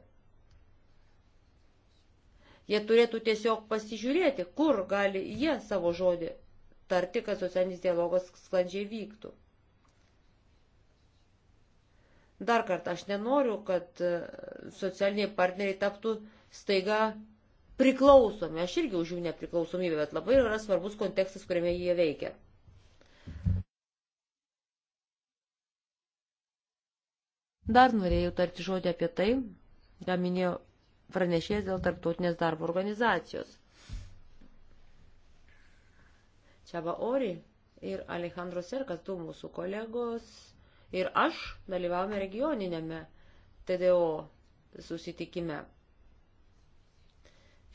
Jie turėtų tiesiog pasižiūrėti, kur gali jie savo žodį tarti, kad socialinis dialogas sklandžiai vyktų. Dar kartą, aš nenoriu, kad e, socialiniai partneriai taptų staiga priklausomi. Aš irgi už jų nepriklausomybę, bet labai yra svarbus kontekstas, kuriame jie veikia. Dar norėjau tarti žodį apie tai, ką minėjo pranešėjas dėl tarptautinės darbo organizacijos. Čiaba Ori ir Alejandro Serkas, du mūsų kolegos ir aš dalyvavome regioninėme TDO susitikime.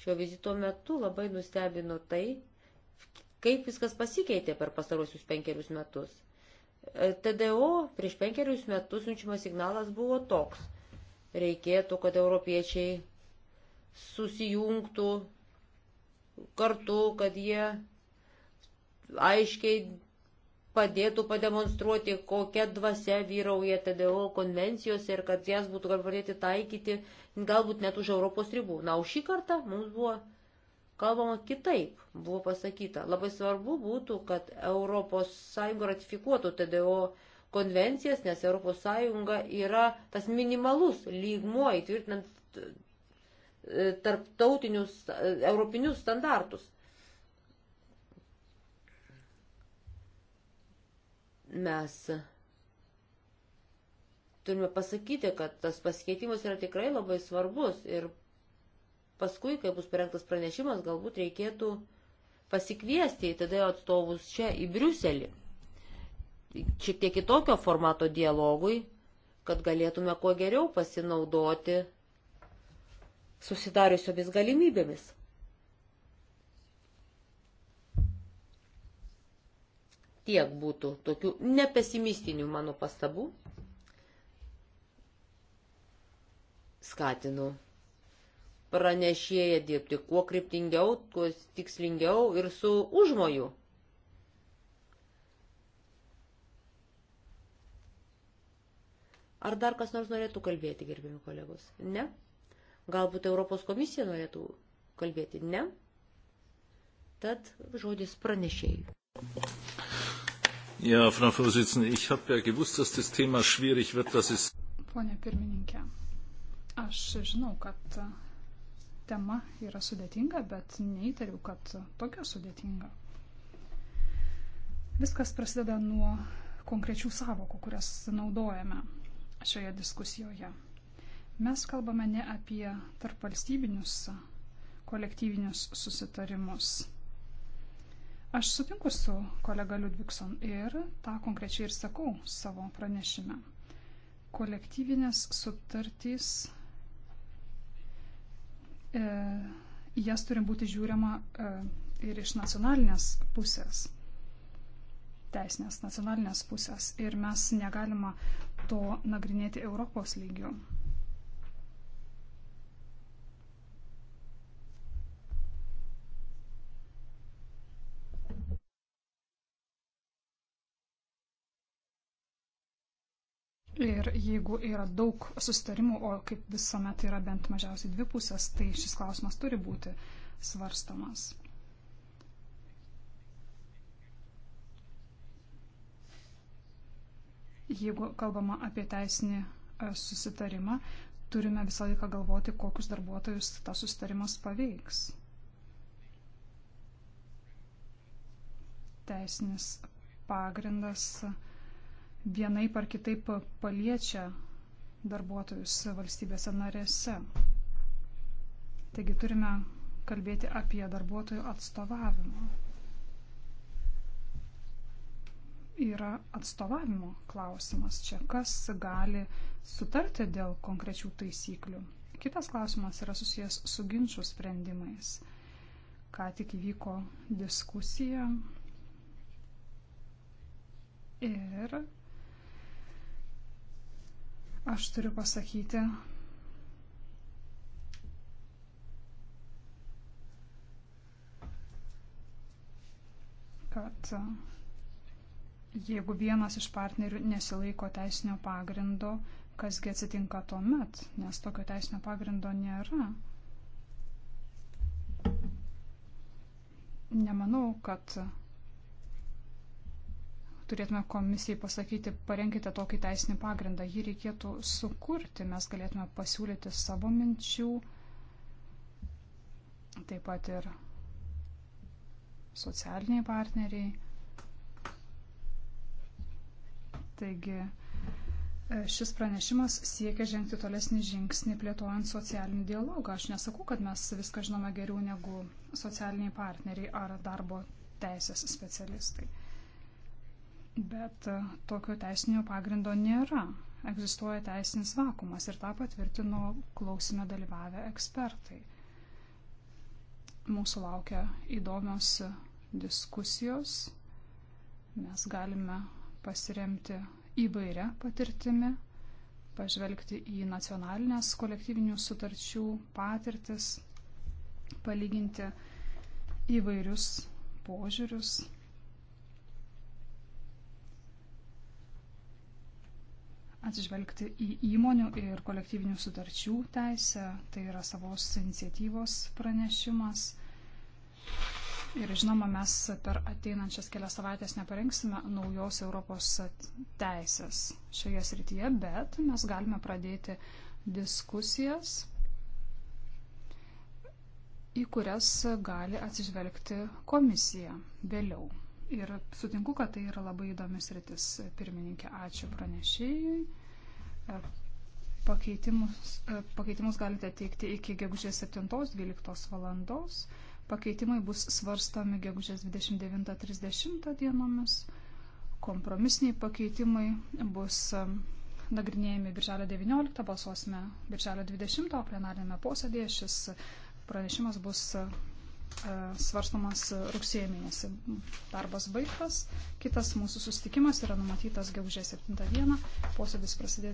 Šio vizito metu labai nustebino tai, kaip viskas pasikeitė per pastarosius penkerius metus. E, TDO prieš penkerius metus siunčiamas signalas buvo toks. Reikėtų, kad europiečiai susijungtų kartu, kad jie aiškiai padėtų pademonstruoti, kokia dvasia vyrauja TDO konvencijose ir kad jas būtų galima pradėti taikyti galbūt net už Europos ribų. Na, o šį kartą mums buvo kalbama kitaip, buvo pasakyta. Labai svarbu būtų, kad ES ratifikuotų TDO konvencijas, nes ES yra tas minimalus lygmuo įtvirtinant e, tarptautinius, e, europinius standartus. mes turime pasakyti, kad tas pasikeitimas yra tikrai labai svarbus ir paskui, kai bus parengtas pranešimas, galbūt reikėtų pasikviesti į tada atstovus čia į Briuselį. Šiek tiek kitokio formato dialogui, kad galėtume kuo geriau pasinaudoti susidariusiomis galimybėmis. tiek būtų tokių nepesimistinių mano pastabų. Skatinu pranešėją dirbti kuo kryptingiau, kuo tikslingiau ir su užmoju. Ar dar kas nors norėtų kalbėti, gerbimi kolegos? Ne? Galbūt Europos komisija norėtų kalbėti? Ne? Tad žodis pranešėjai. Ja, Frau Vorsitzende, ich habe ja gewusst, dass das Thema schwierig wird, das ist. Pone pirmininkė, aš žinau, kad e, tema yra sudėtinga, bet neįtariu, kad tokia sudėtinga. Viskas prasideda nuo konkrečių savokų, kurias naudojame šioje diskusijoje. Mes kalbame ne apie tarpvalstybinius kolektyvinius susitarimus Aš sutinku su kolega Ludvikson ir tą konkrečiai ir sakau savo pranešime. Kolektyvinės sutartys, e, jas turim būti žiūrima e, ir iš nacionalinės pusės, teisinės nacionalinės pusės ir mes negalima to nagrinėti Europos lygiu. Ir jeigu yra daug sustarimų, o kaip visuomet yra bent mažiausiai dvi pusės, tai šis klausimas turi būti svarstamas. Jeigu kalbama apie teisinį e, susitarimą, turime visą laiką galvoti, kokius darbuotojus tas susitarimas paveiks. Teisinis pagrindas vienai par kitaip paliečia darbuotojus valstybėse narėse. Taigi turime kalbėti apie darbuotojų atstovavimą. Yra atstovavimo klausimas čia, kas gali sutarti dėl konkrečių taisyklių. Kitas klausimas yra susijęs su ginčių sprendimais. Ką tik įvyko diskusija ir Aš turiu pasakyti, kad e, jeigu vienas iš partnerių nesilaiko teisinio pagrindo, kasgi atsitinka tuomet, nes tokio teisinio pagrindo nėra. Nemanau, kad turėtume komisijai pasakyti, parenkite tokį teisinį pagrindą. Jį reikėtų sukurti, mes galėtume pasiūlyti savo minčių, taip pat ir socialiniai partneriai. Taigi šis pranešimas siekia žengti tolesnį žingsnį plėtojant socialinį dialogą. Aš nesakau, kad mes viską žinome geriau negu socialiniai partneriai ar darbo teisės specialistai. Bet e, tokio teisinio pagrindo nėra. Egzistuoja teisinis vakumas ir tą patvirtino klausime dalyvavę ekspertai. Mūsų laukia įdomios diskusijos. Mes galime pasiremti įvairią patirtimį, pažvelgti į nacionalinės kolektyvinių sutarčių patirtis, palyginti įvairius požiūrius atsižvelgti į įmonių ir kolektyvinių sutarčių teisę, tai yra savos iniciatyvos pranešimas. Ir žinoma, mes per ateinančias kelias savaitės neparengsime naujos Europos teisės šioje srityje, bet mes galime pradėti diskusijas, į kurias gali atsižvelgti komisija vėliau. Ir sutinku, kad tai yra labai įdomis rytis. Pirmininkė, ačiū pranešėjui. E, pakeitimus, e, pakeitimus galite teikti iki gegužės 7-12 valandos. Pakeitimai bus svarstami gegužės 29-30 dienomis. Kompromisiniai pakeitimai bus e, nagrinėjami birželio 19, balsuosime birželio 20, o plenarinėme posėdėje šis pranešimas bus E, svarstomas rugsėjo mėnesį. Darbas baigtas, kitas mūsų susitikimas yra numatytas gegužės 7 dieną, posėdis prasidės.